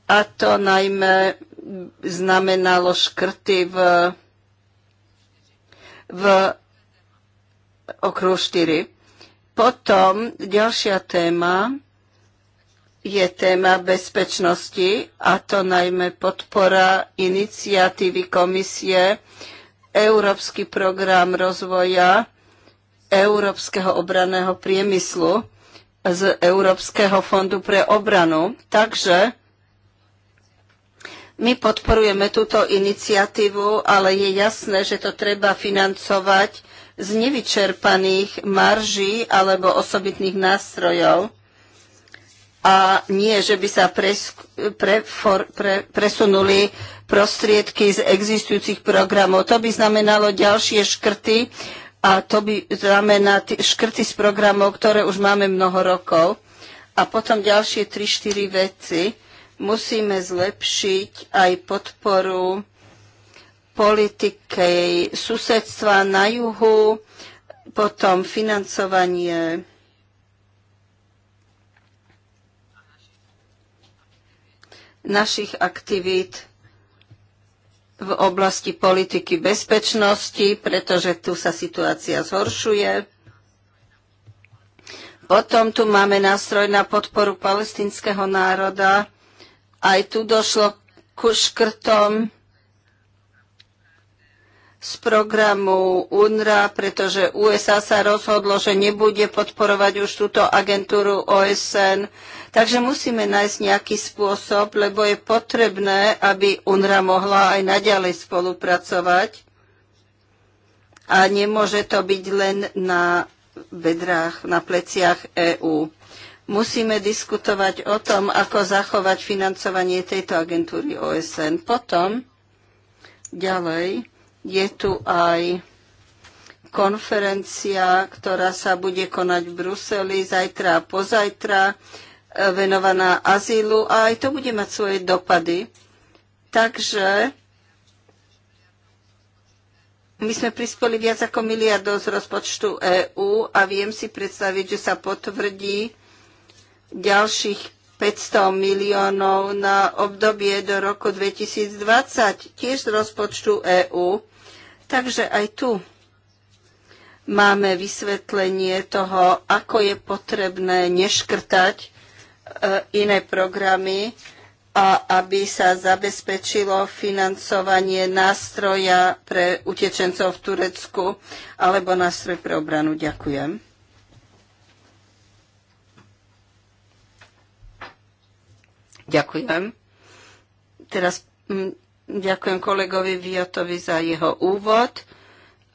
A to najmä znamenalo škrty v, v okruh 4. Potom ďalšia téma je téma bezpečnosti a to najmä podpora iniciatívy komisie Európsky program rozvoja európskeho obraného priemyslu z Európskeho fondu pre obranu. Takže my podporujeme túto iniciatívu, ale je jasné, že to treba financovať z nevyčerpaných marží alebo osobitných nástrojov a nie, že by sa pres, pre, for, pre, presunuli prostriedky z existujúcich programov. To by znamenalo ďalšie škrty a to by znamená škrty z programov, ktoré už máme mnoho rokov. A potom ďalšie 3-4 veci. Musíme zlepšiť aj podporu politiky susedstva na juhu, potom financovanie našich aktivít v oblasti politiky bezpečnosti, pretože tu sa situácia zhoršuje. Potom tu máme nástroj na podporu palestinského národa. Aj tu došlo ku škrtom z programu UNRA, pretože USA sa rozhodlo, že nebude podporovať už túto agentúru OSN. Takže musíme nájsť nejaký spôsob, lebo je potrebné, aby UNRA mohla aj naďalej spolupracovať. A nemôže to byť len na bedrách, na pleciach EÚ. Musíme diskutovať o tom, ako zachovať financovanie tejto agentúry OSN. Potom ďalej je tu aj konferencia, ktorá sa bude konať v Bruseli zajtra a pozajtra, e, venovaná azylu a aj to bude mať svoje dopady. Takže my sme prispeli viac ako miliardov z rozpočtu EÚ a viem si predstaviť, že sa potvrdí ďalších 500 miliónov na obdobie do roku 2020, tiež z rozpočtu EÚ. Takže aj tu máme vysvetlenie toho, ako je potrebné neškrtať e, iné programy a aby sa zabezpečilo financovanie nástroja pre utečencov v Turecku alebo nástroj pre obranu. Ďakujem. Ďakujem. Teraz mm, ďakujem kolegovi Viotovi za jeho úvod.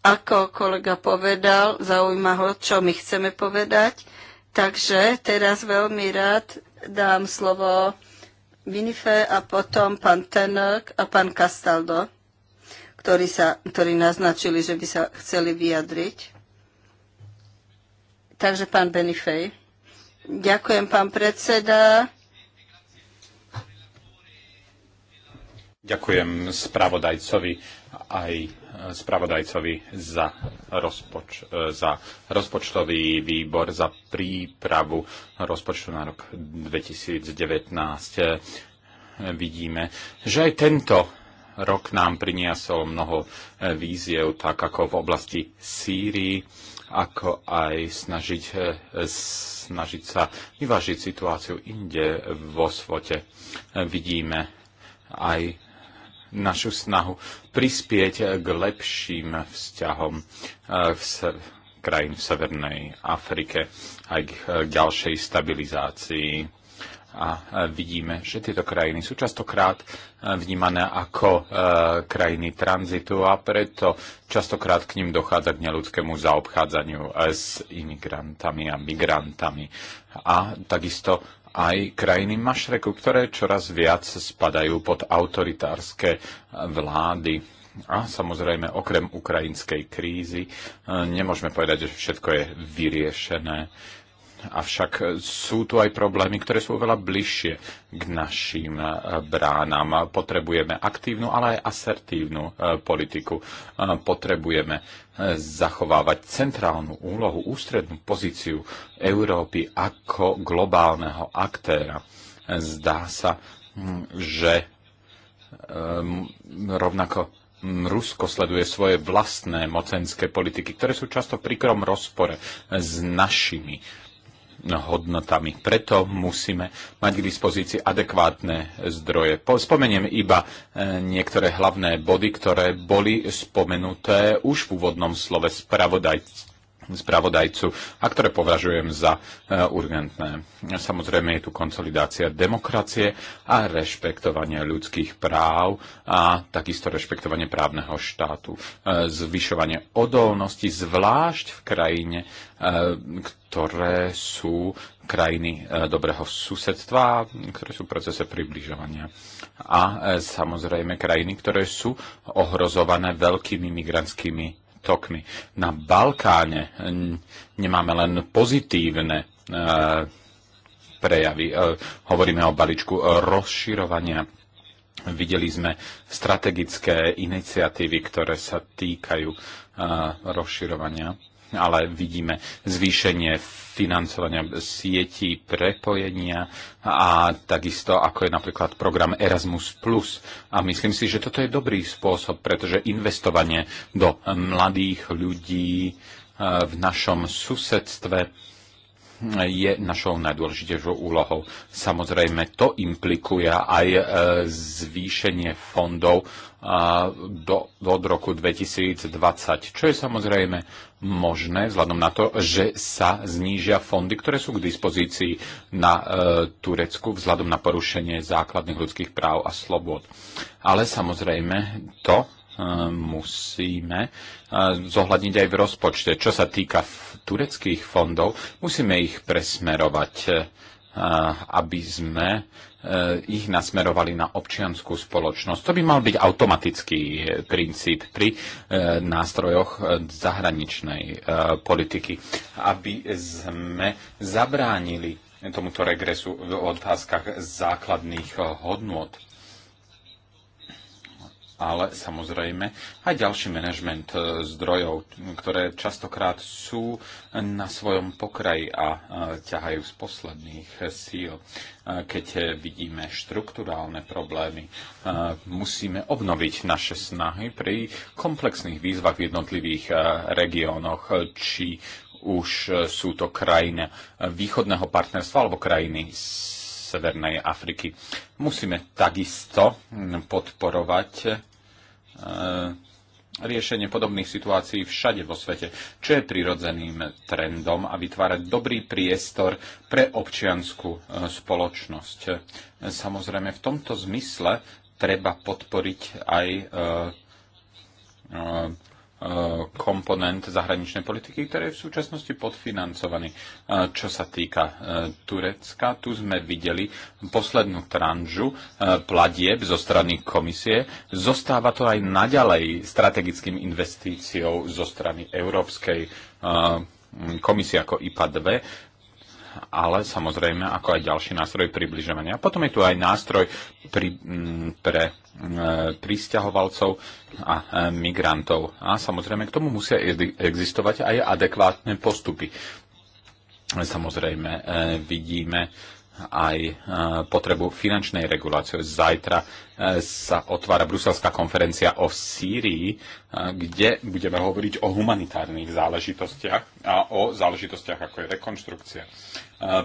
Ako kolega povedal, zaujíma ho, čo my chceme povedať. Takže teraz veľmi rád dám slovo Vinife a potom pán Tenok a pán Castaldo, ktorí, sa, ktorí naznačili, že by sa chceli vyjadriť. Takže pán Benifej. Ďakujem, pán predseda. Ďakujem spravodajcovi aj e, spravodajcovi za, rozpoč- e, za rozpočtový výbor za prípravu rozpočtu na rok 2019. E, vidíme, že aj tento rok nám priniesol mnoho víziev, tak ako v oblasti Sýrii, ako aj snažiť, snažiť sa vyvážiť situáciu inde vo svote. Vidíme aj našu snahu prispieť k lepším vzťahom eh, v krajín v Severnej Afrike aj k eh, ďalšej stabilizácii. A eh, vidíme, že tieto krajiny sú častokrát vnímané ako krajiny tranzitu a preto častokrát k ním dochádza k neludskému zaobchádzaniu s imigrantami a migrantami. A takisto aj krajiny Mašreku, ktoré čoraz viac spadajú pod autoritárske vlády. A samozrejme, okrem ukrajinskej krízy, e, nemôžeme povedať, že všetko je vyriešené Avšak sú tu aj problémy, ktoré sú oveľa bližšie k našim eh, bránam. Potrebujeme aktívnu, ale aj asertívnu eh, politiku. Eh, potrebujeme zachovávať centrálnu úlohu, ústrednú pozíciu Európy ako globálneho aktéra. Zdá sa, hm, že rovnako hm, Rusko sleduje svoje vlastné mocenské politiky, ktoré sú často prikrom rozpore s našimi hodnotami. Preto musíme mať k dispozícii adekvátne zdroje. Spomeniem iba e, niektoré hlavné body, ktoré boli spomenuté už v úvodnom slove spravodajcov spravodajcu a ktoré považujem za e, urgentné. Samozrejme je tu konsolidácia demokracie a rešpektovanie ľudských práv a takisto rešpektovanie právneho štátu. E, zvyšovanie odolnosti, zvlášť v krajine, e, ktoré sú krajiny dobrého susedstva, ktoré sú v procese približovania. A samozrejme krajiny, ktoré sú ohrozované veľkými migrantskými tokmi. Na Balkáne nemáme len pozitívne e, prejavy. E, hovoríme o balíčku rozširovania. Videli sme strategické iniciatívy, ktoré sa týkajú e, rozširovania, ale vidíme zvýšenie financovania sietí, prepojenia a takisto ako je napríklad program Erasmus+. A myslím si, že toto je dobrý spôsob, pretože investovanie do mladých ľudí eh, v našom susedstve je našou najdôležitejšou úlohou. Samozrejme, to implikuje aj e, zvýšenie fondov e, do, od roku 2020, čo je samozrejme možné vzhľadom na to, že sa znížia fondy, ktoré sú k dispozícii na e, Turecku vzhľadom na porušenie základných ľudských práv a slobod. Ale samozrejme to e, musíme e, zohľadniť aj v rozpočte. Čo sa týka tureckých fondov, musíme ich presmerovať, eh, aby sme eh, ich nasmerovali na občianskú spoločnosť. To by mal byť automatický eh, princíp pri nástrojoch zahraničnej politiky, aby sme zabránili tomuto regresu v otázkach základných hodnôt ale samozrejme aj ďalší manažment e, zdrojov, ktoré častokrát sú na svojom pokraji a e, ťahajú z posledných síl. E, keď vidíme štruktúrálne problémy, musíme obnoviť naše snahy pri komplexných výzvach v jednotlivých regiónoch, či už sú to krajiny východného partnerstva alebo krajiny Severnej Afriky. Musíme takisto podporovať E, riešenie podobných situácií všade vo svete, čo je prirodzeným trendom a vytvárať dobrý priestor pre občianskú e, spoločnosť. E, samozrejme, v tomto zmysle treba podporiť aj komponent zahraničnej politiky, ktorý je v súčasnosti podfinancovaný. Čo sa týka e, Turecka, tu sme videli poslednú tranžu e, platieb zo strany komisie. Zostáva to aj naďalej strategickým investíciou zo strany Európskej e, komisie ako IPA 2 ale samozrejme ako aj ďalší nástroj približovania. Potom je tu aj nástroj pri, mm, pre mm, pristahovalcov a e, migrantov. A samozrejme k tomu musia e, existovať aj adekvátne postupy. Samozrejme e, vidíme aj e, potrebu finančnej regulácie. Zajtra e, sa otvára bruselská konferencia o Sýrii, e, kde budeme hovoriť o humanitárnych záležitostiach a o záležitostiach ako je rekonštrukcia.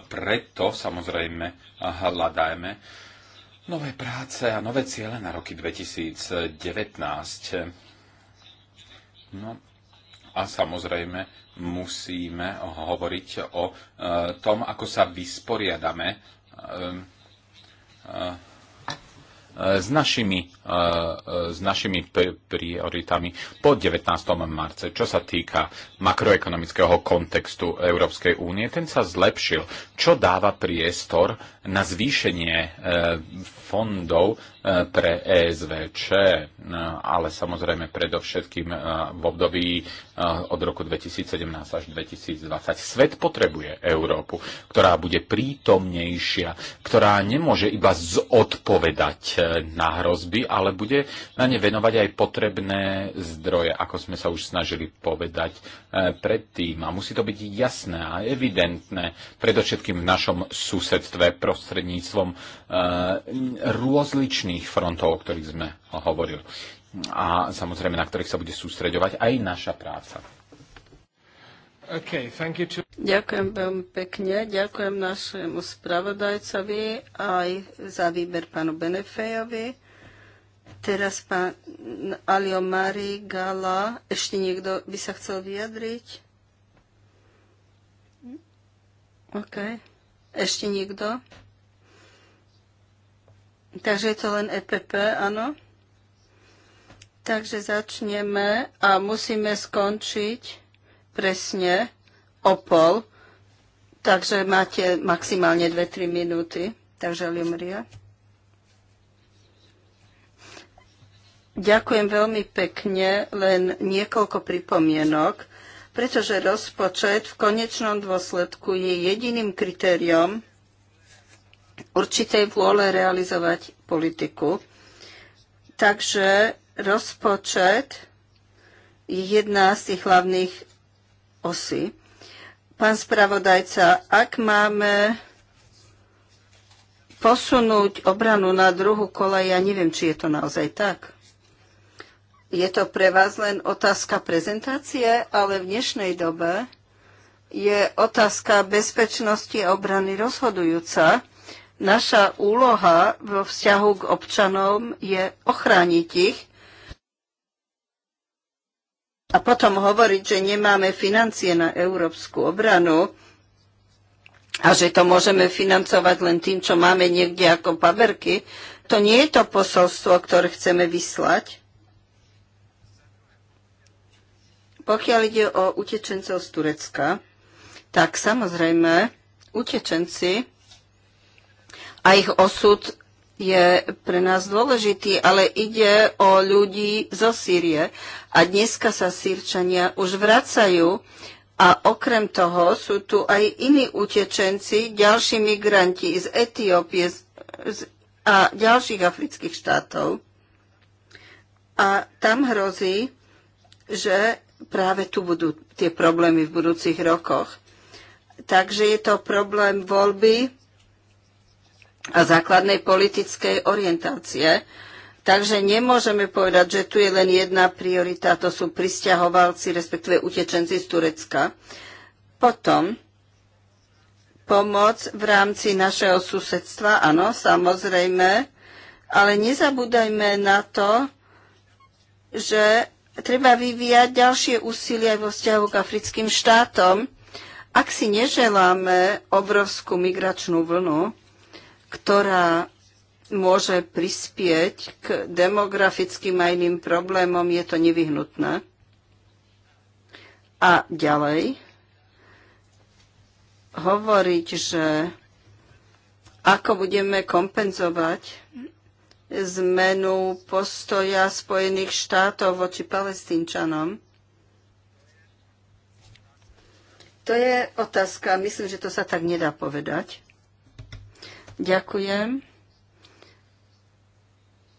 Preto samozrejme hľadajme nové práce a nové ciele na roky 2019. No, a samozrejme musíme hovoriť o e, tom, ako sa vysporiadame e, e, s našimi, eh, eh, s našimi prioritami po 19. marce. Čo sa týka makroekonomického kontextu Európskej únie, ten sa zlepšil, čo dáva priestor na zvýšenie eh, fondov pre ESVČ, ale samozrejme predovšetkým v období od roku 2017 až 2020. Svet potrebuje Európu, ktorá bude prítomnejšia, ktorá nemôže iba zodpovedať na hrozby, ale bude na ne venovať aj potrebné zdroje, ako sme sa už snažili povedať e, predtým. A musí to byť jasné a evidentné, predovšetkým v našom susedstve prostredníctvom e, rôzličných frontov, o ktorých sme hovorili a samozrejme na ktorých sa bude sústreďovať aj naša práca. Ďakujem veľmi pekne. Ďakujem našemu spravodajcovi aj za výber pánu Benefejovi. Teraz pán Alio Mari Gala. Ešte niekto by sa chcel vyjadriť? OK. Ešte niekto? Takže je to len EPP, áno? Takže začneme a musíme skončiť presne o pol, takže máte maximálne 2-3 minúty. Takže Lumria. Ďakujem veľmi pekne, len niekoľko pripomienok, pretože rozpočet v konečnom dôsledku je jediným kritériom určitej vôle realizovať politiku. Takže rozpočet je jedna z tých hlavných osy. Pán spravodajca, ak máme posunúť obranu na druhú kole, ja neviem, či je to naozaj tak. Je to pre vás len otázka prezentácie, ale v dnešnej dobe je otázka bezpečnosti a obrany rozhodujúca. Naša úloha vo vzťahu k občanom je ochrániť ich a potom hovoriť, že nemáme financie na európsku obranu a že to môžeme financovať len tým, čo máme niekde ako paberky, to nie je to posolstvo, ktoré chceme vyslať. Pokiaľ ide o utečencov z Turecka, tak samozrejme utečenci a ich osud je pre nás dôležitý, ale ide o ľudí zo Sýrie. A dneska sa Sýrčania už vracajú a okrem toho sú tu aj iní utečenci, ďalší migranti z Etiópie a ďalších afrických štátov. A tam hrozí, že práve tu budú tie problémy v budúcich rokoch. Takže je to problém voľby a základnej politickej orientácie. Takže nemôžeme povedať, že tu je len jedna priorita, to sú pristahovalci, respektíve utečenci z Turecka. Potom pomoc v rámci našeho susedstva, áno, samozrejme, ale nezabúdajme na to, že treba vyvíjať ďalšie úsilie aj vo vzťahu k africkým štátom. Ak si neželáme obrovskú migračnú vlnu, ktorá môže prispieť k demografickým a iným problémom, je to nevyhnutné. A ďalej hovoriť, že ako budeme kompenzovať zmenu postoja Spojených štátov voči palestínčanom. To je otázka, myslím, že to sa tak nedá povedať. Ďakujem.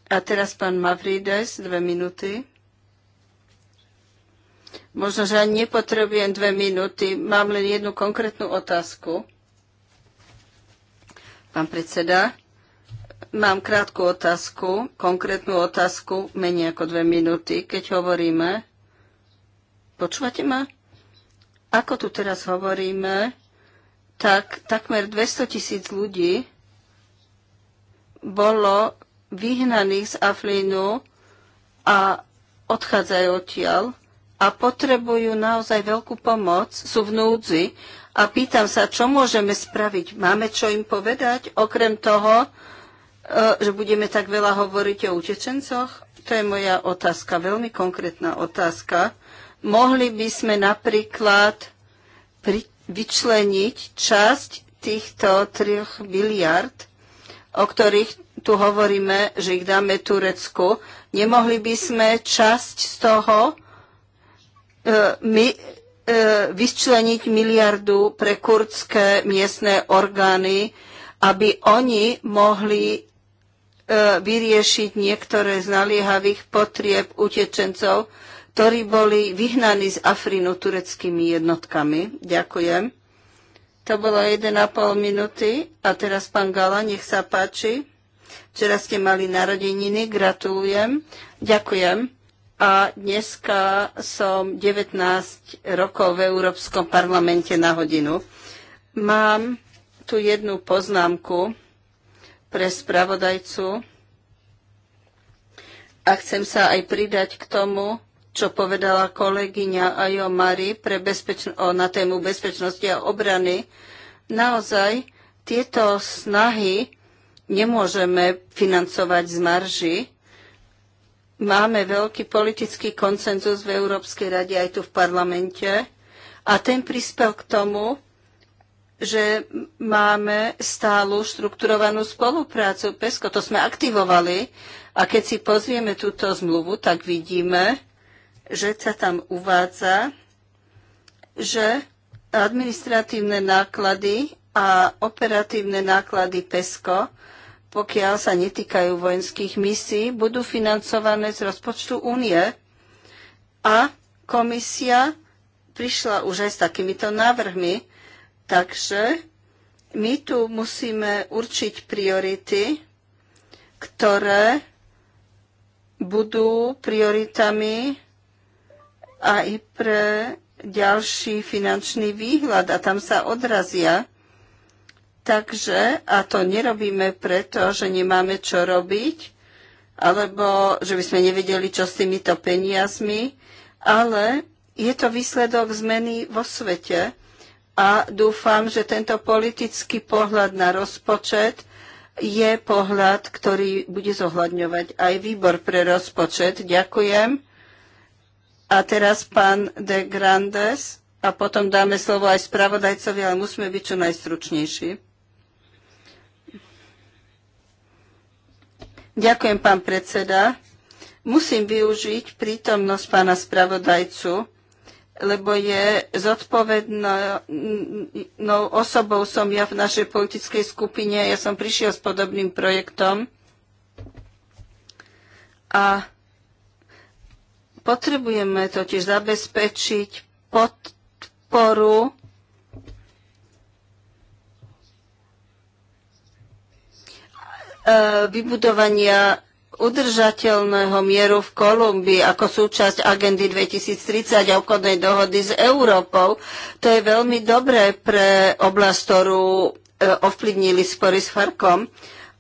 A teraz pán Mavrides, dve minúty. Možno, že ani nepotrebujem dve minúty. Mám len jednu konkrétnu otázku. Pán predseda, mám krátku otázku, konkrétnu otázku, menej ako dve minúty, keď hovoríme. Počúvate ma? Ako tu teraz hovoríme, tak takmer 200 tisíc ľudí bolo vyhnaných z Aflínu a odchádzajú odtiaľ a potrebujú naozaj veľkú pomoc, sú v núdzi a pýtam sa, čo môžeme spraviť. Máme čo im povedať, okrem toho, e, že budeme tak veľa hovoriť o utečencoch? To je moja otázka, veľmi konkrétna otázka. Mohli by sme napríklad pri, vyčleniť časť týchto 3 biliard o ktorých tu hovoríme, že ich dáme Turecku. Nemohli by sme časť z toho e, my, e, vyčleniť miliardu pre kurdské miestne orgány, aby oni mohli e, vyriešiť niektoré z naliehavých potrieb utečencov, ktorí boli vyhnaní z Afrinu tureckými jednotkami. Ďakujem. To bolo 1,5 minúty. A teraz pán Gala, nech sa páči. Včera ste mali narodeniny, gratulujem. Ďakujem. A dneska som 19 rokov v Európskom parlamente na hodinu. Mám tu jednu poznámku pre spravodajcu a chcem sa aj pridať k tomu, čo povedala kolegyňa Ajo Mari pre bezpečno- na tému bezpečnosti a obrany. Naozaj tieto snahy nemôžeme financovať z marži. Máme veľký politický koncenzus v Európskej rade aj tu v parlamente a ten prispel k tomu, že máme stálu štrukturovanú spoluprácu PESCO. To sme aktivovali a keď si pozrieme túto zmluvu, tak vidíme, že sa tam uvádza, že administratívne náklady a operatívne náklady PESCO, pokiaľ sa netýkajú vojenských misií, budú financované z rozpočtu únie. A komisia prišla už aj s takýmito návrhmi. Takže my tu musíme určiť priority, ktoré budú prioritami aj pre ďalší finančný výhľad a tam sa odrazia. Takže, a to nerobíme preto, že nemáme čo robiť, alebo že by sme nevedeli, čo s týmito peniazmi, ale je to výsledok zmeny vo svete a dúfam, že tento politický pohľad na rozpočet je pohľad, ktorý bude zohľadňovať aj výbor pre rozpočet. Ďakujem. A teraz pán de Grandes a potom dáme slovo aj spravodajcovi, ale musíme byť čo najstručnejší. Ďakujem, pán predseda. Musím využiť prítomnosť pána spravodajcu, lebo je zodpovednou osobou som ja v našej politickej skupine. Ja som prišiel s podobným projektom a Potrebujeme totiž zabezpečiť podporu e, vybudovania udržateľného mieru v Kolumbii ako súčasť agendy 2030 a obchodnej dohody s Európou. To je veľmi dobré pre oblasť, ktorú e, ovplyvnili spory s Farkom.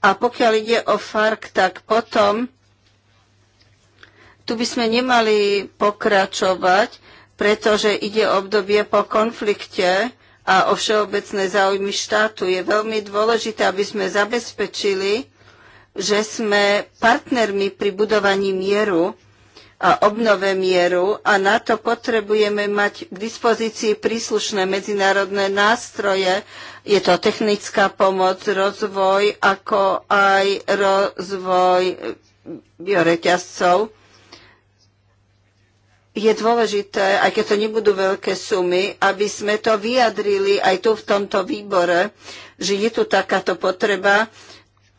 A pokiaľ ide o Fark, tak potom tu by sme nemali pokračovať, pretože ide obdobie po konflikte a o všeobecné záujmy štátu. Je veľmi dôležité, aby sme zabezpečili, že sme partnermi pri budovaní mieru a obnove mieru a na to potrebujeme mať k dispozícii príslušné medzinárodné nástroje. Je to technická pomoc, rozvoj, ako aj rozvoj bioreťazcov je dôležité, aj keď to nebudú veľké sumy, aby sme to vyjadrili aj tu v tomto výbore, že je tu takáto potreba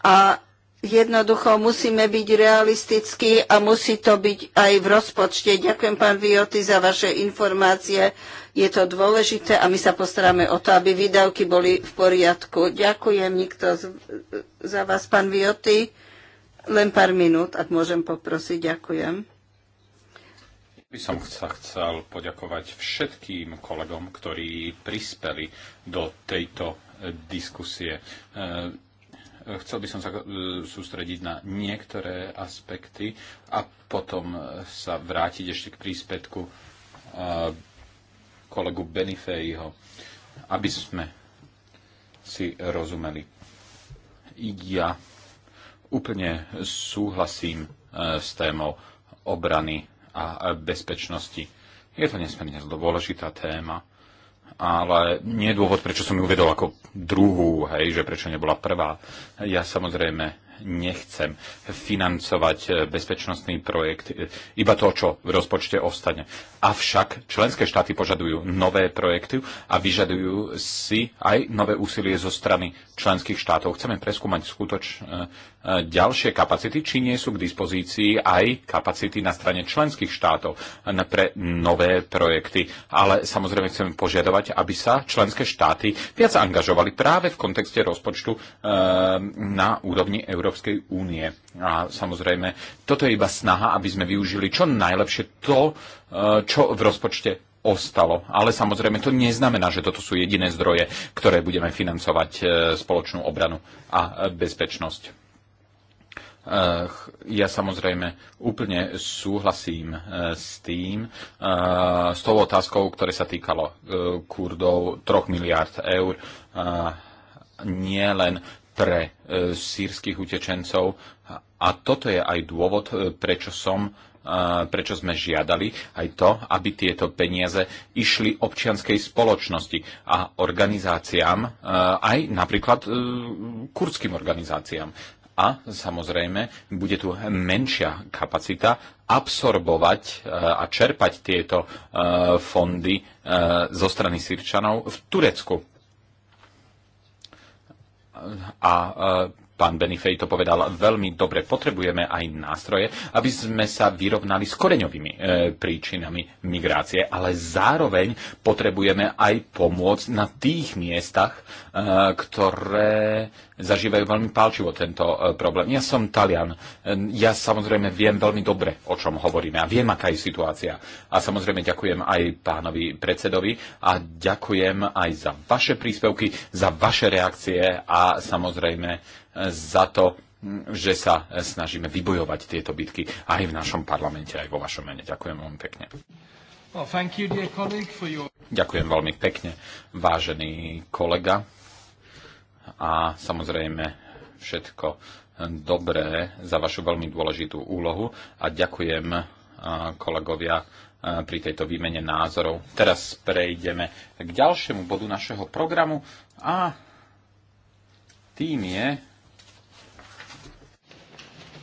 a jednoducho musíme byť realistickí a musí to byť aj v rozpočte. Ďakujem, pán Vioty, za vaše informácie. Je to dôležité a my sa postaráme o to, aby výdavky boli v poriadku. Ďakujem nikto z, za vás, pán Vioty. Len pár minút, ak môžem poprosiť. Ďakujem. By som sa chcel poďakovať všetkým kolegom, ktorí prispeli do tejto diskusie. E, chcel by som sa e, sústrediť na niektoré aspekty a potom sa vrátiť ešte k príspevku e, kolegu Benifejho, aby sme si rozumeli. Ja úplne súhlasím s témou obrany a bezpečnosti. Je to nesmierne dôležitá téma, ale nie je dôvod, prečo som ju uvedol ako druhú, hej, že prečo nebola prvá. Ja samozrejme nechcem financovať e, bezpečnostný projekt, e, iba to, čo v rozpočte ostane. Avšak členské štáty požadujú nové projekty a vyžadujú si aj nové úsilie zo strany členských štátov. Chceme preskúmať skutoč e, e, ďalšie kapacity, či nie sú k dispozícii aj kapacity na strane členských štátov e, pre nové projekty. Ale samozrejme chceme požiadovať, aby sa členské štáty viac angažovali práve v kontexte rozpočtu na úrovni Európskej únie. A samozrejme, toto je iba snaha, aby sme využili čo najlepšie to, čo v rozpočte ostalo. Ale samozrejme to neznamená, že toto sú jediné zdroje, ktoré budeme financovať e, spoločnú obranu a e, bezpečnosť. E, ja samozrejme úplne súhlasím s tým, s tou otázkou, ktoré sa týkalo kurdov 3 miliard eur, nie len pre sírskych utečencov. A toto je aj dôvod, prečo som prečo sme žiadali aj to, aby tieto peniaze išli občianskej spoločnosti a organizáciám, e, aj napríklad e, kurdským organizáciám. A samozrejme, bude tu menšia kapacita absorbovať e, a čerpať tieto fondy zo strany Sirčanov v Turecku. A Pán Benifej to povedal veľmi dobre. Potrebujeme aj nástroje, aby sme sa vyrovnali s koreňovými e, príčinami migrácie, ale zároveň potrebujeme aj pomôcť na tých miestach, e, ktoré zažívajú veľmi pálčivo tento e, problém. Ja som Talian, e, ja samozrejme viem veľmi dobre, o čom hovoríme a viem, aká je situácia. A samozrejme ďakujem aj pánovi predsedovi a ďakujem aj za vaše príspevky, za vaše reakcie a samozrejme e, za to, že sa snažíme vybojovať tieto bitky aj v našom parlamente, aj vo vašom mene. Ďakujem veľmi pekne. Well, you, colleague, your... Ďakujem veľmi pekne, vážený kolega, a samozrejme všetko dobré za vašu veľmi dôležitú úlohu a ďakujem kolegovia pri tejto výmene názorov. Teraz prejdeme k ďalšiemu bodu našeho programu a tým je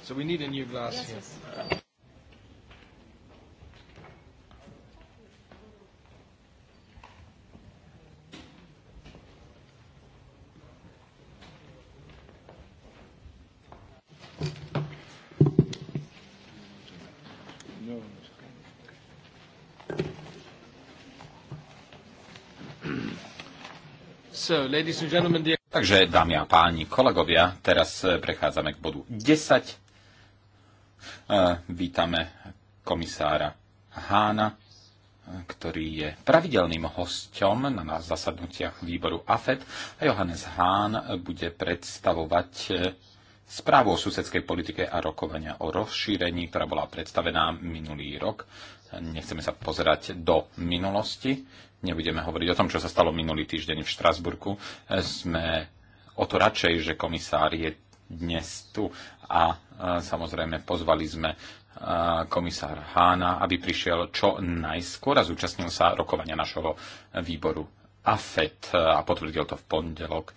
So we need a new glass yes, here. Yes. Takže, dámy a páni, kolegovia, teraz eh, prechádzame k bodu 10. Eh, vítame komisára Hána, ktorý je pravidelným hosťom na nás zasadnutiach výboru AFED a Johannes Hán bude predstavovať eh, správu o susedskej politike a rokovania o rozšírení, ktorá bola predstavená minulý rok. Nechceme sa pozerať do minulosti, nebudeme hovoriť o tom, čo sa stalo minulý týždeň v Štrasburku. Sme o to radšej, že komisár je dnes tu a e, samozrejme pozvali sme e, komisár Hána, aby prišiel čo najskôr a zúčastnil sa rokovania našho výboru AFET e, a potvrdil to v pondelok.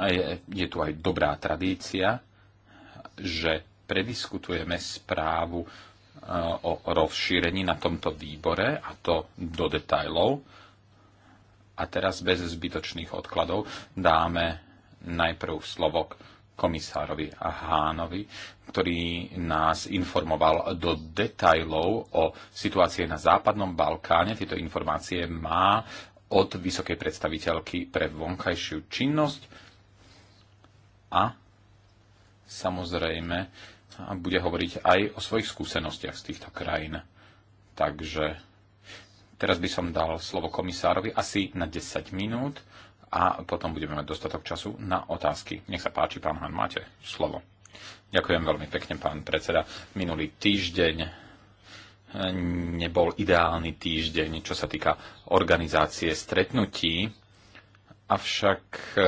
Je, je tu aj dobrá tradícia, že prediskutujeme správu e, o rozšírení na tomto výbore, a to do detajlov. A teraz bez zbytočných odkladov dáme najprv slovo komisárovi Hánovi, ktorý nás informoval do detajlov o situácii na Západnom Balkáne. Tieto informácie má od vysokej predstaviteľky pre vonkajšiu činnosť a samozrejme bude hovoriť aj o svojich skúsenostiach z týchto krajín. Takže teraz by som dal slovo komisárovi asi na 10 minút a potom budeme mať dostatok času na otázky. Nech sa páči, pán Han, máte slovo. Ďakujem veľmi pekne, pán predseda. Minulý týždeň eh, nebol ideálny týždeň, čo sa týka organizácie stretnutí, avšak eh,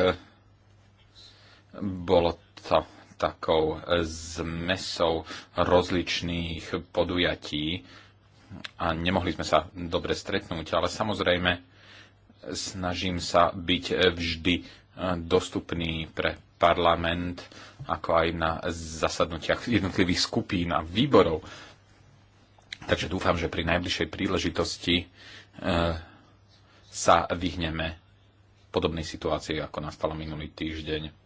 bolo to takou e, zmesou rozličných podujatí a nemohli sme sa dobre stretnúť, ale samozrejme e, snažím sa byť e, vždy dostupný pre parlament, ako aj na zasadnutiach jednotlivých skupín a výborov. Takže dúfam, že pri najbližšej príležitosti sa vyhneme podobnej situácii, ako nastala minulý týždeň.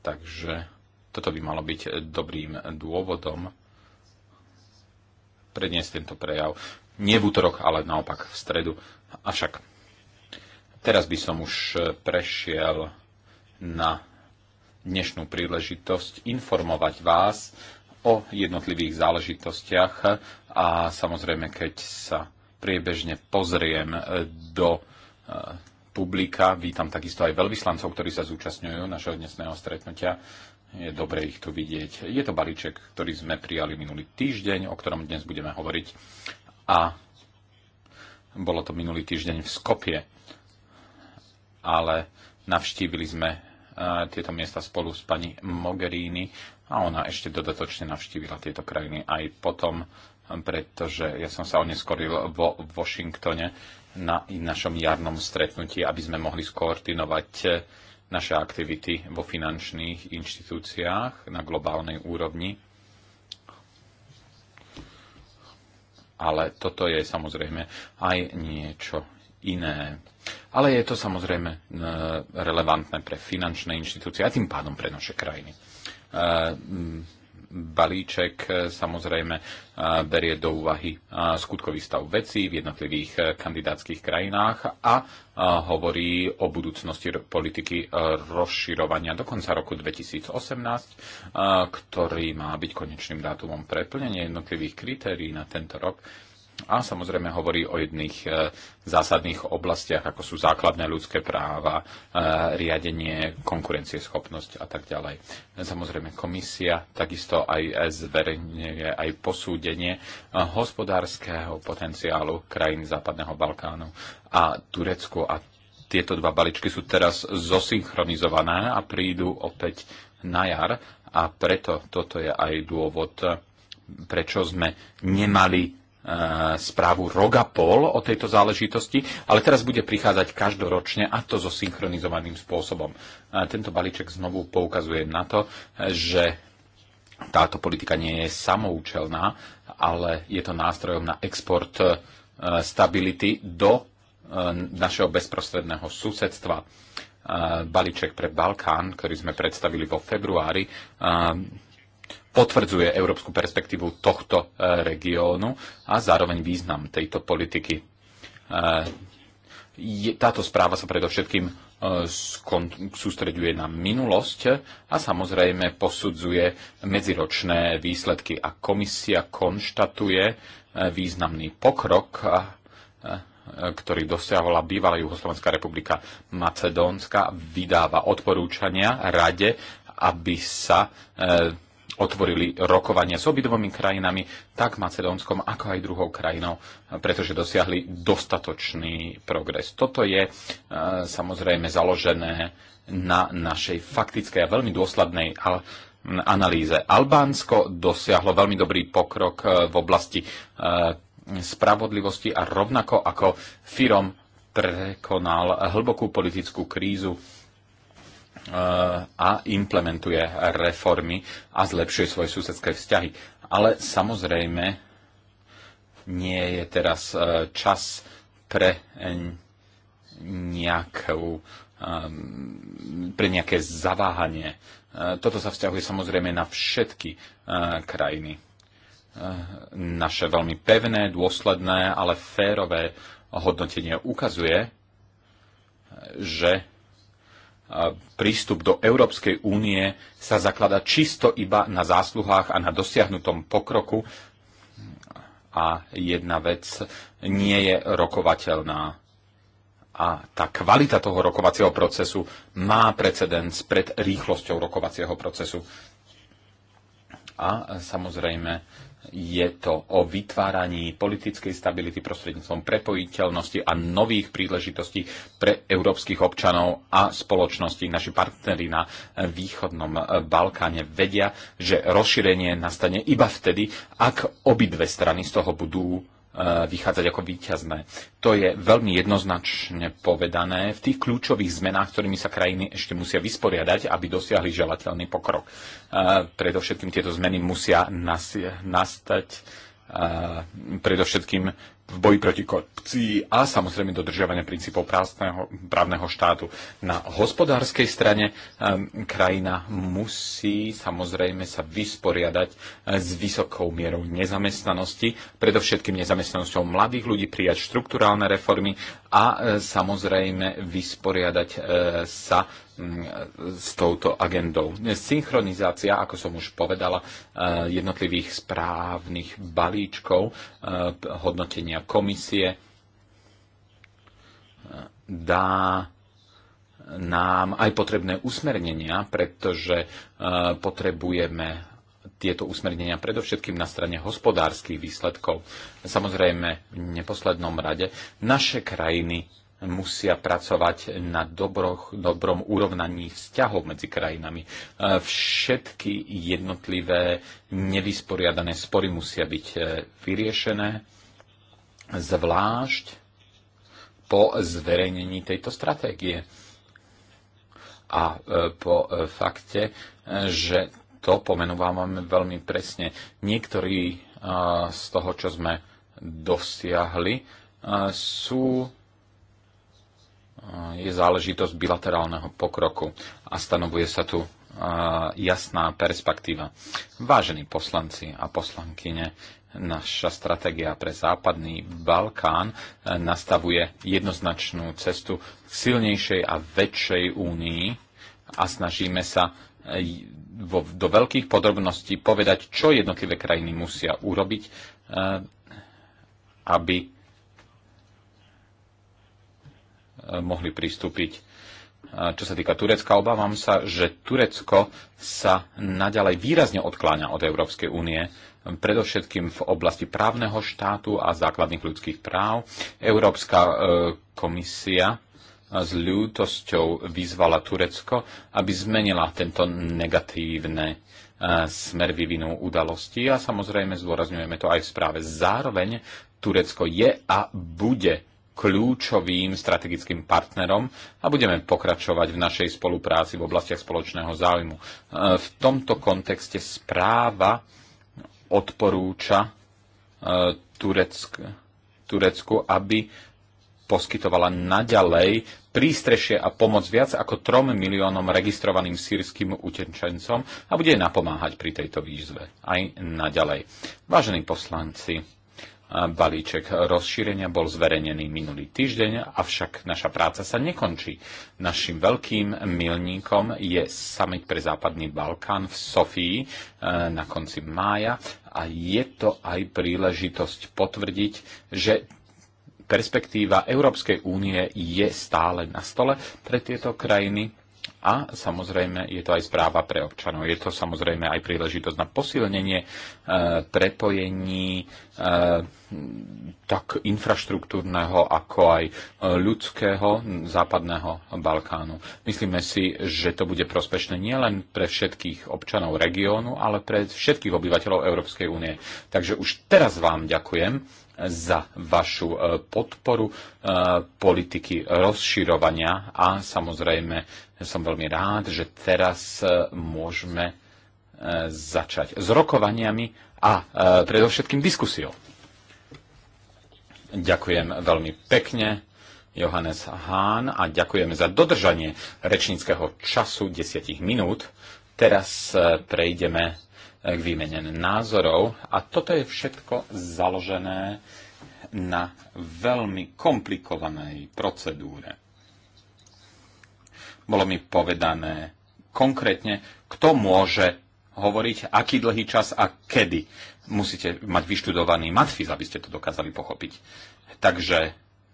Takže toto by malo byť dobrým dôvodom predniesť tento prejav. Nie v útorok, ale naopak v stredu. Avšak teraz by som už prešiel na dnešnú príležitosť informovať vás o jednotlivých záležitostiach a samozrejme, keď sa priebežne pozriem do publika. Vítam takisto aj veľvyslancov, ktorí sa zúčastňujú našeho dnesného stretnutia. Je dobre ich tu vidieť. Je to balíček, ktorý sme prijali minulý týždeň, o ktorom dnes budeme hovoriť. A bolo to minulý týždeň v Skopie. Ale navštívili sme e, tieto miesta spolu s pani Mogherini a ona ešte dodatočne navštívila tieto krajiny aj potom, pretože ja som sa oneskoril vo Washingtone na našom jarnom stretnutí, aby sme mohli skoordinovať eh, naše aktivity vo finančných inštitúciách na globálnej úrovni. Ale toto je samozrejme aj niečo iné. Ale je to samozrejme eh, relevantné pre finančné inštitúcie a tým pádom pre naše krajiny. Eh, balíček e, samozrejme e, berie do úvahy e, skutkový stav vecí v jednotlivých kandidátskych krajinách a hovorí o budúcnosti politiky rozširovania do konca roku 2018, ktorý má byť konečným dátumom preplnenia jednotlivých kritérií na tento rok a samozrejme hovorí o jedných e, zásadných oblastiach, ako sú základné ľudské práva, e, riadenie, konkurencieschopnosť a tak ďalej. Samozrejme komisia takisto aj e, zverejňuje aj posúdenie hospodárskeho potenciálu krajín Západného Balkánu a Turecku a tieto dva baličky sú teraz zosynchronizované a prídu opäť na jar a preto toto je aj dôvod, prečo sme nemali E, správu Rogapol o tejto záležitosti, ale teraz bude prichádzať každoročne a to so synchronizovaným spôsobom. E, tento balíček znovu poukazuje na to, že táto politika nie je samoučelná, ale je to nástrojom na export e, stability do našeho bezprostredného susedstva. Balíček pre Balkán, ktorý sme predstavili vo februári, potvrdzuje európsku perspektívu tohto e, regiónu a zároveň význam tejto politiky. E, táto správa sa predovšetkým e, sústreďuje na minulosť a samozrejme posudzuje medziročné výsledky a komisia konštatuje významný pokrok, ktorý dosiahla bývalá Juhoslovenská republika Macedónska, vydáva odporúčania rade, aby sa otvorili rokovania s obidvomi krajinami, tak Macedónskom, ako aj druhou krajinou, pretože dosiahli dostatočný progres. Toto je e, samozrejme založené na našej faktickej a veľmi dôslednej analýze. Albánsko dosiahlo veľmi dobrý pokrok e, v oblasti e, spravodlivosti a rovnako ako Firom prekonal hlbokú politickú krízu a implementuje reformy a zlepšuje svoje susedské vzťahy. Ale samozrejme nie je teraz e, čas pre e, nejakú pre nejaké zaváhanie. E, toto sa vzťahuje samozrejme na všetky krajiny. Naše veľmi pevné, dôsledné, ale férové hodnotenie ukazuje, že prístup do Európskej únie sa zaklada čisto iba na zásluhách a na dosiahnutom pokroku a jedna vec nie je rokovateľná. A tá kvalita toho rokovacieho procesu má precedens pred rýchlosťou rokovacieho procesu. A samozrejme je to o vytváraní politickej stability prostredníctvom prepojiteľnosti a nových príležitostí pre európskych občanov a spoločnosti. Naši partneri na východnom Balkáne vedia, že rozšírenie nastane iba vtedy, ak obidve strany z toho budú E, vychádzať ako výťazné. To je veľmi jednoznačne povedané v tých kľúčových zmenách, ktorými sa krajiny ešte musia vysporiadať, aby dosiahli želateľný pokrok. E, predovšetkým tieto zmeny musia nastať e, predovšetkým v boji proti korupcii a samozrejme dodržiavania princípov právneho, právneho štátu. Na hospodárskej strane krajina musí samozrejme sa vysporiadať eh, s vysokou mierou nezamestnanosti, predovšetkým nezamestnanosťou mladých ľudí, prijať štruktúrálne reformy a eh, samozrejme vysporiadať eh, sa s touto agendou. Synchronizácia, ako som už povedala, e, jednotlivých správnych balíčkov, e, hodnotenia komisie e, dá nám aj potrebné usmernenia, pretože potrebujeme tieto usmernenia predovšetkým na strane hospodárskych výsledkov. Samozrejme, v neposlednom rade naše krajiny musia pracovať na dobroch, dobrom urovnaní vzťahov medzi krajinami. E, všetky jednotlivé nevysporiadané spory musia byť e, vyriešené, zvlášť po zverejnení tejto stratégie a e, po fakte, že to pomenúvame veľmi presne. Niektorí z toho, čo sme dosiahli, sú je záležitosť bilaterálneho pokroku a stanovuje sa tu jasná perspektíva. Vážení poslanci a poslankyne, naša stratégia pre západný Balkán e, nastavuje jednoznačnú cestu k silnejšej a väčšej únii a snažíme sa e, vo, do veľkých podrobností povedať, čo jednotlivé krajiny musia urobiť, e, aby mohli pristúpiť. Čo sa týka Turecka, obávam sa, že Turecko sa naďalej výrazne odkláňa od Európskej únie, predovšetkým v oblasti právneho štátu a základných ľudských práv. Európska e, komisia e, s ľútosťou vyzvala Turecko, aby zmenila tento negatívne e, smer vyvinú udalosti a samozrejme zdôrazňujeme to aj v správe. Zároveň Turecko je a bude kľúčovým strategickým partnerom a budeme pokračovať v našej spolupráci v oblastiach spoločného záujmu. E, v tomto kontexte správa odporúča e, Turecku, aby poskytovala naďalej prístrešie a pomoc viac ako 3 miliónom registrovaným sírským utečencom a bude napomáhať pri tejto výzve aj naďalej. Vážení poslanci, balíček rozšírenia bol zverejnený minulý týždeň, avšak naša práca sa nekončí. Našim veľkým milníkom je summit pre Západný Balkán v Sofii eh, na konci mája a je to aj príležitosť potvrdiť, že perspektíva Európskej únie je stále na stole pre tieto krajiny a samozrejme je to aj správa pre občanov. Je to samozrejme aj príležitosť na posilnenie e, prepojení e, tak infraštruktúrneho, ako aj ľudského západného Balkánu. Myslíme si, že to bude prospešné nielen pre všetkých občanov regiónu, ale pre všetkých obyvateľov Európskej únie. Takže už teraz vám ďakujem za vašu e, podporu e, politiky rozširovania a samozrejme som veľmi rád, že teraz e, môžeme začať s rokovaniami a predovšetkým diskusiou. Ďakujem veľmi pekne. Johannes Hahn a ďakujeme za dodržanie rečníckého času 10 minút. Teraz prejdeme k výmene názorov a toto je všetko založené na veľmi komplikovanej procedúre. Bolo mi povedané konkrétne, kto môže hovoriť, aký dlhý čas a kedy. Musíte mať vyštudovaný matfiz, aby ste to dokázali pochopiť. Takže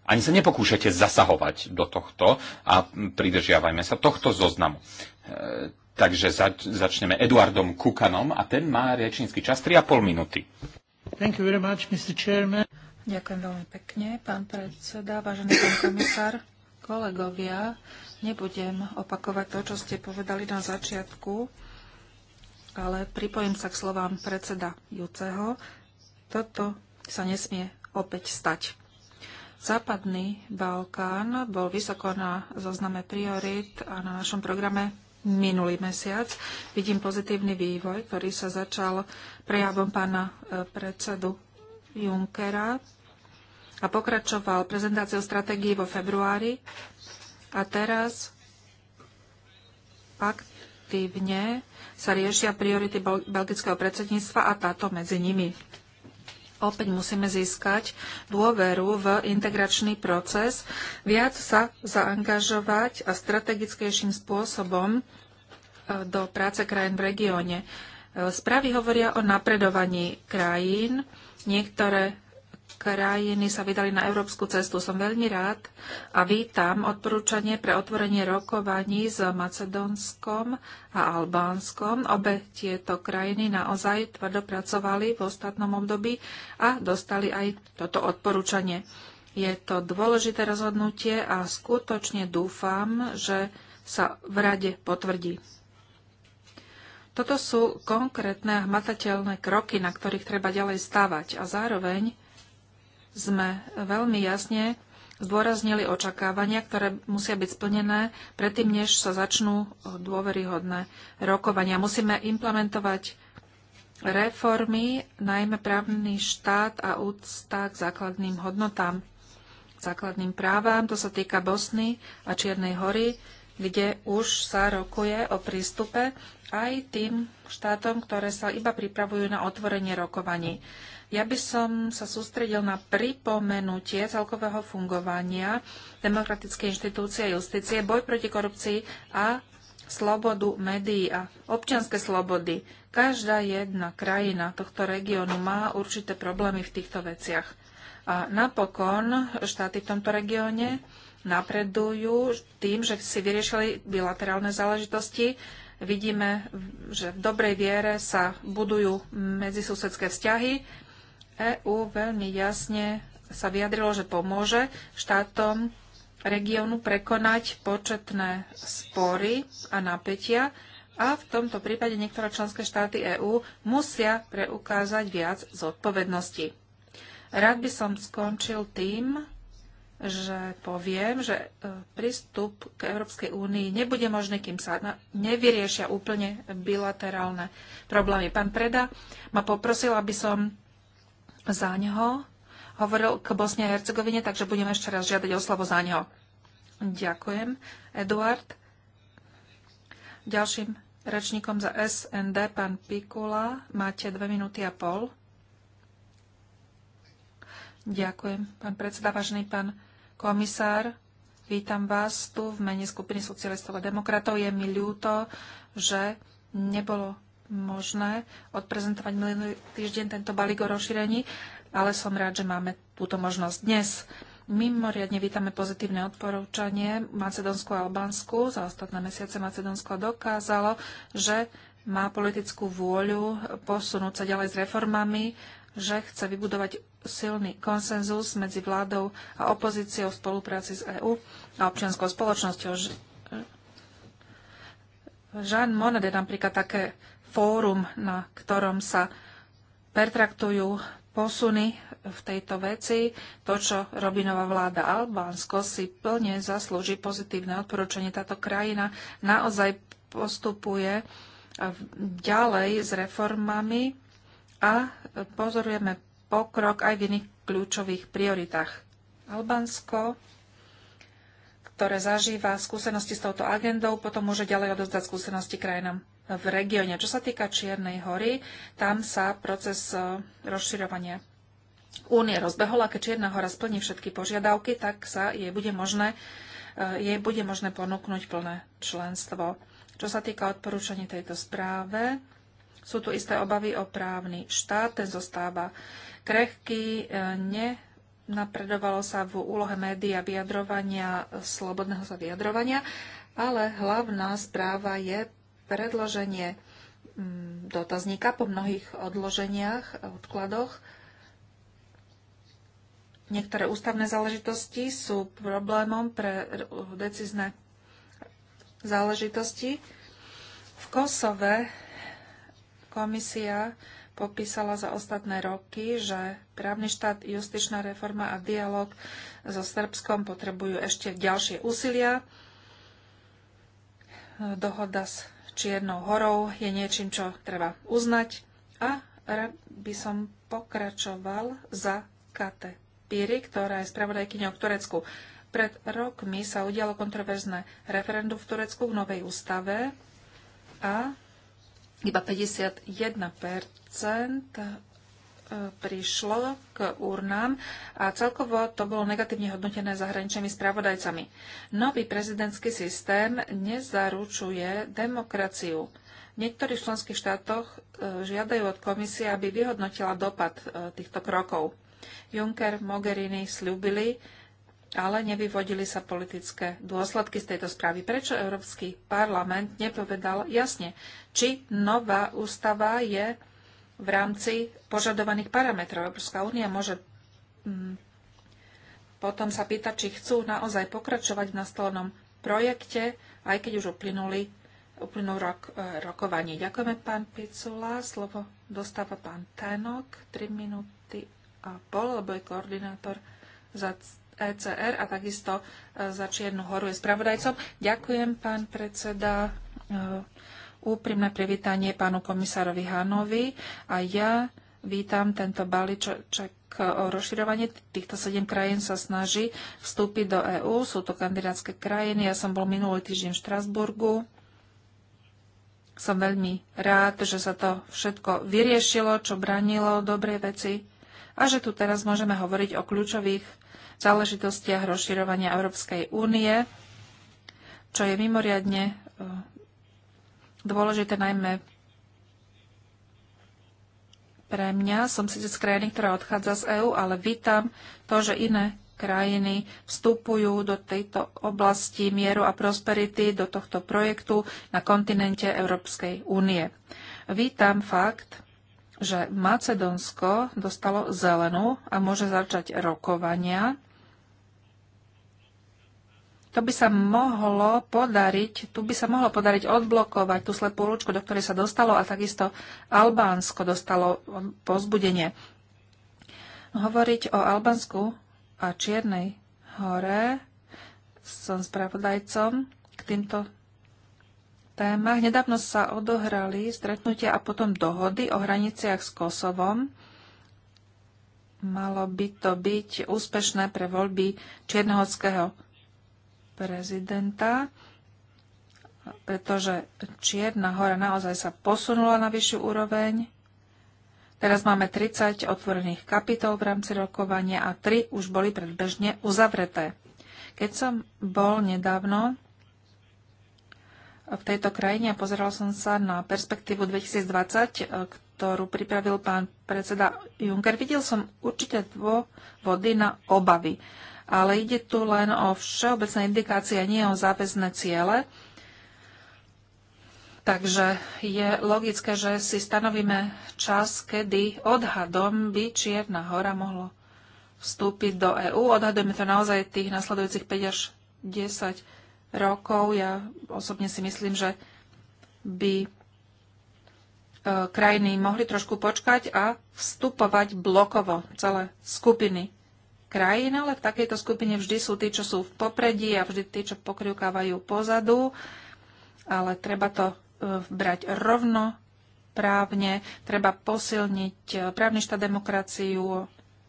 ani sa nepokúšajte zasahovať do tohto a pridržiavajme sa tohto zoznamu e, Takže zač- začneme Eduardom Kukanom a ten má rečnícky čas 3,5 minúty. Thank you very much, Mr. Chairman. Ďakujem veľmi pekne, pán predseda, vážený pán komisár, kolegovia. Nebudem opakovať to, čo ste povedali na začiatku, ale pripojím sa k slovám predseda Juceho. Toto sa nesmie opäť stať. Západný Balkán bol vysoko na zozname priorit a na našom programe minulý mesiac. Vidím pozitívny vývoj, ktorý sa začal prejavom pána e, predsedu Junckera a pokračoval prezentáciou stratégií vo februári a teraz aktívne sa riešia priority belgického predsedníctva a táto medzi nimi opäť musíme získať dôveru v integračný proces, viac sa zaangažovať a strategickejším spôsobom e, do práce krajín v regióne. E, správy hovoria o napredovaní krajín. Niektoré krajiny sa vydali na európsku cestu. Som veľmi rád a vítam odporúčanie pre otvorenie rokovaní s Macedónskom a Albánskom. Obe tieto krajiny naozaj tvrdopracovali v ostatnom období a dostali aj toto odporúčanie. Je to dôležité rozhodnutie a skutočne dúfam, že sa v rade potvrdí. Toto sú konkrétne a hmatateľné kroky, na ktorých treba ďalej stávať a zároveň sme veľmi jasne zdôraznili očakávania, ktoré musia byť splnené predtým, než sa začnú eh, dôveryhodné rokovania. Musíme implementovať reformy, najmä právny štát a úcta k základným hodnotám, základným právam. To sa týka Bosny a Čiernej hory, kde už sa rokuje o prístupe aj tým štátom, ktoré sa iba pripravujú na otvorenie rokovaní. Ja by som sa sústredil na pripomenutie celkového fungovania demokratické inštitúcie a justície, boj proti korupcii a slobodu médií a občianske slobody. Každá jedna krajina tohto regiónu má určité problémy v týchto veciach. A napokon štáty v tomto regióne napredujú tým, že si vyriešili bilaterálne záležitosti. Vidíme, že v dobrej viere sa budujú medzisúsedské vzťahy EÚ veľmi jasne sa vyjadrilo, že pomôže štátom regiónu prekonať početné spory a napätia a v tomto prípade niektoré členské štáty EÚ musia preukázať viac zodpovednosti. Rád by som skončil tým, že poviem, že e, prístup k Európskej únii nebude možný, kým sa nevyriešia úplne bilaterálne problémy. Pán Preda ma poprosil, aby som za ňoho hovoril k Bosne a Hercegovine, takže budeme ešte raz žiadať o slovo za ňoho. Ďakujem, Eduard. Ďalším rečníkom za SND, pán Pikula. Máte dve minúty a pol. Ďakujem, pán predseda, vážený pán komisár. Vítam vás tu v mene skupiny socialistov a demokratov. Je mi ľúto, že nebolo možné odprezentovať minulý týždeň tento balík o rozšírení, ale som rád, že máme túto možnosť dnes. Mimoriadne vítame pozitívne odporúčanie Macedónsku a Albánsku. Za ostatné mesiace Macedónsko dokázalo, že má politickú vôľu posunúť sa ďalej s reformami, že chce vybudovať silný konsenzus medzi vládou a opozíciou v spolupráci s EÚ a občianskou spoločnosťou. Jean Monnet je napríklad také fórum, na ktorom sa pertraktujú posuny v tejto veci. To, čo robí nová vláda Albánsko, si plne zaslúži pozitívne odporúčanie. Táto krajina naozaj postupuje ďalej s reformami a pozorujeme pokrok aj v iných kľúčových prioritách. Albánsko, ktoré zažíva skúsenosti s touto agendou, potom môže ďalej odozdať skúsenosti krajinám v regióne. Čo sa týka Čiernej hory, tam sa proces e, rozširovania únie rozbehol a keď Čierna hora splní všetky požiadavky, tak sa jej bude možné, e, jej bude možné ponúknuť plné členstvo. Čo sa týka odporúčaní tejto správe, sú tu isté obavy o právny štát, ten zostáva krehký, e, nenapredovalo sa v úlohe média vyjadrovania, slobodného sa vyjadrovania, ale hlavná správa je predloženie mm, dotazníka po mnohých odloženiach a odkladoch. Niektoré ústavné záležitosti sú problémom pre decizné záležitosti. V Kosove komisia popísala za ostatné roky, že právny štát, justičná reforma a dialog so Srbskom potrebujú ešte ďalšie úsilia. Dohoda s Čiernou horou je niečím, čo treba uznať a rád by som pokračoval za Kate Piri, ktorá je spravodajkyňou v Turecku. Pred rokmi sa udialo kontroverzné referendum v Turecku v novej ústave a iba 51% prišlo k urnám a celkovo to bolo negatívne hodnotené zahraničnými spravodajcami. Nový prezidentský systém nezaručuje demokraciu. V niektorých členských štátoch e, žiadajú od komisie, aby vyhodnotila dopad e, týchto krokov. Juncker, Mogherini slúbili, ale nevyvodili sa politické dôsledky z tejto správy. Prečo Európsky parlament nepovedal jasne, či nová ústava je v rámci požadovaných parametrov. Európska únia môže mm, potom sa pýtať, či chcú naozaj pokračovať v nastolenom projekte, aj keď už uplynuli, uplynul rok, e, rokovanie. Ďakujeme, pán Picula. Slovo dostáva pán Tenok. 3 minúty a pol, lebo je koordinátor za ECR a takisto e, za Čiernu horu je spravodajcom. Ďakujem, pán predseda. E, úprimné privítanie pánu komisárovi Hanovi a ja vítam tento balíček o rozširovanie. Týchto sedem krajín sa snaží vstúpiť do EÚ. Sú to kandidátske krajiny. Ja som bol minulý týždeň v Štrasburgu. Som veľmi rád, že sa to všetko vyriešilo, čo branilo dobre veci a že tu teraz môžeme hovoriť o kľúčových záležitostiach rozširovania Európskej únie, čo je mimoriadne eh, dôležité najmä pre mňa. Som síce z krajiny, ktorá odchádza z EÚ, ale vítam to, že iné krajiny vstupujú do tejto oblasti mieru a prosperity, do tohto projektu na kontinente Európskej únie. Vítam fakt, že Macedónsko dostalo zelenú a môže začať rokovania to by sa mohlo podariť, tu by sa mohlo podariť odblokovať tú slepú uličku, do ktorej sa dostalo a takisto Albánsko dostalo pozbudenie. Hovoriť o Albánsku a Čiernej hore som spravodajcom k týmto témach. Nedávno sa odohrali stretnutia a potom dohody o hraniciach s Kosovom. Malo by to byť úspešné pre voľby Čiernohorského prezidenta, pretože Čierna hora naozaj sa posunula na vyššiu úroveň. Teraz máme 30 otvorených kapitol v rámci rokovania a 3 už boli predbežne uzavreté. Keď som bol nedávno v tejto krajine a pozeral som sa na perspektívu 2020, ktorú pripravil pán predseda Juncker. Videl som určite dôvody na obavy, ale ide tu len o všeobecné indikácie, nie o záväzné ciele. Takže je logické, že si stanovíme čas, kedy odhadom by Čierna hora mohlo vstúpiť do EÚ. Odhadujeme to naozaj tých nasledujúcich 5 až 10 rokov. Ja osobne si myslím, že by E, krajiny mohli trošku počkať a vstupovať blokovo celé skupiny krajín, ale v takejto skupine vždy sú tí, čo sú v popredí a vždy tí, čo pokrivkávajú pozadu, ale treba to e, brať rovno právne, treba posilniť e, právny štát demokraciu,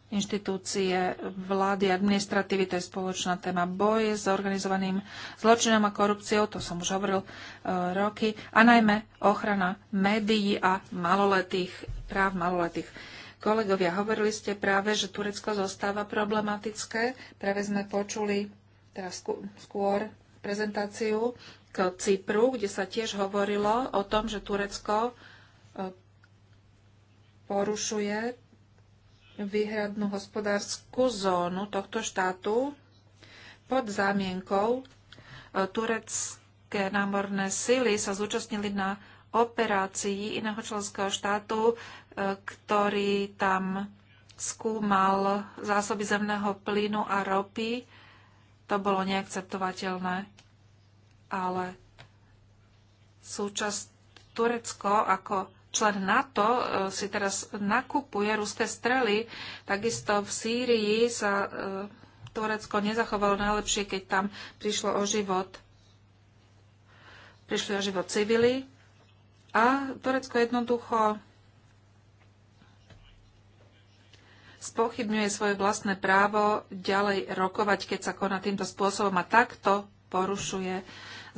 inštitúcie vlády, administratívy, to je spoločná téma boje s organizovaným zločinom a korupciou, to som už hovoril e, roky, a najmä ochrana médií a maloletých, práv maloletých. Kolegovia, hovorili ste práve, že Turecko zostáva problematické. Práve sme počuli teraz skôr prezentáciu k Cypru, kde sa tiež hovorilo o tom, že Turecko e, porušuje výhradnú hospodárskú zónu tohto štátu pod zámienkou e, turecké námorné sily sa zúčastnili na operácii iného členského štátu, e, ktorý tam skúmal zásoby zemného plynu a ropy. To bolo neakceptovateľné. Ale súčasť Turecko ako člen NATO eh, si teraz nakupuje ruské strely. Takisto v Sýrii sa eh, Turecko nezachovalo najlepšie, keď tam prišlo o život. Prišli o život civili. A Turecko jednoducho spochybňuje svoje vlastné právo ďalej rokovať, keď sa koná týmto spôsobom a takto porušuje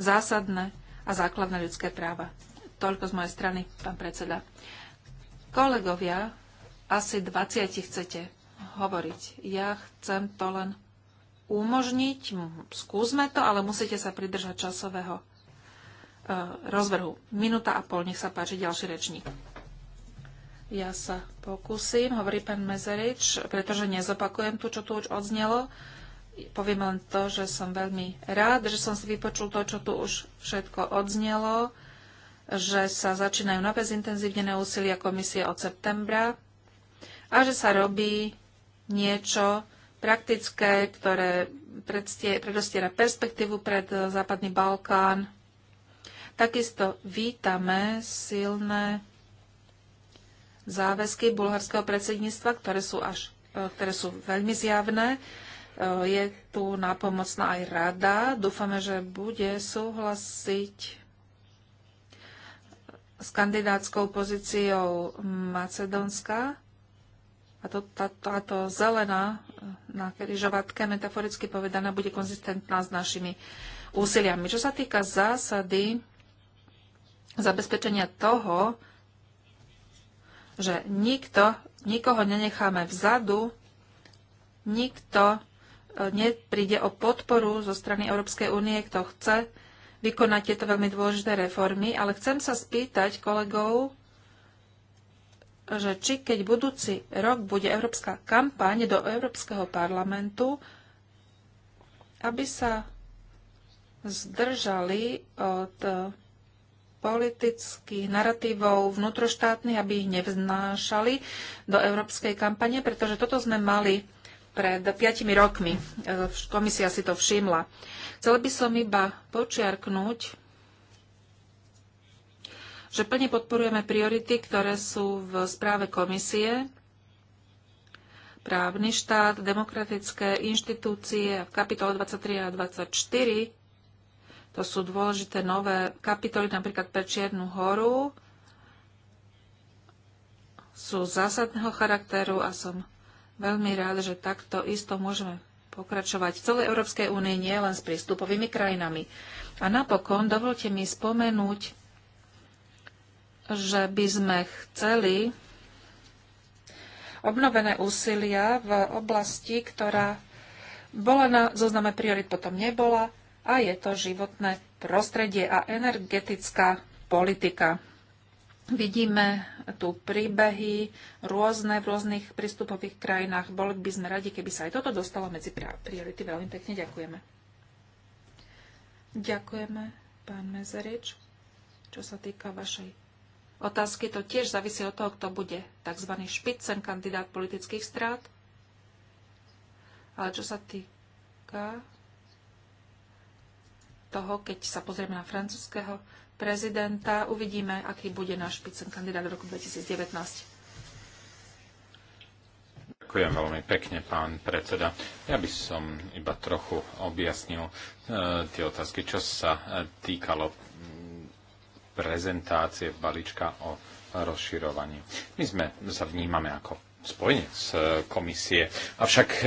zásadné a základné ľudské práva. Toľko z mojej strany, pán predseda. Kolegovia, asi 20 chcete hovoriť. Ja chcem to len umožniť. Skúsme to, ale musíte sa pridržať časového e, rozvrhu. Minúta a pol, nech sa páči ďalší rečník. Ja sa pokúsim, hovorí pán Mezerič, pretože nezopakujem tu, čo tu už odznelo. Poviem len to, že som veľmi rád, že som si vypočul to, čo tu už všetko odznelo že sa začínajú nové zintenzívnené úsilia komisie od septembra a že sa robí niečo praktické, ktoré predostiera perspektívu pred Západný Balkán. Takisto vítame silné záväzky bulharského predsedníctva, ktoré sú, až, ktoré sú veľmi zjavné. Je tu napomocná aj rada. Dúfame, že bude súhlasiť s kandidátskou pozíciou Macedónska a to, tá, táto zelená eh, na križovatke, metaforicky povedaná, bude konzistentná s našimi úsiliami. Čo sa týka zásady zabezpečenia toho, že nikto, nikoho nenecháme vzadu, nikto eh, nepríde o podporu zo strany Európskej únie, kto chce vykonať tieto veľmi dôležité reformy, ale chcem sa spýtať kolegov, že či keď budúci rok bude európska kampaň do Európskeho parlamentu, aby sa zdržali od politických narratívov vnútroštátnych, aby ich nevznášali do európskej kampane, pretože toto sme mali pred 5 rokmi. E, komisia si to všimla. Chcel by som iba počiarknúť, že plne podporujeme priority, ktoré sú v správe komisie, právny štát, demokratické inštitúcie v kapitole 23 a 24. To sú dôležité nové kapitoly, napríklad pre Čiernu horu, sú zásadného charakteru a som veľmi rád, že takto isto môžeme pokračovať v celej Európskej únii, nie len s prístupovými krajinami. A napokon dovolte mi spomenúť, že by sme chceli obnovené úsilia v oblasti, ktorá bola na zozname priorit, potom nebola, a je to životné prostredie a energetická politika. Vidíme tu príbehy rôzne v rôznych prístupových krajinách. Boli by sme radi, keby sa aj toto dostalo medzi priority. Veľmi pekne ďakujeme. Ďakujeme, pán Mezerič. Čo sa týka vašej otázky, to tiež závisí od toho, kto bude tzv. špicen kandidát politických strát. Ale čo sa týka toho, keď sa pozrieme na francúzského prezidenta. Uvidíme, aký bude náš špicen kandidát v roku 2019. Ďakujem veľmi pekne, pán predseda. Ja by som iba trochu objasnil e, tie otázky, čo sa e, týkalo prezentácie balíčka o rozširovaní. My sme sa vnímame ako spojenec e, komisie, avšak e,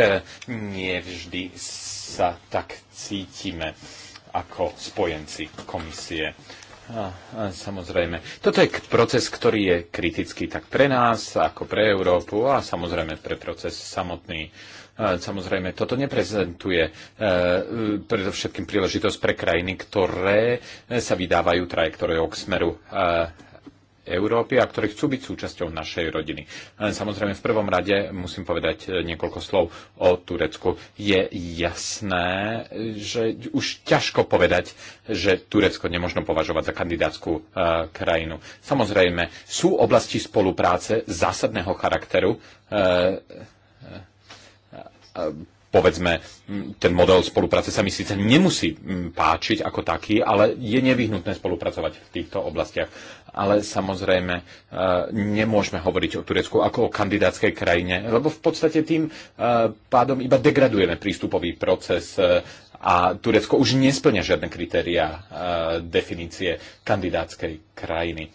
nie vždy sa tak cítime ako spojenci komisie. A, samozrejme. Toto je proces, ktorý je kritický tak pre nás, ako pre Európu a samozrejme pre proces samotný. samozrejme, toto neprezentuje e, predovšetkým príležitosť pre krajiny, ktoré sa vydávajú trajektóriou k smeru e, Európy a ktorí chcú byť súčasťou našej rodiny. Len samozrejme v prvom rade musím povedať e, niekoľko slov o Turecku. Je jasné, že už ťažko povedať, že Turecko nemôžno považovať za kandidátskú e, krajinu. Samozrejme, sú oblasti spolupráce zásadného charakteru, e, e, povedzme, ten model spolupráce sa mi síce nemusí mm, páčiť ako taký, ale je nevyhnutné spolupracovať v týchto oblastiach. Ale samozrejme e, nemôžeme hovoriť o Turecku ako o kandidátskej krajine, lebo v podstate tým e, pádom iba degradujeme prístupový proces e, a Turecko už nesplňa žiadne kritéria definície kandidátskej krajiny.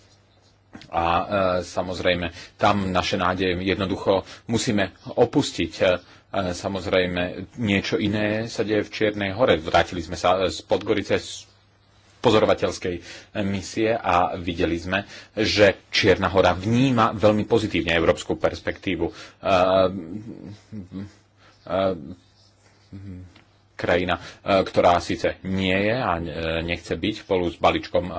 A e, samozrejme, tam naše nádeje jednoducho musíme opustiť. Samozrejme, niečo iné sa deje v Čiernej hore. Vrátili sme sa z Podgorice z pozorovateľskej e, misie a videli sme, že Čierna hora vníma veľmi pozitívne európsku perspektívu. E, e, krajina, ktorá síce nie je a nechce byť spolu s baličkom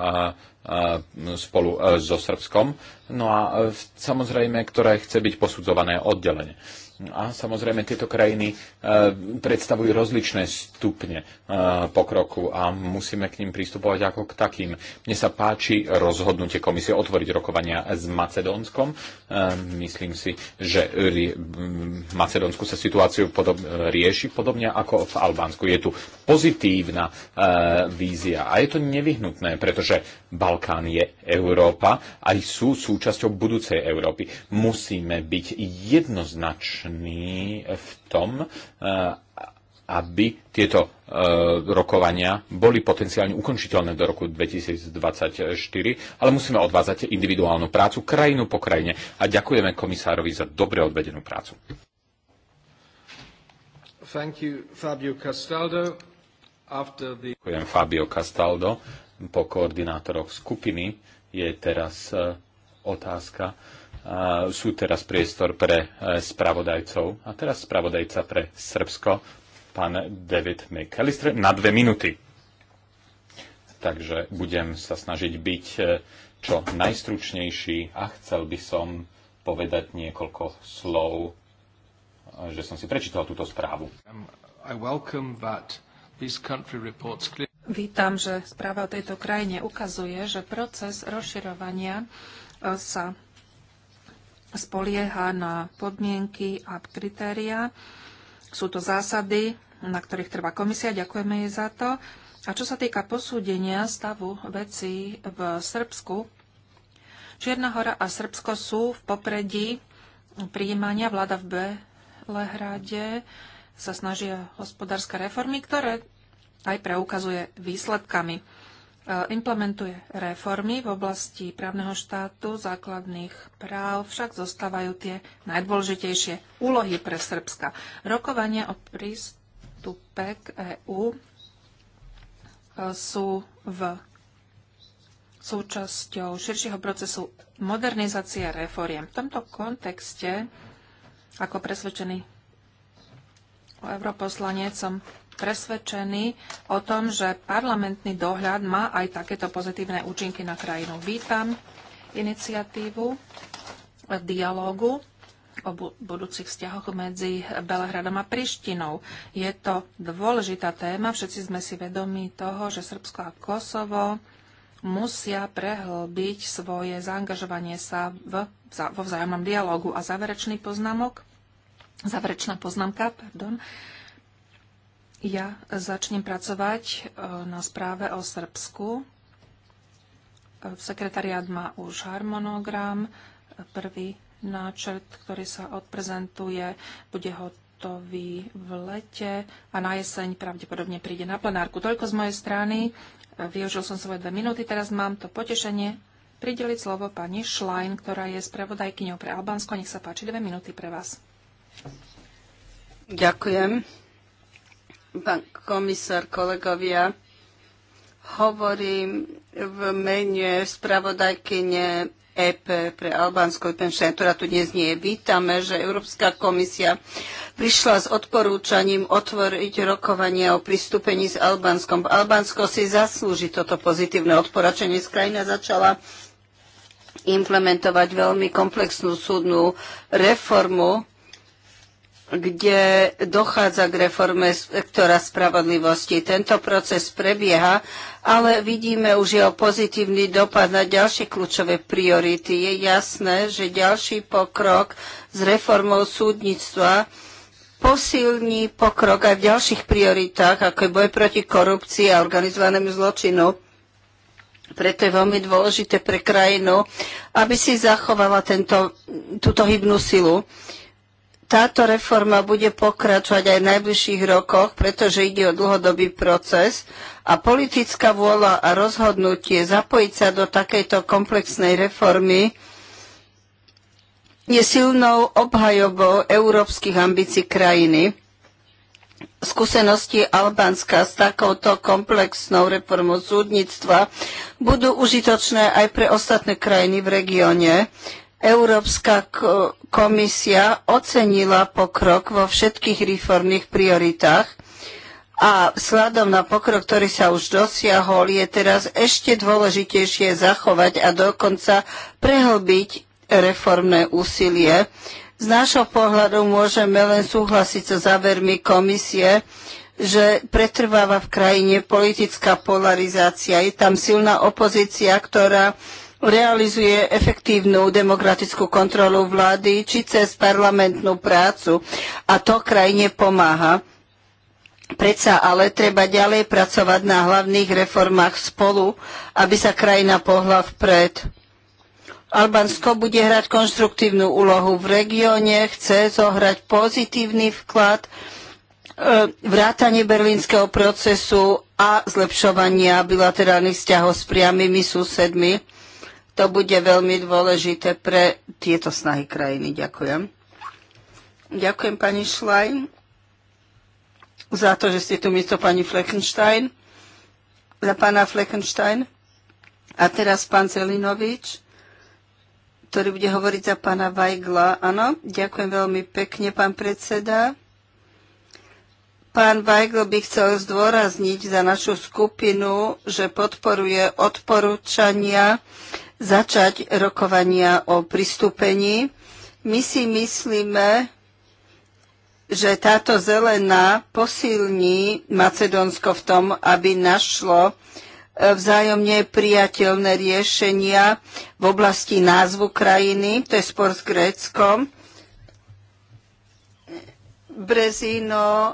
spolu so Srbskom, no a samozrejme, ktoré chce byť posudzované oddelenie. A samozrejme tieto krajiny e, predstavujú rozličné stupne e, pokroku a musíme k ním pristupovať ako k takým. Mne sa páči rozhodnutie komisie otvoriť rokovania s Macedónskom. E, myslím si, že v Macedónsku sa situáciu podob- rieši podobne ako v Albánsku. Je tu pozitívna vízia a je to nevyhnutné, pretože Balkán je Európa a sú súčasťou budúcej Európy. Musíme byť jednoznačné úspešní eh, v tom, eh, aby tieto eh, rokovania boli potenciálne ukončiteľné do roku 2024, ale musíme odvádzať individuálnu prácu krajinu po krajine. A ďakujeme komisárovi za dobre odvedenú prácu. Thank you, Fabio Castaldo. After the... Ďakujem Fabio Castaldo. Po koordinátoroch skupiny je teraz otázka sú teraz priestor pre e, spravodajcov. A teraz spravodajca pre Srbsko, pán David McAllister, na dve minúty. Takže budem sa snažiť byť e, čo najstručnejší a chcel by som povedať niekoľko slov, e, že som si prečítal túto správu. Um, Vítam, že správa o tejto krajine ukazuje, že proces rozširovania sa spolieha na podmienky a kritéria. Sú to zásady, na ktorých trvá komisia. Ďakujeme jej za to. A čo sa týka posúdenia stavu vecí v Srbsku, Čierna hora a Srbsko sú v popredí prijímania. Vláda v Belehrade sa snažia hospodárske reformy, ktoré aj preukazuje výsledkami. E, implementuje reformy v oblasti právneho štátu, základných práv, však zostávajú tie najdôležitejšie úlohy pre Srbska. Rokovania o prístupe k EÚ e, sú v súčasťou širšieho procesu modernizácie reforiem. V tomto kontexte, ako presvedčený o europoslanec, som presvedčení o tom, že parlamentný dohľad má aj takéto pozitívne účinky na krajinu. Vítam iniciatívu dialógu o budúcich vzťahoch medzi Belehradom a Prištinou. Je to dôležitá téma, všetci sme si vedomi toho, že Srbsko a Kosovo musia prehlbiť svoje zaangažovanie sa v, vo vzájomnom dialogu. A záverečný poznámok, záverečná poznámka, pardon, uh, ja začnem pracovať e, na správe o Srbsku. E, sekretariát má už harmonogram. Prvý náčrt, ktorý sa odprezentuje, bude hotový v lete a na jeseň pravdepodobne príde na plenárku. Toľko z mojej strany. E, využil som svoje dve minúty, teraz mám to potešenie prideliť slovo pani Schlein, ktorá je spravodajkyňou pre Albánsko. Nech sa páči, dve minúty pre vás. Ďakujem pán komisár, kolegovia. Hovorím v mene spravodajkyne EP pre Albánsko, ktorá tu dnes nie je. Vítame, že Európska komisia prišla s odporúčaním otvoriť rokovania o pristúpení s Albánskom. Albánsko si zaslúži toto pozitívne odporačenie. Krajina začala implementovať veľmi komplexnú súdnu reformu, kde dochádza k reforme sektora spravodlivosti. Tento proces prebieha, ale vidíme už jeho pozitívny dopad na ďalšie kľúčové priority. Je jasné, že ďalší pokrok s reformou súdnictva posilní pokrok aj v ďalších prioritách, ako je boj proti korupcii a organizovanému zločinu. Preto je veľmi dôležité pre krajinu, aby si zachovala tento, túto hybnú silu. Táto reforma bude pokračovať aj v najbližších rokoch, pretože ide o dlhodobý proces a politická vôľa a rozhodnutie zapojiť sa do takejto komplexnej reformy je silnou obhajobou európskych ambícií krajiny. Skúsenosti Albánska s takouto komplexnou reformou súdnictva budú užitočné aj pre ostatné krajiny v regióne. Európska komisia ocenila pokrok vo všetkých reformných prioritách a vzhľadom na pokrok, ktorý sa už dosiahol, je teraz ešte dôležitejšie zachovať a dokonca prehlbiť reformné úsilie. Z nášho pohľadu môžeme len súhlasiť so závermi komisie, že pretrváva v krajine politická polarizácia. Je tam silná opozícia, ktorá realizuje efektívnu demokratickú kontrolu vlády či cez parlamentnú prácu a to krajine pomáha. Predsa ale treba ďalej pracovať na hlavných reformách spolu, aby sa krajina pohla vpred. Albánsko bude hrať konštruktívnu úlohu v regióne, chce zohrať pozitívny vklad e, vrátanie berlínskeho procesu a zlepšovania bilaterálnych vzťahov s priamými susedmi. To bude veľmi dôležité pre tieto snahy krajiny. Ďakujem. Ďakujem pani Schlein za to, že ste tu miesto pani Fleckenstein, za pána Fleckenstein. A teraz pán Zelinovič ktorý bude hovoriť za pána Vajgla. Áno, ďakujem veľmi pekne, pán predseda. Pán Weigl by chcel zdôrazniť za našu skupinu, že podporuje odporúčania začať rokovania o pristúpení. My si myslíme, že táto zelená posilní Macedónsko v tom, aby našlo e, vzájomne priateľné riešenia v oblasti názvu krajiny, to je spor s Gréckom. Brezino e,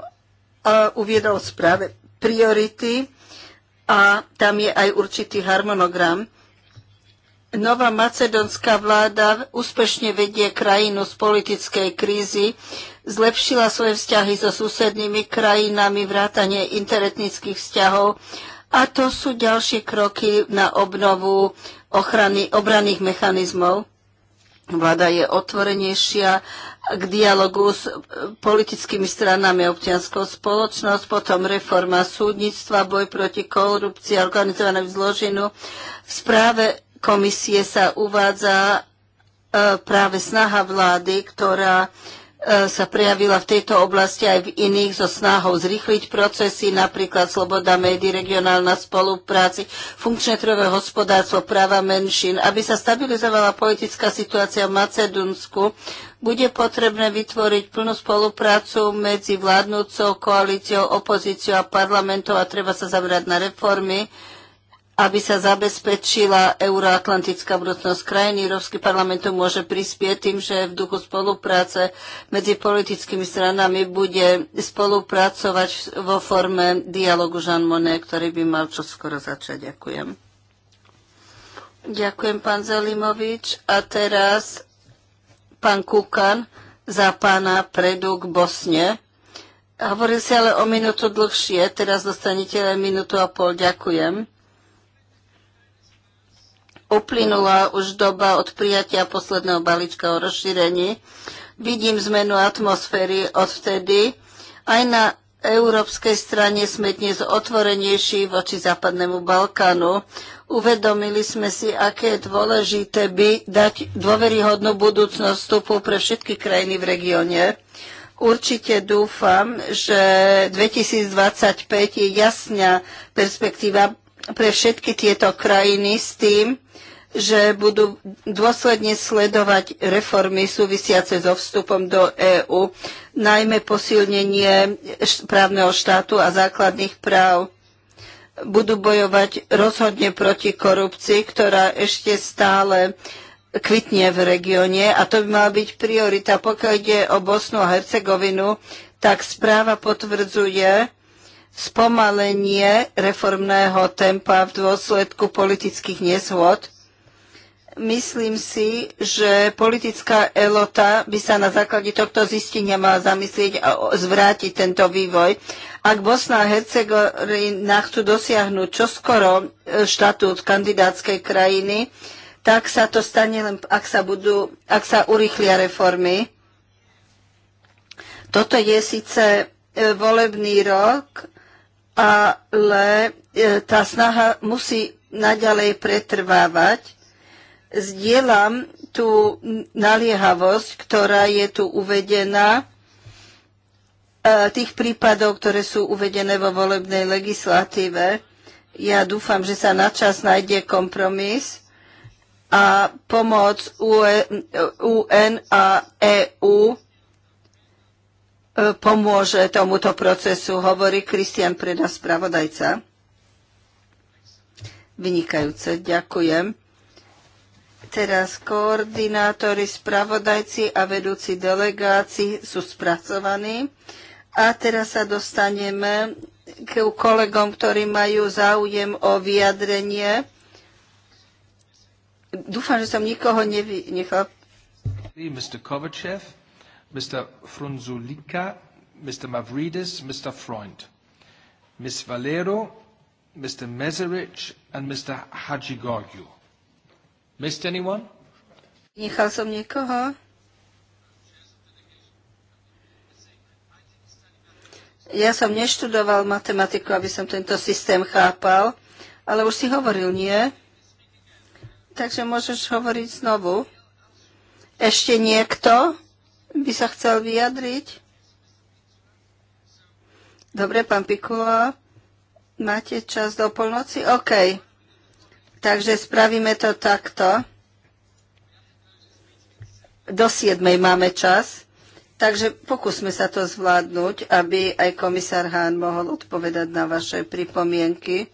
uviedol správe priority a tam je aj určitý harmonogram. Nová Macedonská vláda úspešne vedie krajinu z politickej krízy, zlepšila svoje vzťahy so susednými krajinami, vrátanie interetnických vzťahov a to sú ďalšie kroky na obnovu ochrany, obranných mechanizmov. Vláda je otvorenejšia k dialogu s politickými stranami občianskou spoločnosť, potom reforma súdnictva, boj proti korupcii, organizovanému zložinu. V správe komisie sa uvádza e, práve snaha vlády, ktorá e, sa prejavila v tejto oblasti aj v iných so snahou zrýchliť procesy, napríklad sloboda médií, regionálna spolupráci, funkčné trhové hospodárstvo, práva menšín. Aby sa stabilizovala politická situácia v Macedónsku, bude potrebné vytvoriť plnú spoluprácu medzi vládnúcou koalíciou, opozíciou a parlamentom a treba sa zamerať na reformy, aby sa zabezpečila euroatlantická budúcnosť krajiny. Európsky parlament to môže prispieť tým, že v duchu spolupráce medzi politickými stranami bude spolupracovať vo forme dialogu Jean Monnet, ktorý by mal čo skoro začať. Ďakujem. Ďakujem, pán Zelimovič. A teraz pán Kukan za pána Predu k Bosne. Hovoril si ale o minútu dlhšie, teraz dostanete len minútu a pol. Ďakujem uplynula už doba od prijatia posledného balíčka o rozšírení. Vidím zmenu atmosféry odvtedy. Aj na európskej strane sme dnes otvorenejší voči Západnému Balkánu. Uvedomili sme si, aké je dôležité by dať dôveryhodnú budúcnosť vstupu pre všetky krajiny v regióne. Určite dúfam, že 2025 je jasná perspektíva pre všetky tieto krajiny s tým, že budú dôsledne sledovať reformy súvisiace so vstupom do EÚ, najmä posilnenie právneho štátu a základných práv. Budú bojovať rozhodne proti korupcii, ktorá ešte stále kvitne v regióne a to by mala byť priorita. Pokiaľ ide o Bosnu a Hercegovinu, tak správa potvrdzuje, spomalenie reformného tempa v dôsledku politických nezhôd. Myslím si, že politická elota by sa na základe tohto zistenia mala zamyslieť a zvrátiť tento vývoj. Ak Bosna a Hercegovina chcú dosiahnuť čoskoro e, štatút kandidátskej krajiny, tak sa to stane len, ak sa, budú, ak sa urýchlia reformy. Toto je síce e, volebný rok, ale e, tá snaha musí naďalej pretrvávať. Zdieľam tú naliehavosť, ktorá je tu uvedená, e, tých prípadov, ktoré sú uvedené vo volebnej legislatíve. Ja dúfam, že sa načas nájde kompromis a pomoc UN e, a EU E, pomôže tomuto procesu, hovorí Kristian Preda, spravodajca. Vynikajúce, ďakujem. Teraz koordinátori, spravodajci a vedúci delegácií sú spracovaní. A teraz sa dostaneme k kolegom, ktorí majú záujem o vyjadrenie. Dúfam, že som nikoho nevynechal. Mr. Kovačev, Mr. Frunzulika, Mr. Mavridis, Mr. Freund, Ms. Valero, Mr. Mezeric, and Mr. Hadjigorgiou. Missed anyone? Nechal som niekoho. Ja som neštudoval matematiku, aby som tento systém chápal, ale už si hovoril, nie? Takže môžeš hovoriť znovu. Ešte niekto? by sa chcel vyjadriť? Dobre, pán Pikula, máte čas do polnoci? OK. Takže spravíme to takto. Do 7. máme čas. Takže pokúsme sa to zvládnuť, aby aj komisár Hán mohol odpovedať na vaše pripomienky,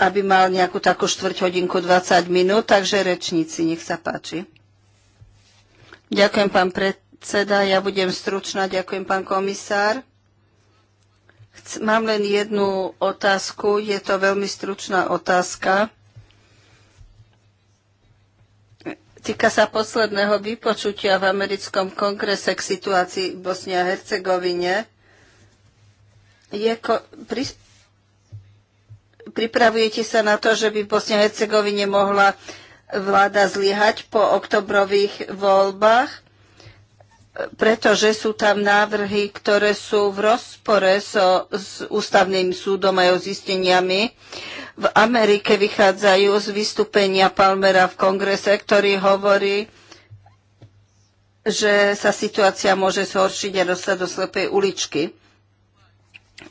aby mal nejakú takú štvrť hodinku 20 minút, takže rečníci, nech sa páči. Ďakujem, pán predseda. Ja budem stručná. Ďakujem, pán komisár. Mám len jednu otázku. Je to veľmi stručná otázka. Týka sa posledného vypočutia v americkom kongrese k situácii v Bosne a Hercegovine. Je ko- pri- pripravujete sa na to, že by Bosnia a Hercegovine mohla vláda zlyhať po oktobrových voľbách, pretože sú tam návrhy, ktoré sú v rozpore so, s ústavným súdom a jeho zisteniami. V Amerike vychádzajú z vystúpenia Palmera v kongrese, ktorý hovorí, že sa situácia môže zhoršiť a dostať do slepej uličky.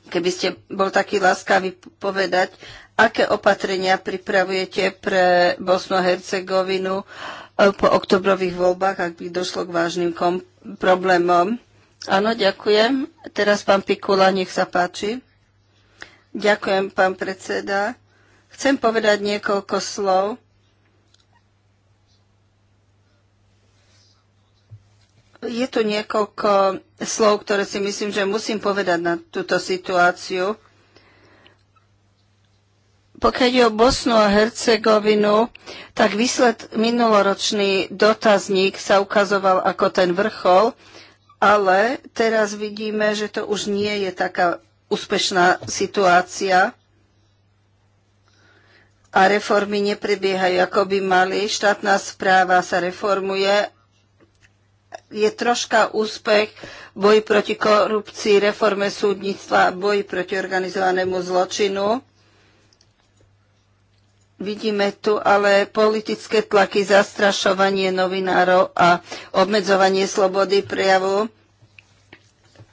Keby ste bol taký láskavý povedať, Aké opatrenia pripravujete pre Bosnu a Hercegovinu eh, po oktobrových voľbách, ak by došlo k vážnym problémom? Áno, ďakujem. Teraz pán Pikula, nech sa páči. Ďakujem, pán predseda. Chcem povedať niekoľko slov. Je tu niekoľko slov, ktoré si myslím, že musím povedať na túto situáciu. Pokiaľ je o Bosnu a Hercegovinu, tak výsled minuloročný dotazník sa ukazoval ako ten vrchol, ale teraz vidíme, že to už nie je taká úspešná situácia a reformy neprebiehajú, ako by mali. Štátna správa sa reformuje. Je troška úspech boj proti korupcii, reforme súdnictva a boji proti organizovanému zločinu Vidíme tu ale politické tlaky, zastrašovanie novinárov a obmedzovanie slobody prejavu.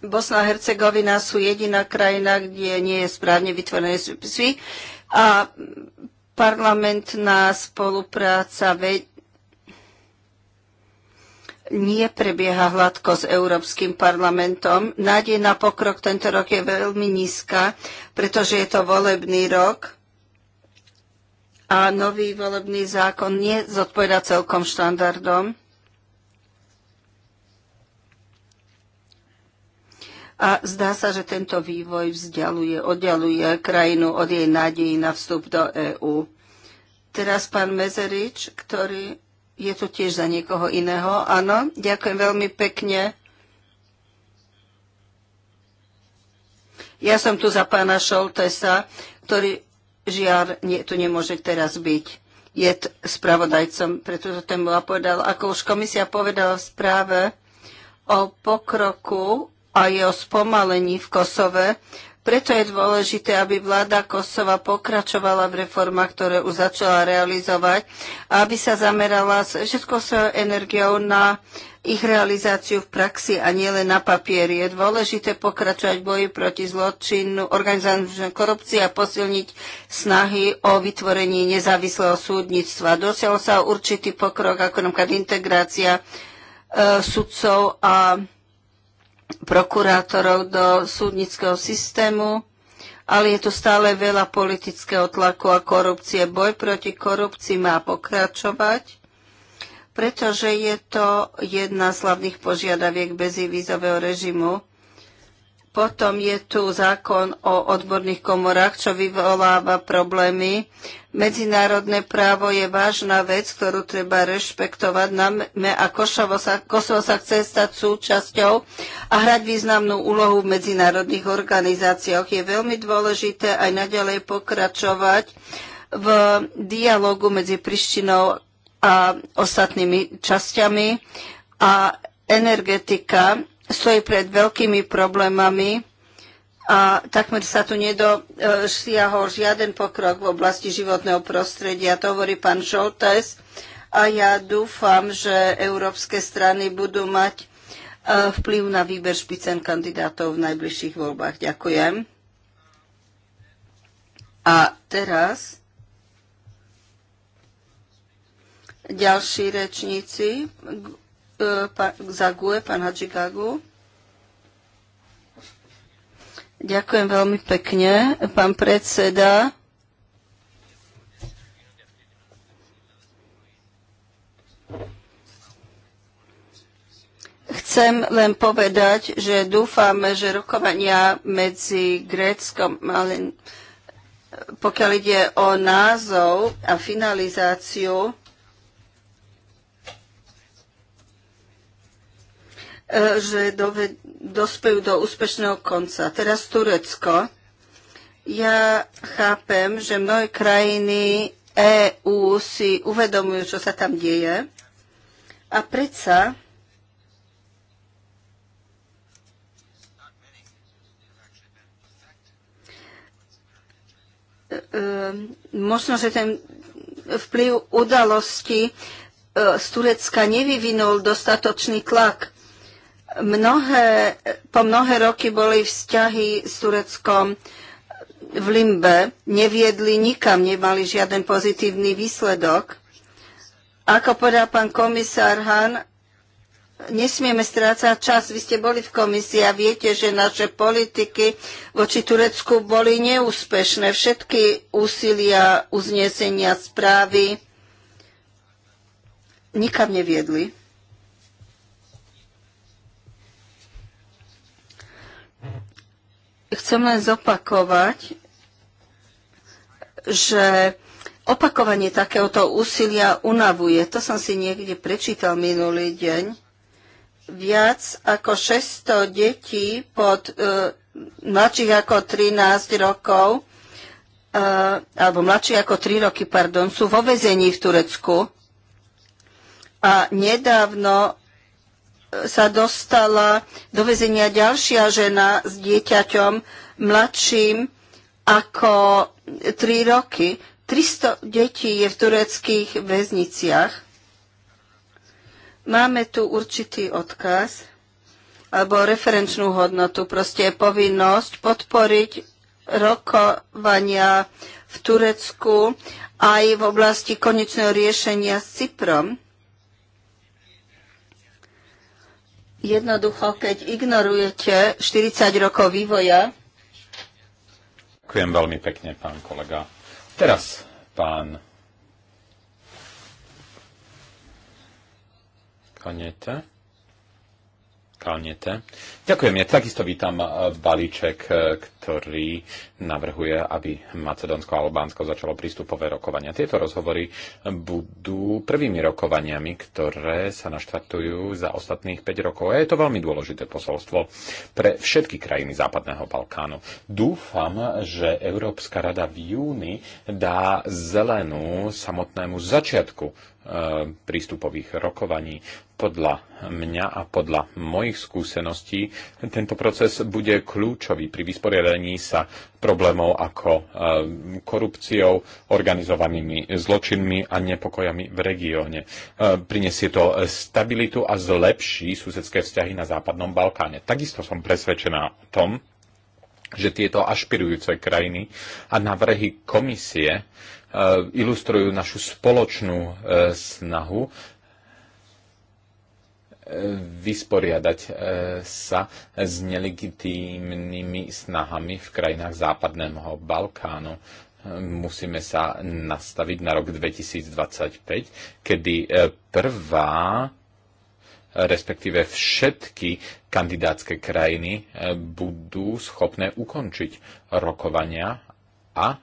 Bosna a Hercegovina sú jediná krajina, kde nie je správne vytvorené súpisy a parlamentná spolupráca ve- nie prebieha hladko s Európskym parlamentom. Nádej na pokrok tento rok je veľmi nízka, pretože je to volebný rok a nový volebný zákon nezodpovedá celkom štandardom. A zdá sa, že tento vývoj vzdialuje, oddialuje krajinu od jej nádejí na vstup do EÚ. Teraz pán Mezerič, ktorý je tu tiež za niekoho iného. Áno, ďakujem veľmi pekne. Ja som tu za pána Šoltesa, ktorý žiaľ, nie, tu nemôže teraz byť je spravodajcom pre to tému a povedal, ako už komisia povedala v správe o pokroku a jeho spomalení v Kosove, preto je dôležité, aby vláda Kosova pokračovala v reformách, ktoré už začala realizovať a aby sa zamerala všetkou svojou energiou na ich realizáciu v praxi a nie len na papieri. Je dôležité pokračovať v boji proti zločinu, organizovanej korupcii a posilniť snahy o vytvorení nezávislého súdnictva. Dosiahol sa určitý pokrok, ako napríklad integrácia e, sudcov a prokurátorov do súdnického systému, ale je tu stále veľa politického tlaku a korupcie. Boj proti korupcii má pokračovať, pretože je to jedna z hlavných požiadaviek bezivízového režimu. Potom je tu zákon o odborných komorách, čo vyvoláva problémy. Medzinárodné právo je vážna vec, ktorú treba rešpektovať. a Kosovo sa, Kosovo sa chce stať súčasťou a hrať významnú úlohu v medzinárodných organizáciách. Je veľmi dôležité aj naďalej pokračovať v dialogu medzi Prištinou a ostatnými časťami. A energetika stojí pred veľkými problémami a takmer sa tu nedosiahol žiaden pokrok v oblasti životného prostredia. To hovorí pán Šoltes a ja dúfam, že európske strany budú mať e, vplyv na výber špicen kandidátov v najbližších voľbách. Ďakujem. A teraz ďalší rečníci E, Zague, pán Ďakujem veľmi pekne, pán predseda. Chcem len povedať, že dúfame, že rokovania medzi Gréckom, ale pokiaľ ide o názov a finalizáciu, E, že dove, dospejú do úspešného konca. Teraz Turecko. Ja chápem, že mnohé krajiny EÚ si uvedomujú, čo sa tam deje. A predsa e, e, možno, že ten vplyv udalosti z Turecka nevyvinul dostatočný tlak Mnohé, po mnohé roky boli vzťahy s Tureckom v limbe, neviedli nikam, nemali žiaden pozitívny výsledok. Ako povedal pán komisár Han, nesmieme strácať čas. Vy ste boli v komisii a viete, že naše politiky voči Turecku boli neúspešné. Všetky úsilia, uznesenia, správy nikam neviedli. Chcem len zopakovať, že opakovanie takéhoto úsilia unavuje. To som si niekde prečítal minulý deň. Viac ako 600 detí pod e, mladších ako 13 rokov e, alebo mladších ako 3 roky, pardon, sú vo vezení v Turecku. A nedávno sa dostala do vezenia ďalšia žena s dieťaťom mladším ako 3 roky. 300 detí je v tureckých väzniciach. Máme tu určitý odkaz alebo referenčnú hodnotu, proste je povinnosť podporiť rokovania v Turecku aj v oblasti konečného riešenia s Cyprom. Jednoducho, keď ignorujete 40 rokov vývoja. Ďakujem veľmi pekne, pán kolega. Teraz pán Kanete kalnete. Ďakujem, ja takisto vítam e, balíček, e, ktorý navrhuje, aby Macedónsko a Albánsko začalo prístupové rokovania. Tieto rozhovory budú prvými rokovaniami, ktoré sa naštartujú za ostatných 5 rokov. A je to veľmi dôležité posolstvo pre všetky krajiny Západného Balkánu. Dúfam, že Európska rada v júni dá zelenú samotnému začiatku Eh, prístupových rokovaní. Podľa mňa a podľa mojich skúseností tento proces bude kľúčový pri vysporiadaní sa problémov ako eh, korupciou, organizovanými zločinmi a nepokojami v regióne. Eh, prinesie to stabilitu a zlepší susedské vzťahy na Západnom Balkáne. Takisto som presvedčená o tom, že tieto ašpirujúce krajiny a navrhy komisie Eh, ilustrujú našu spoločnú eh, snahu eh, vysporiadať sa s nelegitímnymi snahami v krajinách západného Balkánu. Musíme sa nastaviť na rok 2025, kedy prvá respektíve všetky kandidátske krajiny budú schopné ukončiť rokovania a e,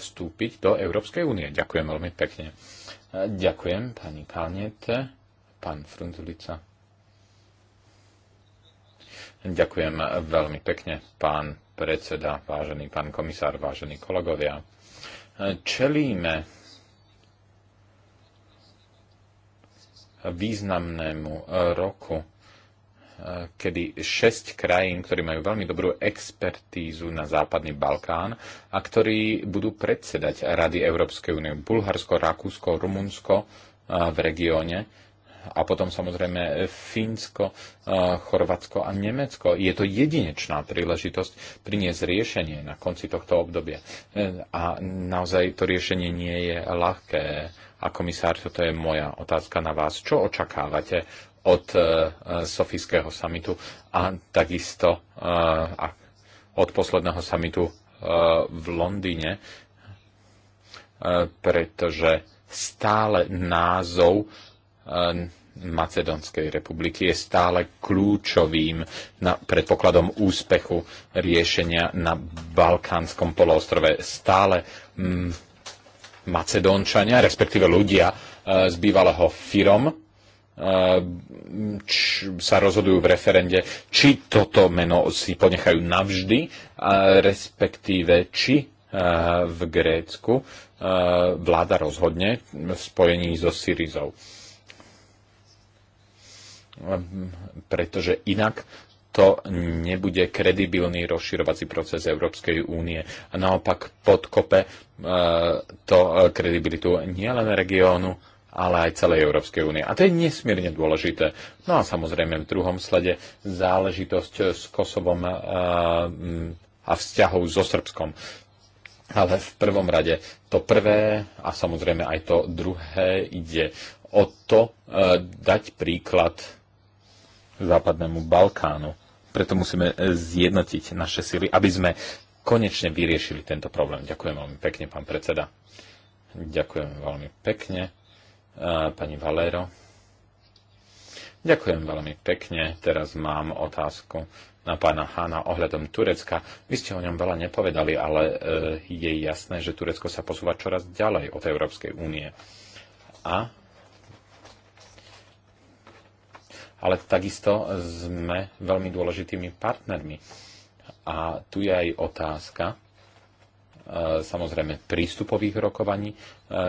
vstúpiť do Európskej únie. Ďakujem veľmi pekne. E, ďakujem pani Kalniete, pán Frunzulica. Ďakujem veľmi pekne, pán predseda, vážený pán komisár, vážení kolegovia. E, čelíme významnému roku kedy 6 krajín, ktorí majú veľmi dobrú expertízu na západný Balkán a ktorí budú predsedať Rady Európskej únie. Bulharsko, Rakúsko, Rumunsko v regióne a potom samozrejme Fínsko, Chorvátsko a Nemecko. Je to jedinečná príležitosť priniesť riešenie na konci tohto obdobia. E, a naozaj to riešenie nie je ľahké. A komisár, toto je moja otázka na vás. Čo očakávate od e, Sofijského samitu a takisto e, od posledného samitu e, v Londýne, pretože stále názov Macedónskej republiky je stále kľúčovým na, predpokladom úspechu riešenia na Balkánskom poloostrove. Stále mm, Macedónčania, respektíve ľudia e, z bývalého Firom, Ehm, sa rozhodujú v referende, či toto meno si ponechajú navždy, respektíve či eh, v Grécku eh, vláda rozhodne v spojení so Syrizou. Ehm, pretože inak to nebude kredibilný rozširovací proces Európskej únie. A naopak podkope eh, to kredibilitu nielen regiónu, ale aj celej Európskej únie. A to je nesmierne dôležité. No a samozrejme v druhom slede záležitosť s Kosovom eh, mm, a vzťahov so Srbskom. Ale v prvom rade to prvé a samozrejme aj to druhé ide o to eh, dať príklad západnému Balkánu. Preto musíme eh, zjednotiť naše sily, aby sme konečne vyriešili tento problém. Ďakujem veľmi pekne, pán predseda. Ďakujem veľmi pekne. Eh, pani Valero. Ďakujem veľmi pekne. Teraz mám otázku na pána Hána ohľadom Turecka. Vy ste o ňom veľa nepovedali, ale eh, je jasné, že Turecko sa posúva čoraz ďalej od Európskej únie. A ale takisto sme veľmi dôležitými partnermi. A tu je aj otázka, samozrejme prístupových rokovaní.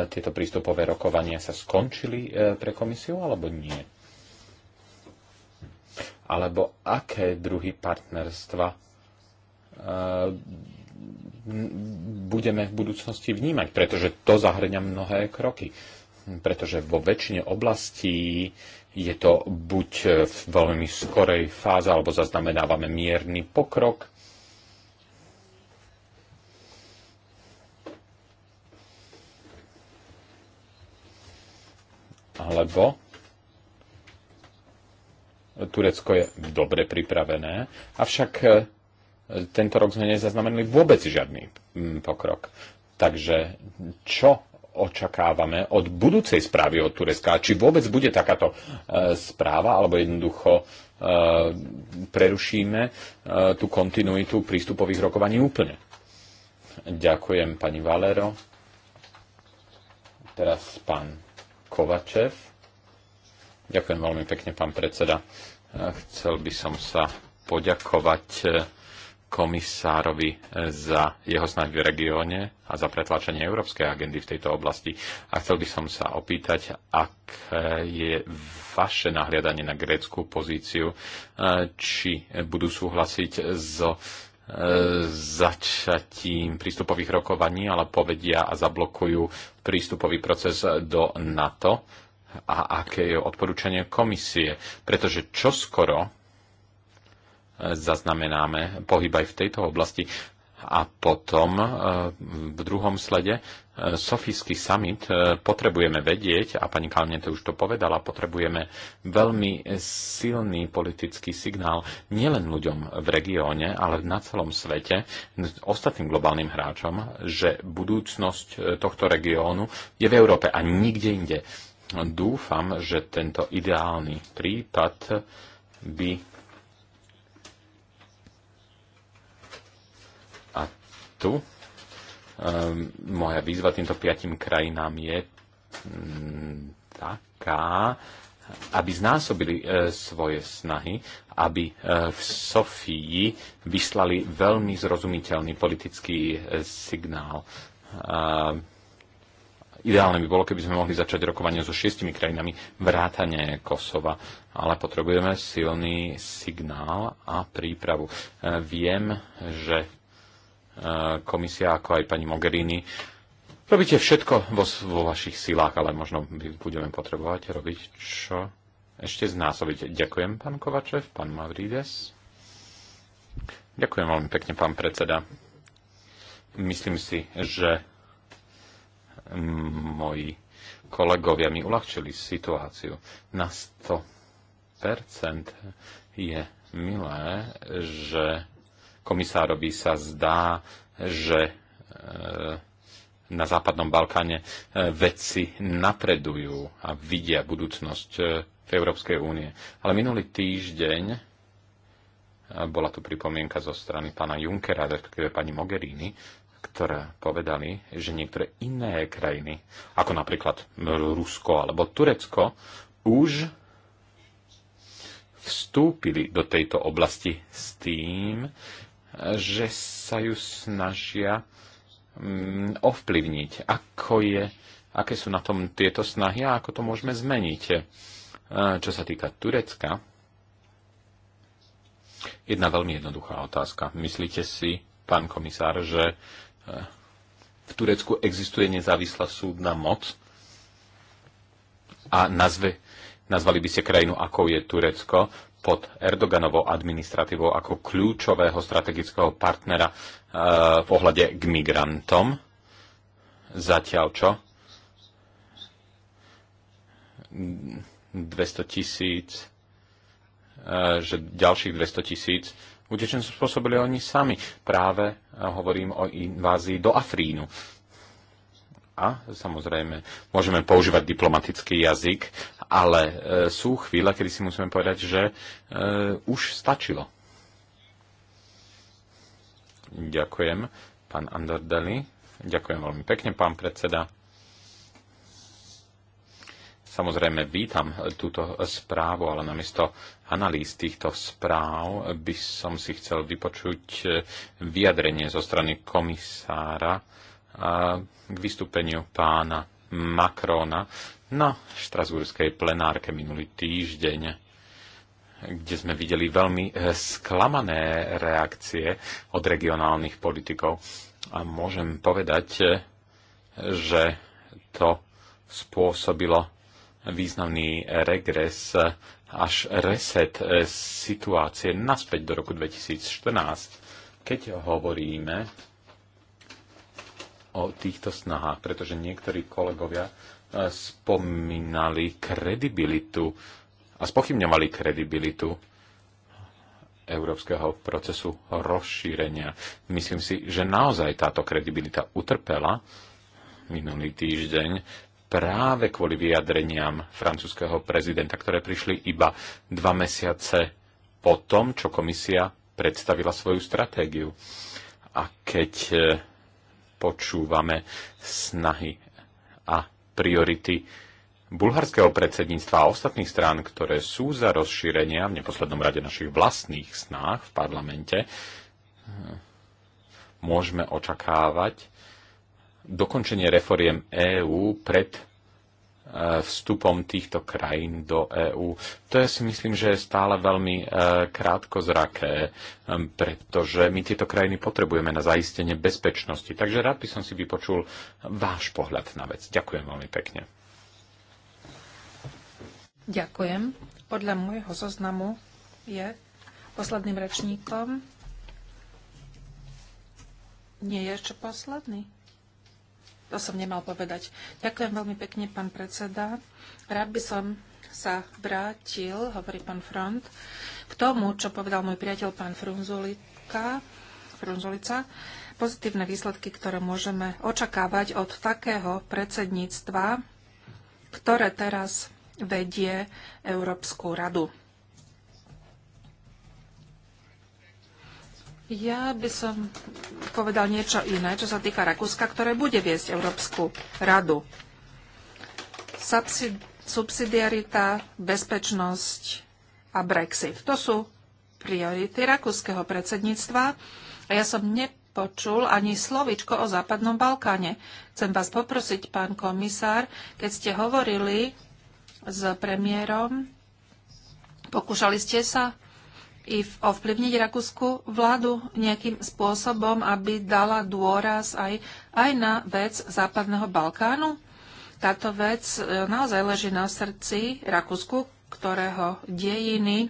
Tieto prístupové rokovania sa skončili e, pre komisiu alebo nie? Alebo aké druhy partnerstva e, budeme v budúcnosti vnímať, pretože to zahrňa mnohé kroky. Pretože vo väčšine oblastí je to buď v veľmi skorej fáze, alebo zaznamenávame mierny pokrok, lebo Turecko je dobre pripravené, avšak e, tento rok sme nezaznamenali vôbec žiadny mm, pokrok. Takže čo očakávame od budúcej správy od Turecka? Či vôbec bude takáto e, správa, alebo jednoducho e, prerušíme tú kontinuitu prístupových rokovaní úplne? Ďakujem pani Valero. Teraz pán Kovačev. Ďakujem veľmi pekne, pán predseda. Chcel by som sa poďakovať eh, komisárovi eh, za jeho snahy v regióne a za pretlačenie európskej agendy v tejto oblasti. A chcel by som sa opýtať, ak eh, je vaše nahliadanie na grécku pozíciu, či budú súhlasiť so začatím prístupových rokovaní, ale povedia a zablokujú prístupový proces do NATO a aké je odporúčanie komisie. Pretože čoskoro zaznamenáme pohyb aj v tejto oblasti a potom e, v druhom slede e, Sofijský summit e, potrebujeme vedieť, a pani Kalniete už to povedala, potrebujeme veľmi silný politický signál nielen ľuďom v regióne, ale na celom svete, ostatným globálnym hráčom, že budúcnosť tohto regiónu je v Európe a nikde inde. Dúfam, že tento ideálny prípad by tu. Ehm, moja výzva týmto piatim krajinám je mm, taká, aby znásobili e, svoje snahy, aby e, v Sofii vyslali veľmi zrozumiteľný politický e, signál. Ehm, ideálne by bolo, keby sme mohli začať rokovanie so šiestimi krajinami vrátane Kosova, ale potrebujeme silný signál a prípravu. Ehm, viem, že Eh, komisia, ako aj pani Mogherini. Robíte všetko vo, vo vašich silách, ale možno budeme potrebovať robiť čo? Ešte znásobiť. Ďakujem, pán Kovačev, pán Mavrides. Ďakujem veľmi pekne, pán predseda. Myslím si, že mm, moji kolegovia mi uľahčili situáciu. Na 100% je milé, že komisárovi sa zdá, že e, na Západnom Balkáne e, vedci napredujú a vidia budúcnosť e, v Európskej únie. Ale minulý týždeň bola tu pripomienka zo strany pána Junckera, respektíve pani Mogherini, ktoré povedali, že niektoré iné krajiny, ako napríklad Rusko alebo Turecko, už vstúpili do tejto oblasti s tým, že sa ju snažia mm, ovplyvniť. Ako je, aké sú na tom tieto snahy a ako to môžeme zmeniť. E, čo sa týka Turecka, jedna veľmi jednoduchá otázka. Myslíte si, pán komisár, že e, v Turecku existuje nezávislá súdna moc a nazve Nazvali by ste krajinu, ako je Turecko, pod Erdoganovou administratívou ako kľúčového strategického partnera e, v ohľade k migrantom. Zatiaľ čo? 200 tisíc, e, že ďalších 200 tisíc utečencov spôsobili oni sami. Práve e, hovorím o invázii do Afrínu. A samozrejme, môžeme používať diplomatický jazyk ale e, sú chvíle, kedy si musíme povedať, že e, už stačilo. Ďakujem, pán Andordeli. Ďakujem veľmi pekne, pán predseda. Samozrejme, vítam túto správu, ale namiesto analýz týchto správ by som si chcel vypočuť e, vyjadrenie zo strany komisára k vystúpeniu pána Macrona na štrasburskej plenárke minulý týždeň, kde sme videli veľmi eh, sklamané reakcie od regionálnych politikov. A môžem povedať, eh, že to spôsobilo významný regres eh, až reset situácie naspäť do roku 2014. Keď hovoríme o týchto snahách, pretože niektorí kolegovia eh, spomínali kredibilitu a spochybňovali kredibilitu európskeho procesu rozšírenia. Myslím si, že naozaj táto kredibilita utrpela minulý týždeň práve kvôli vyjadreniam francúzského prezidenta, ktoré prišli iba dva mesiace po tom, čo komisia predstavila svoju stratégiu. A keď eh, počúvame snahy a priority bulharského predsedníctva a ostatných strán, ktoré sú za rozšírenia, v neposlednom rade našich vlastných snách v parlamente, môžeme očakávať dokončenie reforiem EÚ pred vstupom týchto krajín do EÚ. To je si myslím, že je stále veľmi e, krátkozraké, e, pretože my tieto krajiny potrebujeme na zaistenie bezpečnosti. Takže rád by som si vypočul váš pohľad na vec. Ďakujem veľmi pekne. Ďakujem. Podľa môjho zoznamu je posledným rečníkom. Nie je ešte posledný. To som nemal povedať. Ďakujem veľmi pekne, pán predseda. Rád by som sa vrátil, hovorí pán Front, k tomu, čo povedal môj priateľ pán Frunzulika, Frunzulica, pozitívne výsledky, ktoré môžeme očakávať od takého predsedníctva, ktoré teraz vedie Európsku radu. Ja by som povedal niečo iné, čo sa týka Rakúska, ktoré bude viesť Európsku radu. Subsidiarita, bezpečnosť a Brexit. To sú priority rakúskeho predsedníctva a ja som nepočul ani slovičko o Západnom Balkáne. Chcem vás poprosiť, pán komisár, keď ste hovorili s premiérom, pokúšali ste sa i ovplyvniť rakúsku vládu nejakým spôsobom, aby dala dôraz aj, aj na vec Západného Balkánu? Táto vec e, naozaj leží na srdci Rakúsku, ktorého dejiny e,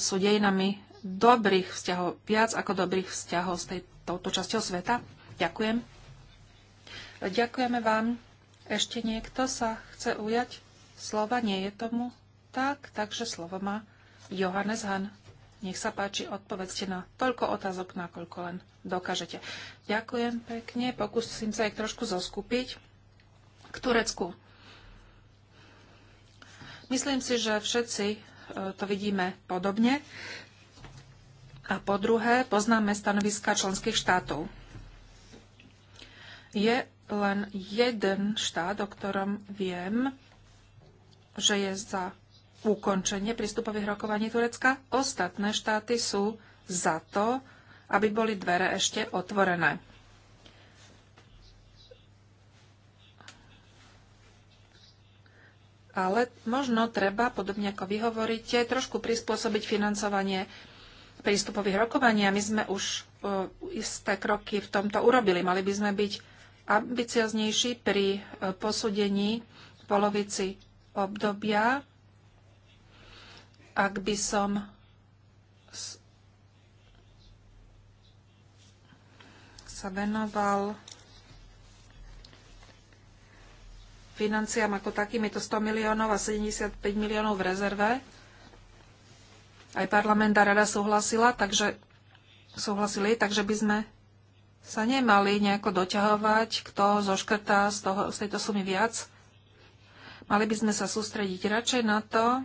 sú dejinami dobrých vzťahov, viac ako dobrých vzťahov s touto časťou sveta. Ďakujem. Ďakujeme vám. Ešte niekto sa chce ujať slova? Nie je tomu tak, takže slovo má Johannes Han. Nech sa páči, odpovedzte na toľko otázok, nakoľko len dokážete. Ďakujem pekne, pokúsim sa ich trošku zoskupiť. K Turecku. Myslím si, že všetci e, to vidíme podobne. A po druhé, poznáme stanoviska členských štátov. Je len jeden štát, o ktorom viem, že je za ukončenie prístupových rokovaní Turecka. Ostatné štáty sú za to, aby boli dvere ešte otvorené. Ale možno treba, podobne ako vy hovoríte, trošku prispôsobiť financovanie prístupových rokovaní. A my sme už e, isté kroky v tomto urobili. Mali by sme byť ambicioznejší pri e, posúdení polovici obdobia ak by som sa venoval financiám ako takým, je to 100 miliónov a 75 miliónov v rezerve. Aj parlament a rada súhlasila, takže súhlasili, takže by sme sa nemali nejako doťahovať, kto zoškrtá z, toho, z tejto sumy viac. Mali by sme sa sústrediť radšej na to,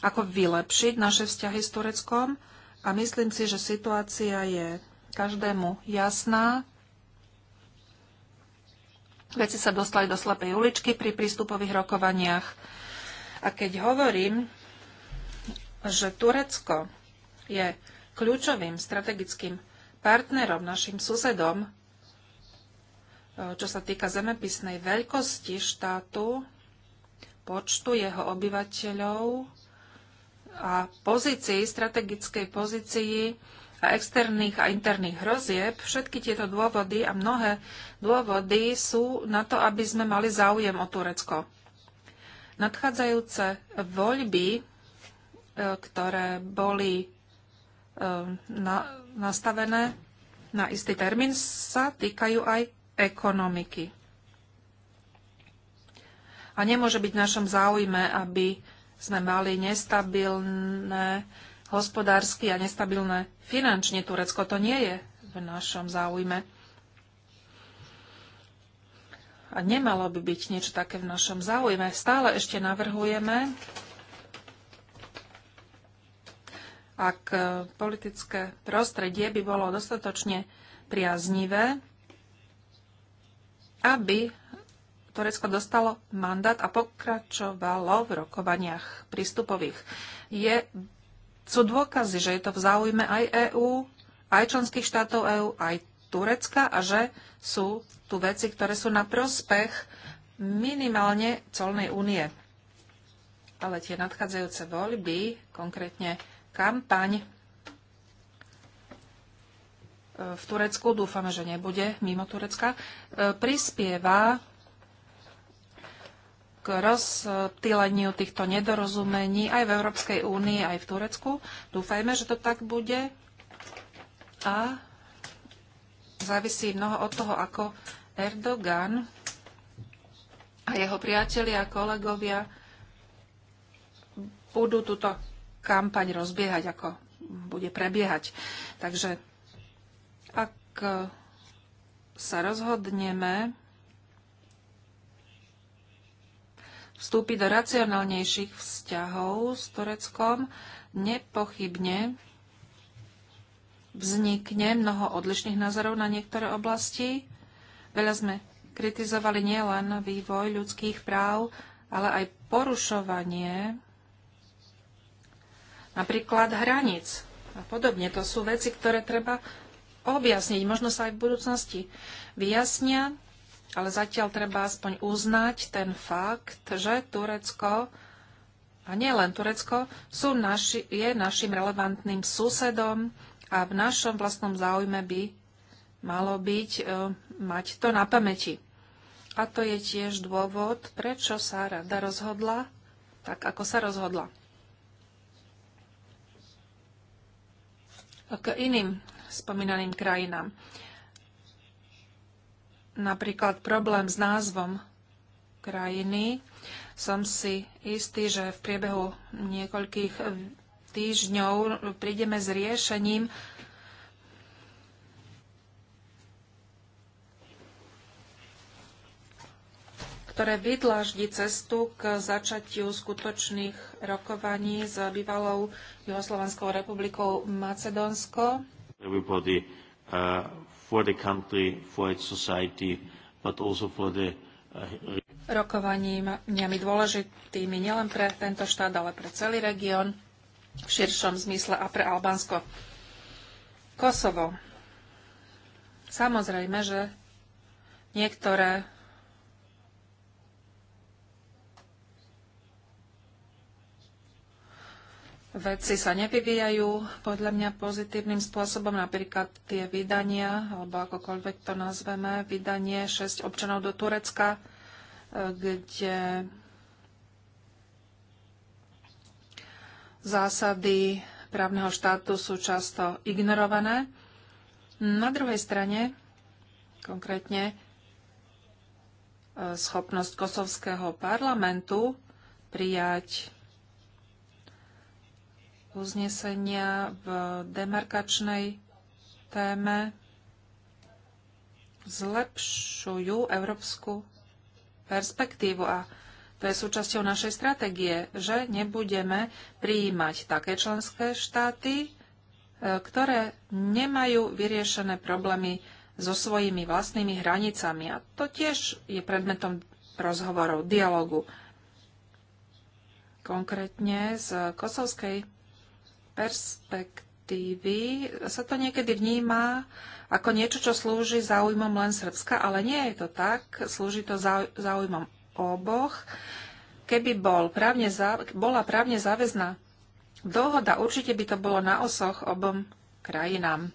ako vylepšiť naše vzťahy s Tureckom a myslím si, že situácia je každému jasná. Veci sa dostali do slepej uličky pri prístupových rokovaniach. A keď hovorím, že Turecko je kľúčovým strategickým partnerom, našim susedom, čo sa týka zemepisnej veľkosti štátu, počtu jeho obyvateľov, a pozícii, strategickej pozícii a externých a interných hrozieb, všetky tieto dôvody a mnohé dôvody sú na to, aby sme mali záujem o Turecko. Nadchádzajúce voľby, e, ktoré boli e, na, nastavené na istý termín, sa týkajú aj ekonomiky. A nemôže byť v našom záujme, aby sme mali nestabilné hospodársky a nestabilné finančne. Turecko to nie je v našom záujme. A nemalo by byť niečo také v našom záujme. Stále ešte navrhujeme, ak e, politické prostredie by bolo dostatočne priaznivé, aby Turecko dostalo mandát a pokračovalo v rokovaniach prístupových. Je, sú dôkazy, že je to v záujme aj EÚ, aj členských štátov EÚ, aj Turecka a že sú tu veci, ktoré sú na prospech minimálne colnej únie. Ale tie nadchádzajúce voľby, konkrétne kampaň e, v Turecku, dúfame, že nebude mimo Turecka, e, prispieva k rozptýleniu týchto nedorozumení aj v Európskej únii, aj v Turecku. Dúfajme, že to tak bude. A závisí mnoho od toho, ako Erdogan a jeho priatelia a kolegovia budú túto kampaň rozbiehať, ako bude prebiehať. Takže ak sa rozhodneme, vstúpi do racionálnejších vzťahov s Tureckom, nepochybne vznikne mnoho odlišných názorov na niektoré oblasti. Veľa sme kritizovali nielen vývoj ľudských práv, ale aj porušovanie napríklad hraníc a podobne. To sú veci, ktoré treba objasniť. Možno sa aj v budúcnosti vyjasnia ale zatiaľ treba aspoň uznať ten fakt, že Turecko a nie len Turecko, sú naši, je našim relevantným susedom a v našom vlastnom záujme by malo byť e, mať to na pamäti. A to je tiež dôvod, prečo sa rada rozhodla tak, ako sa rozhodla. K iným spomínaným krajinám napríklad problém s názvom krajiny. Som si istý, že v priebehu niekoľkých týždňov prídeme s riešením, ktoré vydláždi cestu k začatiu skutočných rokovaní s bývalou Juhoslovanskou republikou Macedónsko for the country, for its society, but also for the uh, rokovaniami dôležitými nielen pre tento štát, ale pre celý región v širšom zmysle a pre Albánsko. Kosovo. Samozrejme, že niektoré veci sa nevyvíjajú podľa mňa pozitívnym spôsobom, napríklad tie vydania, alebo akokoľvek to nazveme, vydanie 6 občanov do Turecka, e, kde zásady právneho štátu sú často ignorované. Na druhej strane, konkrétne e, schopnosť kosovského parlamentu prijať uznesenia v demarkačnej téme zlepšujú európsku perspektívu a to je súčasťou našej stratégie, že nebudeme prijímať také členské štáty, e, ktoré nemajú vyriešené problémy so svojimi vlastnými hranicami. A to tiež je predmetom rozhovorov, dialogu. Konkrétne z kosovskej perspektívy sa to niekedy vníma ako niečo, čo slúži záujmom len Srbska, ale nie je to tak. Slúži to záujmom oboch. Keby bol právne, bola právne záväzná dohoda, určite by to bolo na osoch obom krajinám.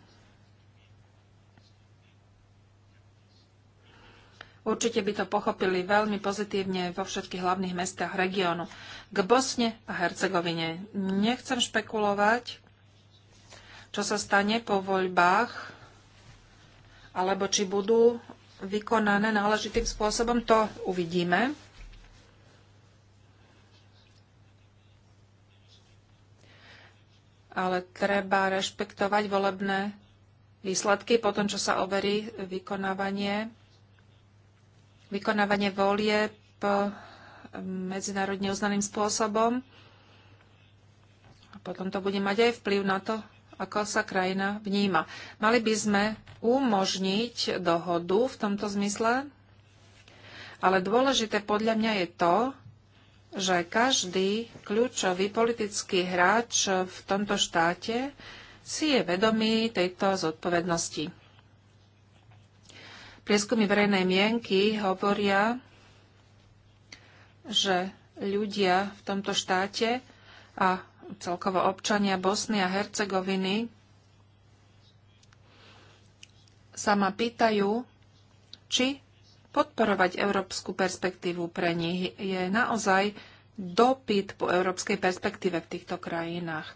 Určite by to pochopili veľmi pozitívne vo všetkých hlavných mestách regiónu. K Bosne a Hercegovine nechcem špekulovať, čo sa stane po voľbách, alebo či budú vykonané náležitým spôsobom, to uvidíme. ale treba rešpektovať volebné výsledky po tom, čo sa overí vykonávanie vykonávanie po medzinárodne uznaným spôsobom. A potom to bude mať aj vplyv na to, ako sa krajina vníma. Mali by sme umožniť dohodu v tomto zmysle, ale dôležité podľa mňa je to, že každý kľúčový politický hráč v tomto štáte si je vedomý tejto zodpovednosti. Prieskumy verejnej mienky hovoria, že ľudia v tomto štáte a celkovo občania Bosny a Hercegoviny sa ma pýtajú, či podporovať európsku perspektívu pre nich je naozaj dopyt po európskej perspektíve v týchto krajinách.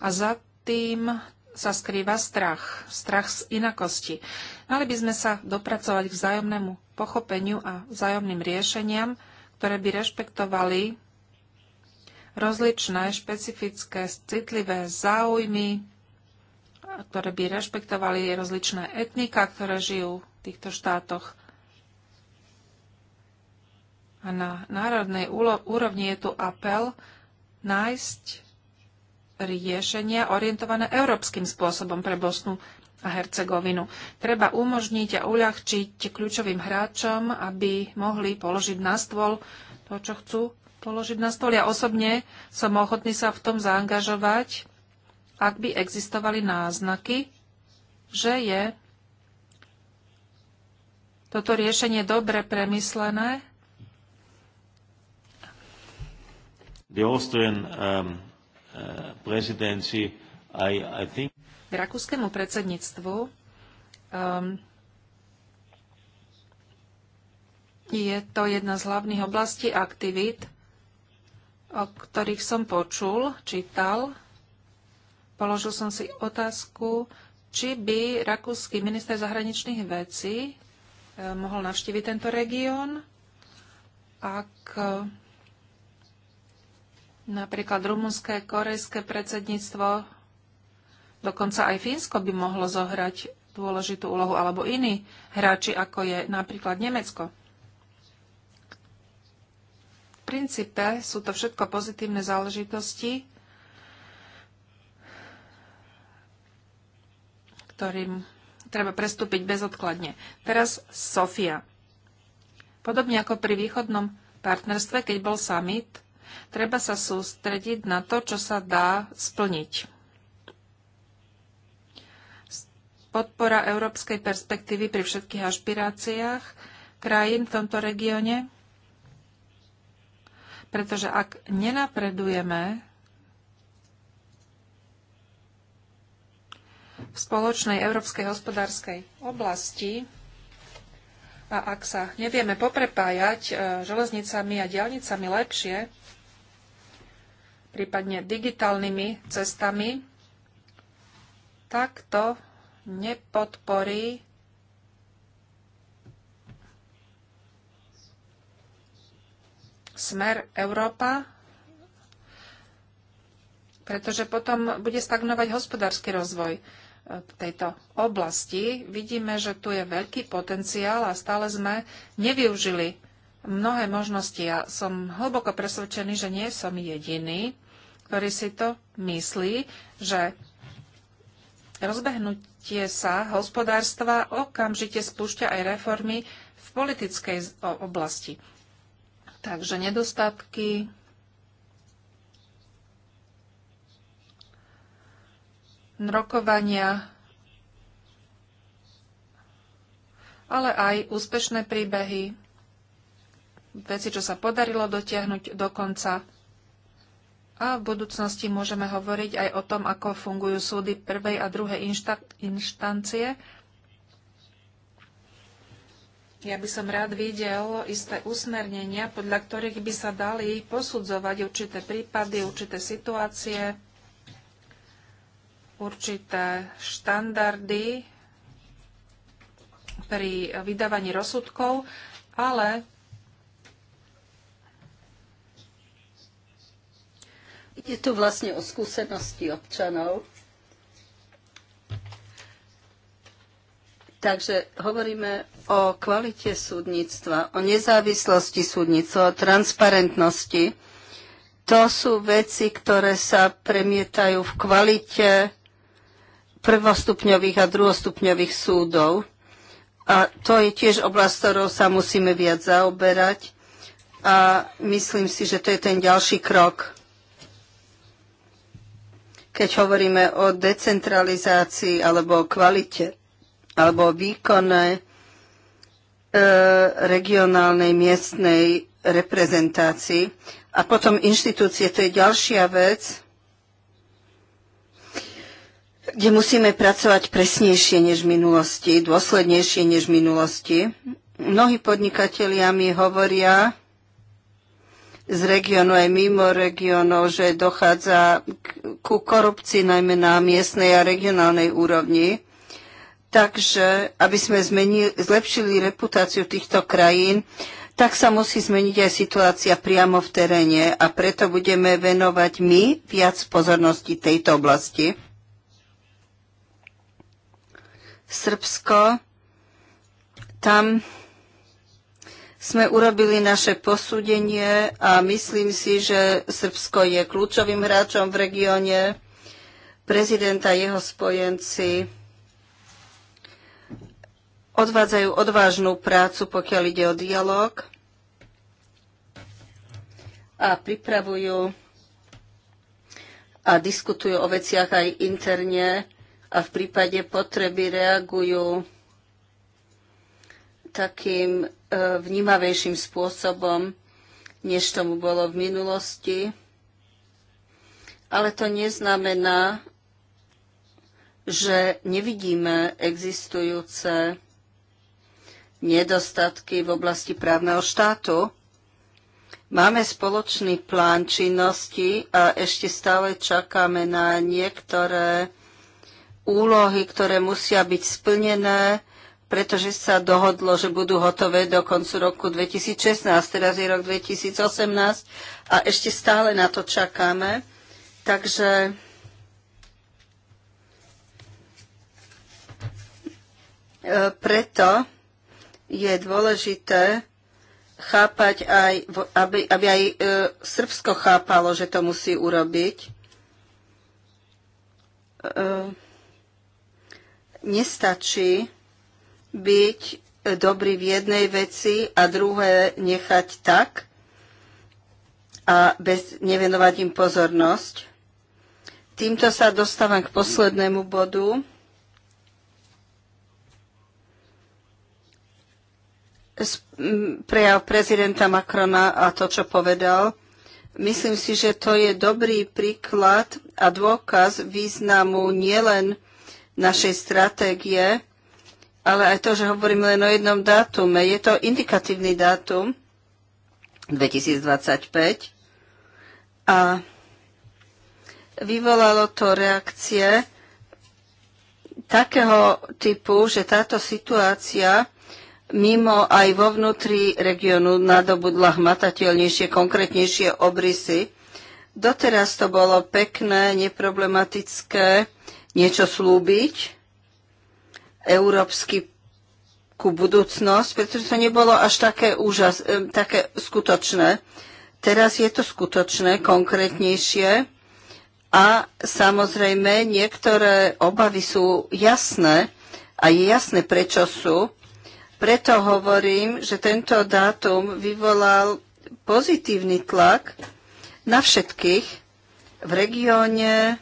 A za tým sa skrýva strach, strach z inakosti. Mali by sme sa dopracovať k vzájomnému pochopeniu a vzájomným riešeniam, ktoré by rešpektovali rozličné, špecifické, citlivé záujmy, ktoré by rešpektovali rozličné etnika, ktoré žijú v týchto štátoch. A na národnej úrovni je tu apel nájsť riešenia orientované európskym spôsobom pre Bosnu a Hercegovinu. Treba umožniť a uľahčiť kľúčovým hráčom, aby mohli položiť na stôl to, čo chcú položiť na stôl. Ja osobne som ochotný sa v tom zaangažovať, ak by existovali náznaky, že je toto riešenie dobre premyslené. The Austrian um, Eh, presidency, I, I think... K rakúskému predsedníctvu um, je to jedna z hlavných oblastí aktivít, o ktorých som počul, čítal. Položil som si otázku, či by rakúsky minister zahraničných vecí eh, mohol navštíviť tento región, ak eh, Napríklad rumunské, korejské predsedníctvo, dokonca aj Fínsko by mohlo zohrať dôležitú úlohu, alebo iní hráči, ako je napríklad Nemecko. V princípe sú to všetko pozitívne záležitosti, ktorým treba prestúpiť bezodkladne. Teraz Sofia. Podobne ako pri východnom partnerstve, keď bol summit, Treba sa sústrediť na to, čo sa dá splniť. Podpora európskej perspektívy pri všetkých ašpiráciách krajín v tomto regióne, pretože ak nenapredujeme v spoločnej európskej hospodárskej oblasti a ak sa nevieme poprepájať e, železnicami a diálnicami lepšie, prípadne digitálnymi cestami, tak to nepodporí smer Európa, pretože potom bude stagnovať hospodársky rozvoj v eh, tejto oblasti. Vidíme, že tu je veľký potenciál a stále sme nevyužili mnohé možnosti. Ja som hlboko presvedčený, že nie som jediný, ktorý si to myslí, že rozbehnutie sa hospodárstva okamžite spúšťa aj reformy v politickej oblasti. Takže nedostatky rokovania, ale aj úspešné príbehy, veci, čo sa podarilo dotiahnuť do konca a v budúcnosti môžeme hovoriť aj o tom, ako fungujú súdy prvej a druhej inšta- inštancie. Ja by som rád videl isté usmernenia, podľa ktorých by sa dali posudzovať určité prípady, určité situácie, určité štandardy pri vydávaní rozsudkov, ale Ide tu vlastne o skúsenosti občanov. Takže hovoríme o kvalite súdnictva, o nezávislosti súdnictva, o transparentnosti. To sú veci, ktoré sa premietajú v kvalite prvostupňových a druhostupňových súdov. A to je tiež oblasť, ktorou sa musíme viac zaoberať. A myslím si, že to je ten ďalší krok keď hovoríme o decentralizácii alebo o kvalite alebo o výkone e, regionálnej miestnej reprezentácii. A potom inštitúcie, to je ďalšia vec, kde musíme pracovať presnejšie než v minulosti, dôslednejšie než v minulosti. Mnohí podnikatelia mi hovoria, z regionu aj mimo regionu, že dochádza ku korupcii najmä na miestnej a regionálnej úrovni. Takže, aby sme zmenili, zlepšili reputáciu týchto krajín, tak sa musí zmeniť aj situácia priamo v teréne a preto budeme venovať my viac pozornosti tejto oblasti. Srbsko, tam sme urobili naše posúdenie a myslím si, že Srbsko je kľúčovým hráčom v regióne. Prezident a jeho spojenci odvádzajú odvážnu prácu, pokiaľ ide o dialog a pripravujú a diskutujú o veciach aj interne a v prípade potreby reagujú takým vnímavejším spôsobom, než tomu bolo v minulosti. Ale to neznamená, že nevidíme existujúce nedostatky v oblasti právneho štátu. Máme spoločný plán činnosti a ešte stále čakáme na niektoré úlohy, ktoré musia byť splnené pretože sa dohodlo, že budú hotové do koncu roku 2016. Teraz je rok 2018 a ešte stále na to čakáme. Takže e, preto je dôležité chápať aj, aby, aby aj e, Srbsko chápalo, že to musí urobiť e, nestačí byť dobrý v jednej veci a druhé nechať tak a bez, nevenovať im pozornosť. Týmto sa dostávam k poslednému bodu. Prejav prezidenta Macrona a to, čo povedal. Myslím si, že to je dobrý príklad a dôkaz významu nielen našej stratégie, ale aj to, že hovoríme len o jednom dátume. Je to indikatívny dátum 2025 a vyvolalo to reakcie takého typu, že táto situácia mimo aj vo vnútri regiónu nadobudla hmatateľnejšie, konkrétnejšie obrysy. Doteraz to bolo pekné, neproblematické, niečo slúbiť, európsky ku budúcnosť, pretože to nebolo až také, úžas, také skutočné. Teraz je to skutočné, konkrétnejšie a samozrejme niektoré obavy sú jasné a je jasné, prečo sú. Preto hovorím, že tento dátum vyvolal pozitívny tlak na všetkých v regióne,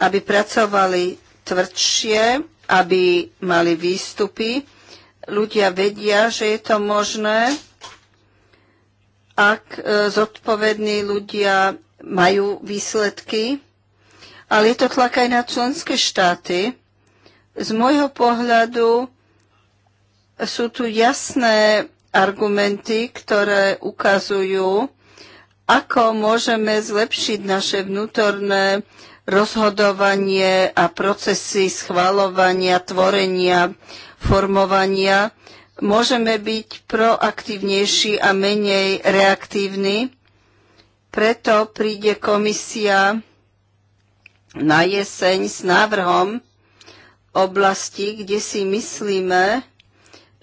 aby pracovali tvrdšie aby mali výstupy. Ľudia vedia, že je to možné, ak e, zodpovední ľudia majú výsledky, ale je to tlak aj na členské štáty. Z môjho pohľadu sú tu jasné argumenty, ktoré ukazujú, ako môžeme zlepšiť naše vnútorné rozhodovanie a procesy schvalovania, tvorenia, formovania. Môžeme byť proaktívnejší a menej reaktívni. Preto príde komisia na jeseň s návrhom oblasti, kde si myslíme,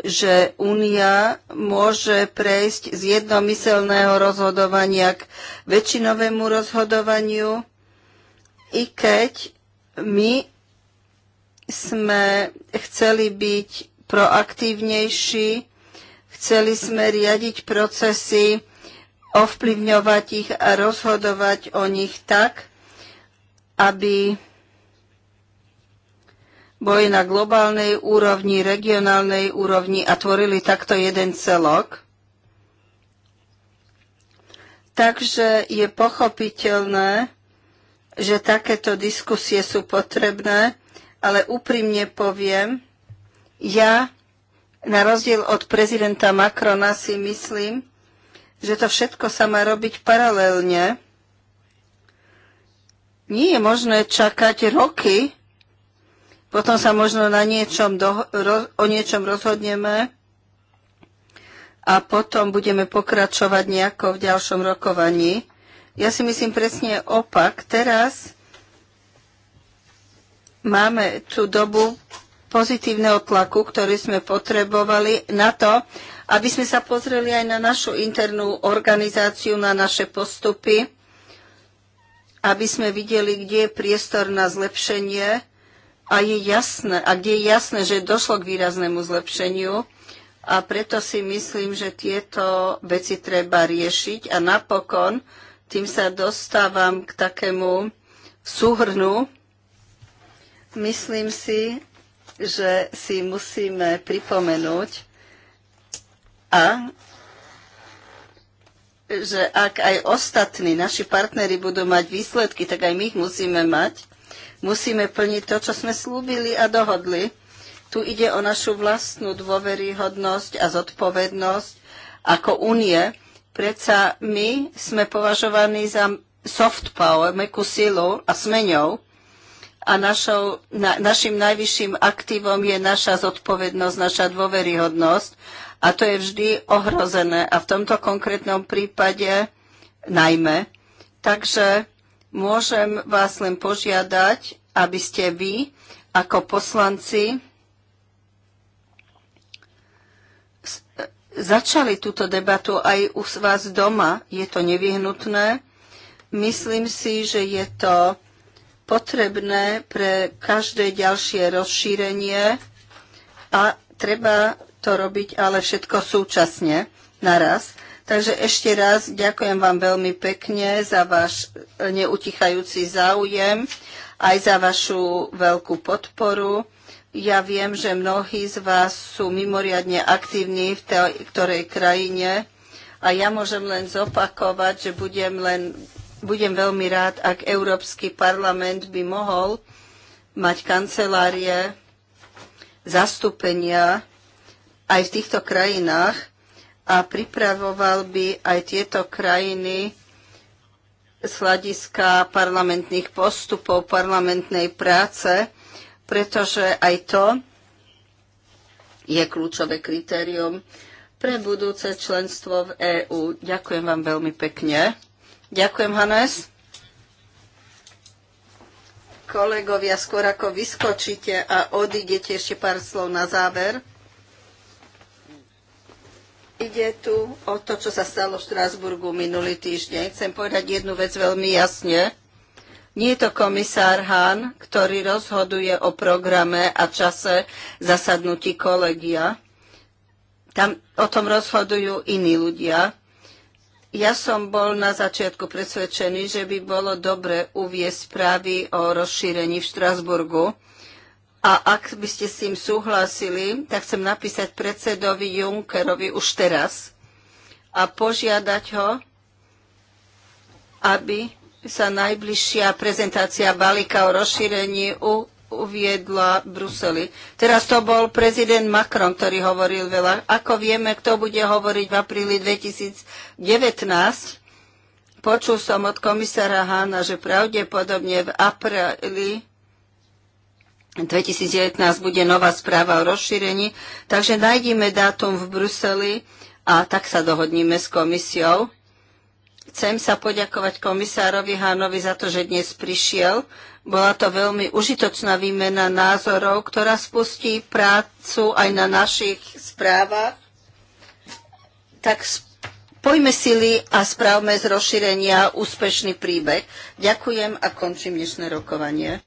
že Únia môže prejsť z jednomyselného rozhodovania k väčšinovému rozhodovaniu i keď my sme chceli byť proaktívnejší, chceli sme riadiť procesy, ovplyvňovať ich a rozhodovať o nich tak, aby boli na globálnej úrovni, regionálnej úrovni a tvorili takto jeden celok. Takže je pochopiteľné, že takéto diskusie sú potrebné, ale úprimne poviem, ja na rozdiel od prezidenta Macrona si myslím, že to všetko sa má robiť paralelne. Nie je možné čakať roky, potom sa možno na niečom do, ro, o niečom rozhodneme a potom budeme pokračovať nejako v ďalšom rokovaní. Ja si myslím presne opak. Teraz máme tú dobu pozitívneho tlaku, ktorý sme potrebovali na to, aby sme sa pozreli aj na našu internú organizáciu, na naše postupy, aby sme videli, kde je priestor na zlepšenie a, je jasné, a kde je jasné, že došlo k výraznému zlepšeniu. A preto si myslím, že tieto veci treba riešiť. A napokon, tým sa dostávam k takému súhrnu. Myslím si, že si musíme pripomenúť a že ak aj ostatní naši partnery budú mať výsledky, tak aj my ich musíme mať. Musíme plniť to, čo sme slúbili a dohodli. Tu ide o našu vlastnú dôveryhodnosť a zodpovednosť ako únie Predsa my sme považovaní za soft power, mekú silu a sme ňou. A našou, na, našim najvyšším aktívom je naša zodpovednosť, naša dôveryhodnosť. A to je vždy ohrozené. A v tomto konkrétnom prípade najmä. Takže môžem vás len požiadať, aby ste vy ako poslanci začali túto debatu aj u vás doma. Je to nevyhnutné. Myslím si, že je to potrebné pre každé ďalšie rozšírenie a treba to robiť ale všetko súčasne, naraz. Takže ešte raz ďakujem vám veľmi pekne za váš neutichajúci záujem, aj za vašu veľkú podporu ja viem, že mnohí z vás sú mimoriadne aktívni v tej ktorej krajine a ja môžem len zopakovať, že budem, len, budem veľmi rád, ak Európsky parlament by mohol mať kancelárie, zastúpenia aj v týchto krajinách a pripravoval by aj tieto krajiny z hľadiska parlamentných postupov, parlamentnej práce pretože aj to je kľúčové kritérium pre budúce členstvo v EÚ. Ďakujem vám veľmi pekne. Ďakujem, Hannes. Kolegovia, skôr ako vyskočíte a odídete, ešte pár slov na záver. Ide tu o to, čo sa stalo v Štrásburgu minulý týždeň. Chcem povedať jednu vec veľmi jasne. Nie je to komisár Hahn, ktorý rozhoduje o programe a čase zasadnutí kolegia. Tam o tom rozhodujú iní ľudia. Ja som bol na začiatku presvedčený, že by bolo dobre uviesť správy o rozšírení v Štrasburgu. A ak by ste s tým súhlasili, tak chcem napísať predsedovi Junckerovi už teraz a požiadať ho, aby sa najbližšia prezentácia balíka o rozšírení u, uviedla v Bruseli. Teraz to bol prezident Macron, ktorý hovoril veľa. Ako vieme, kto bude hovoriť v apríli 2019? Počul som od komisára Hána, že pravdepodobne v apríli 2019 bude nová správa o rozšírení, takže nájdime dátum v Bruseli a tak sa dohodníme s komisiou. Chcem sa poďakovať komisárovi Hánovi za to, že dnes prišiel. Bola to veľmi užitočná výmena názorov, ktorá spustí prácu aj na našich správach. Tak spojme sily a správme z rozšírenia úspešný príbeh. Ďakujem a končím dnešné rokovanie.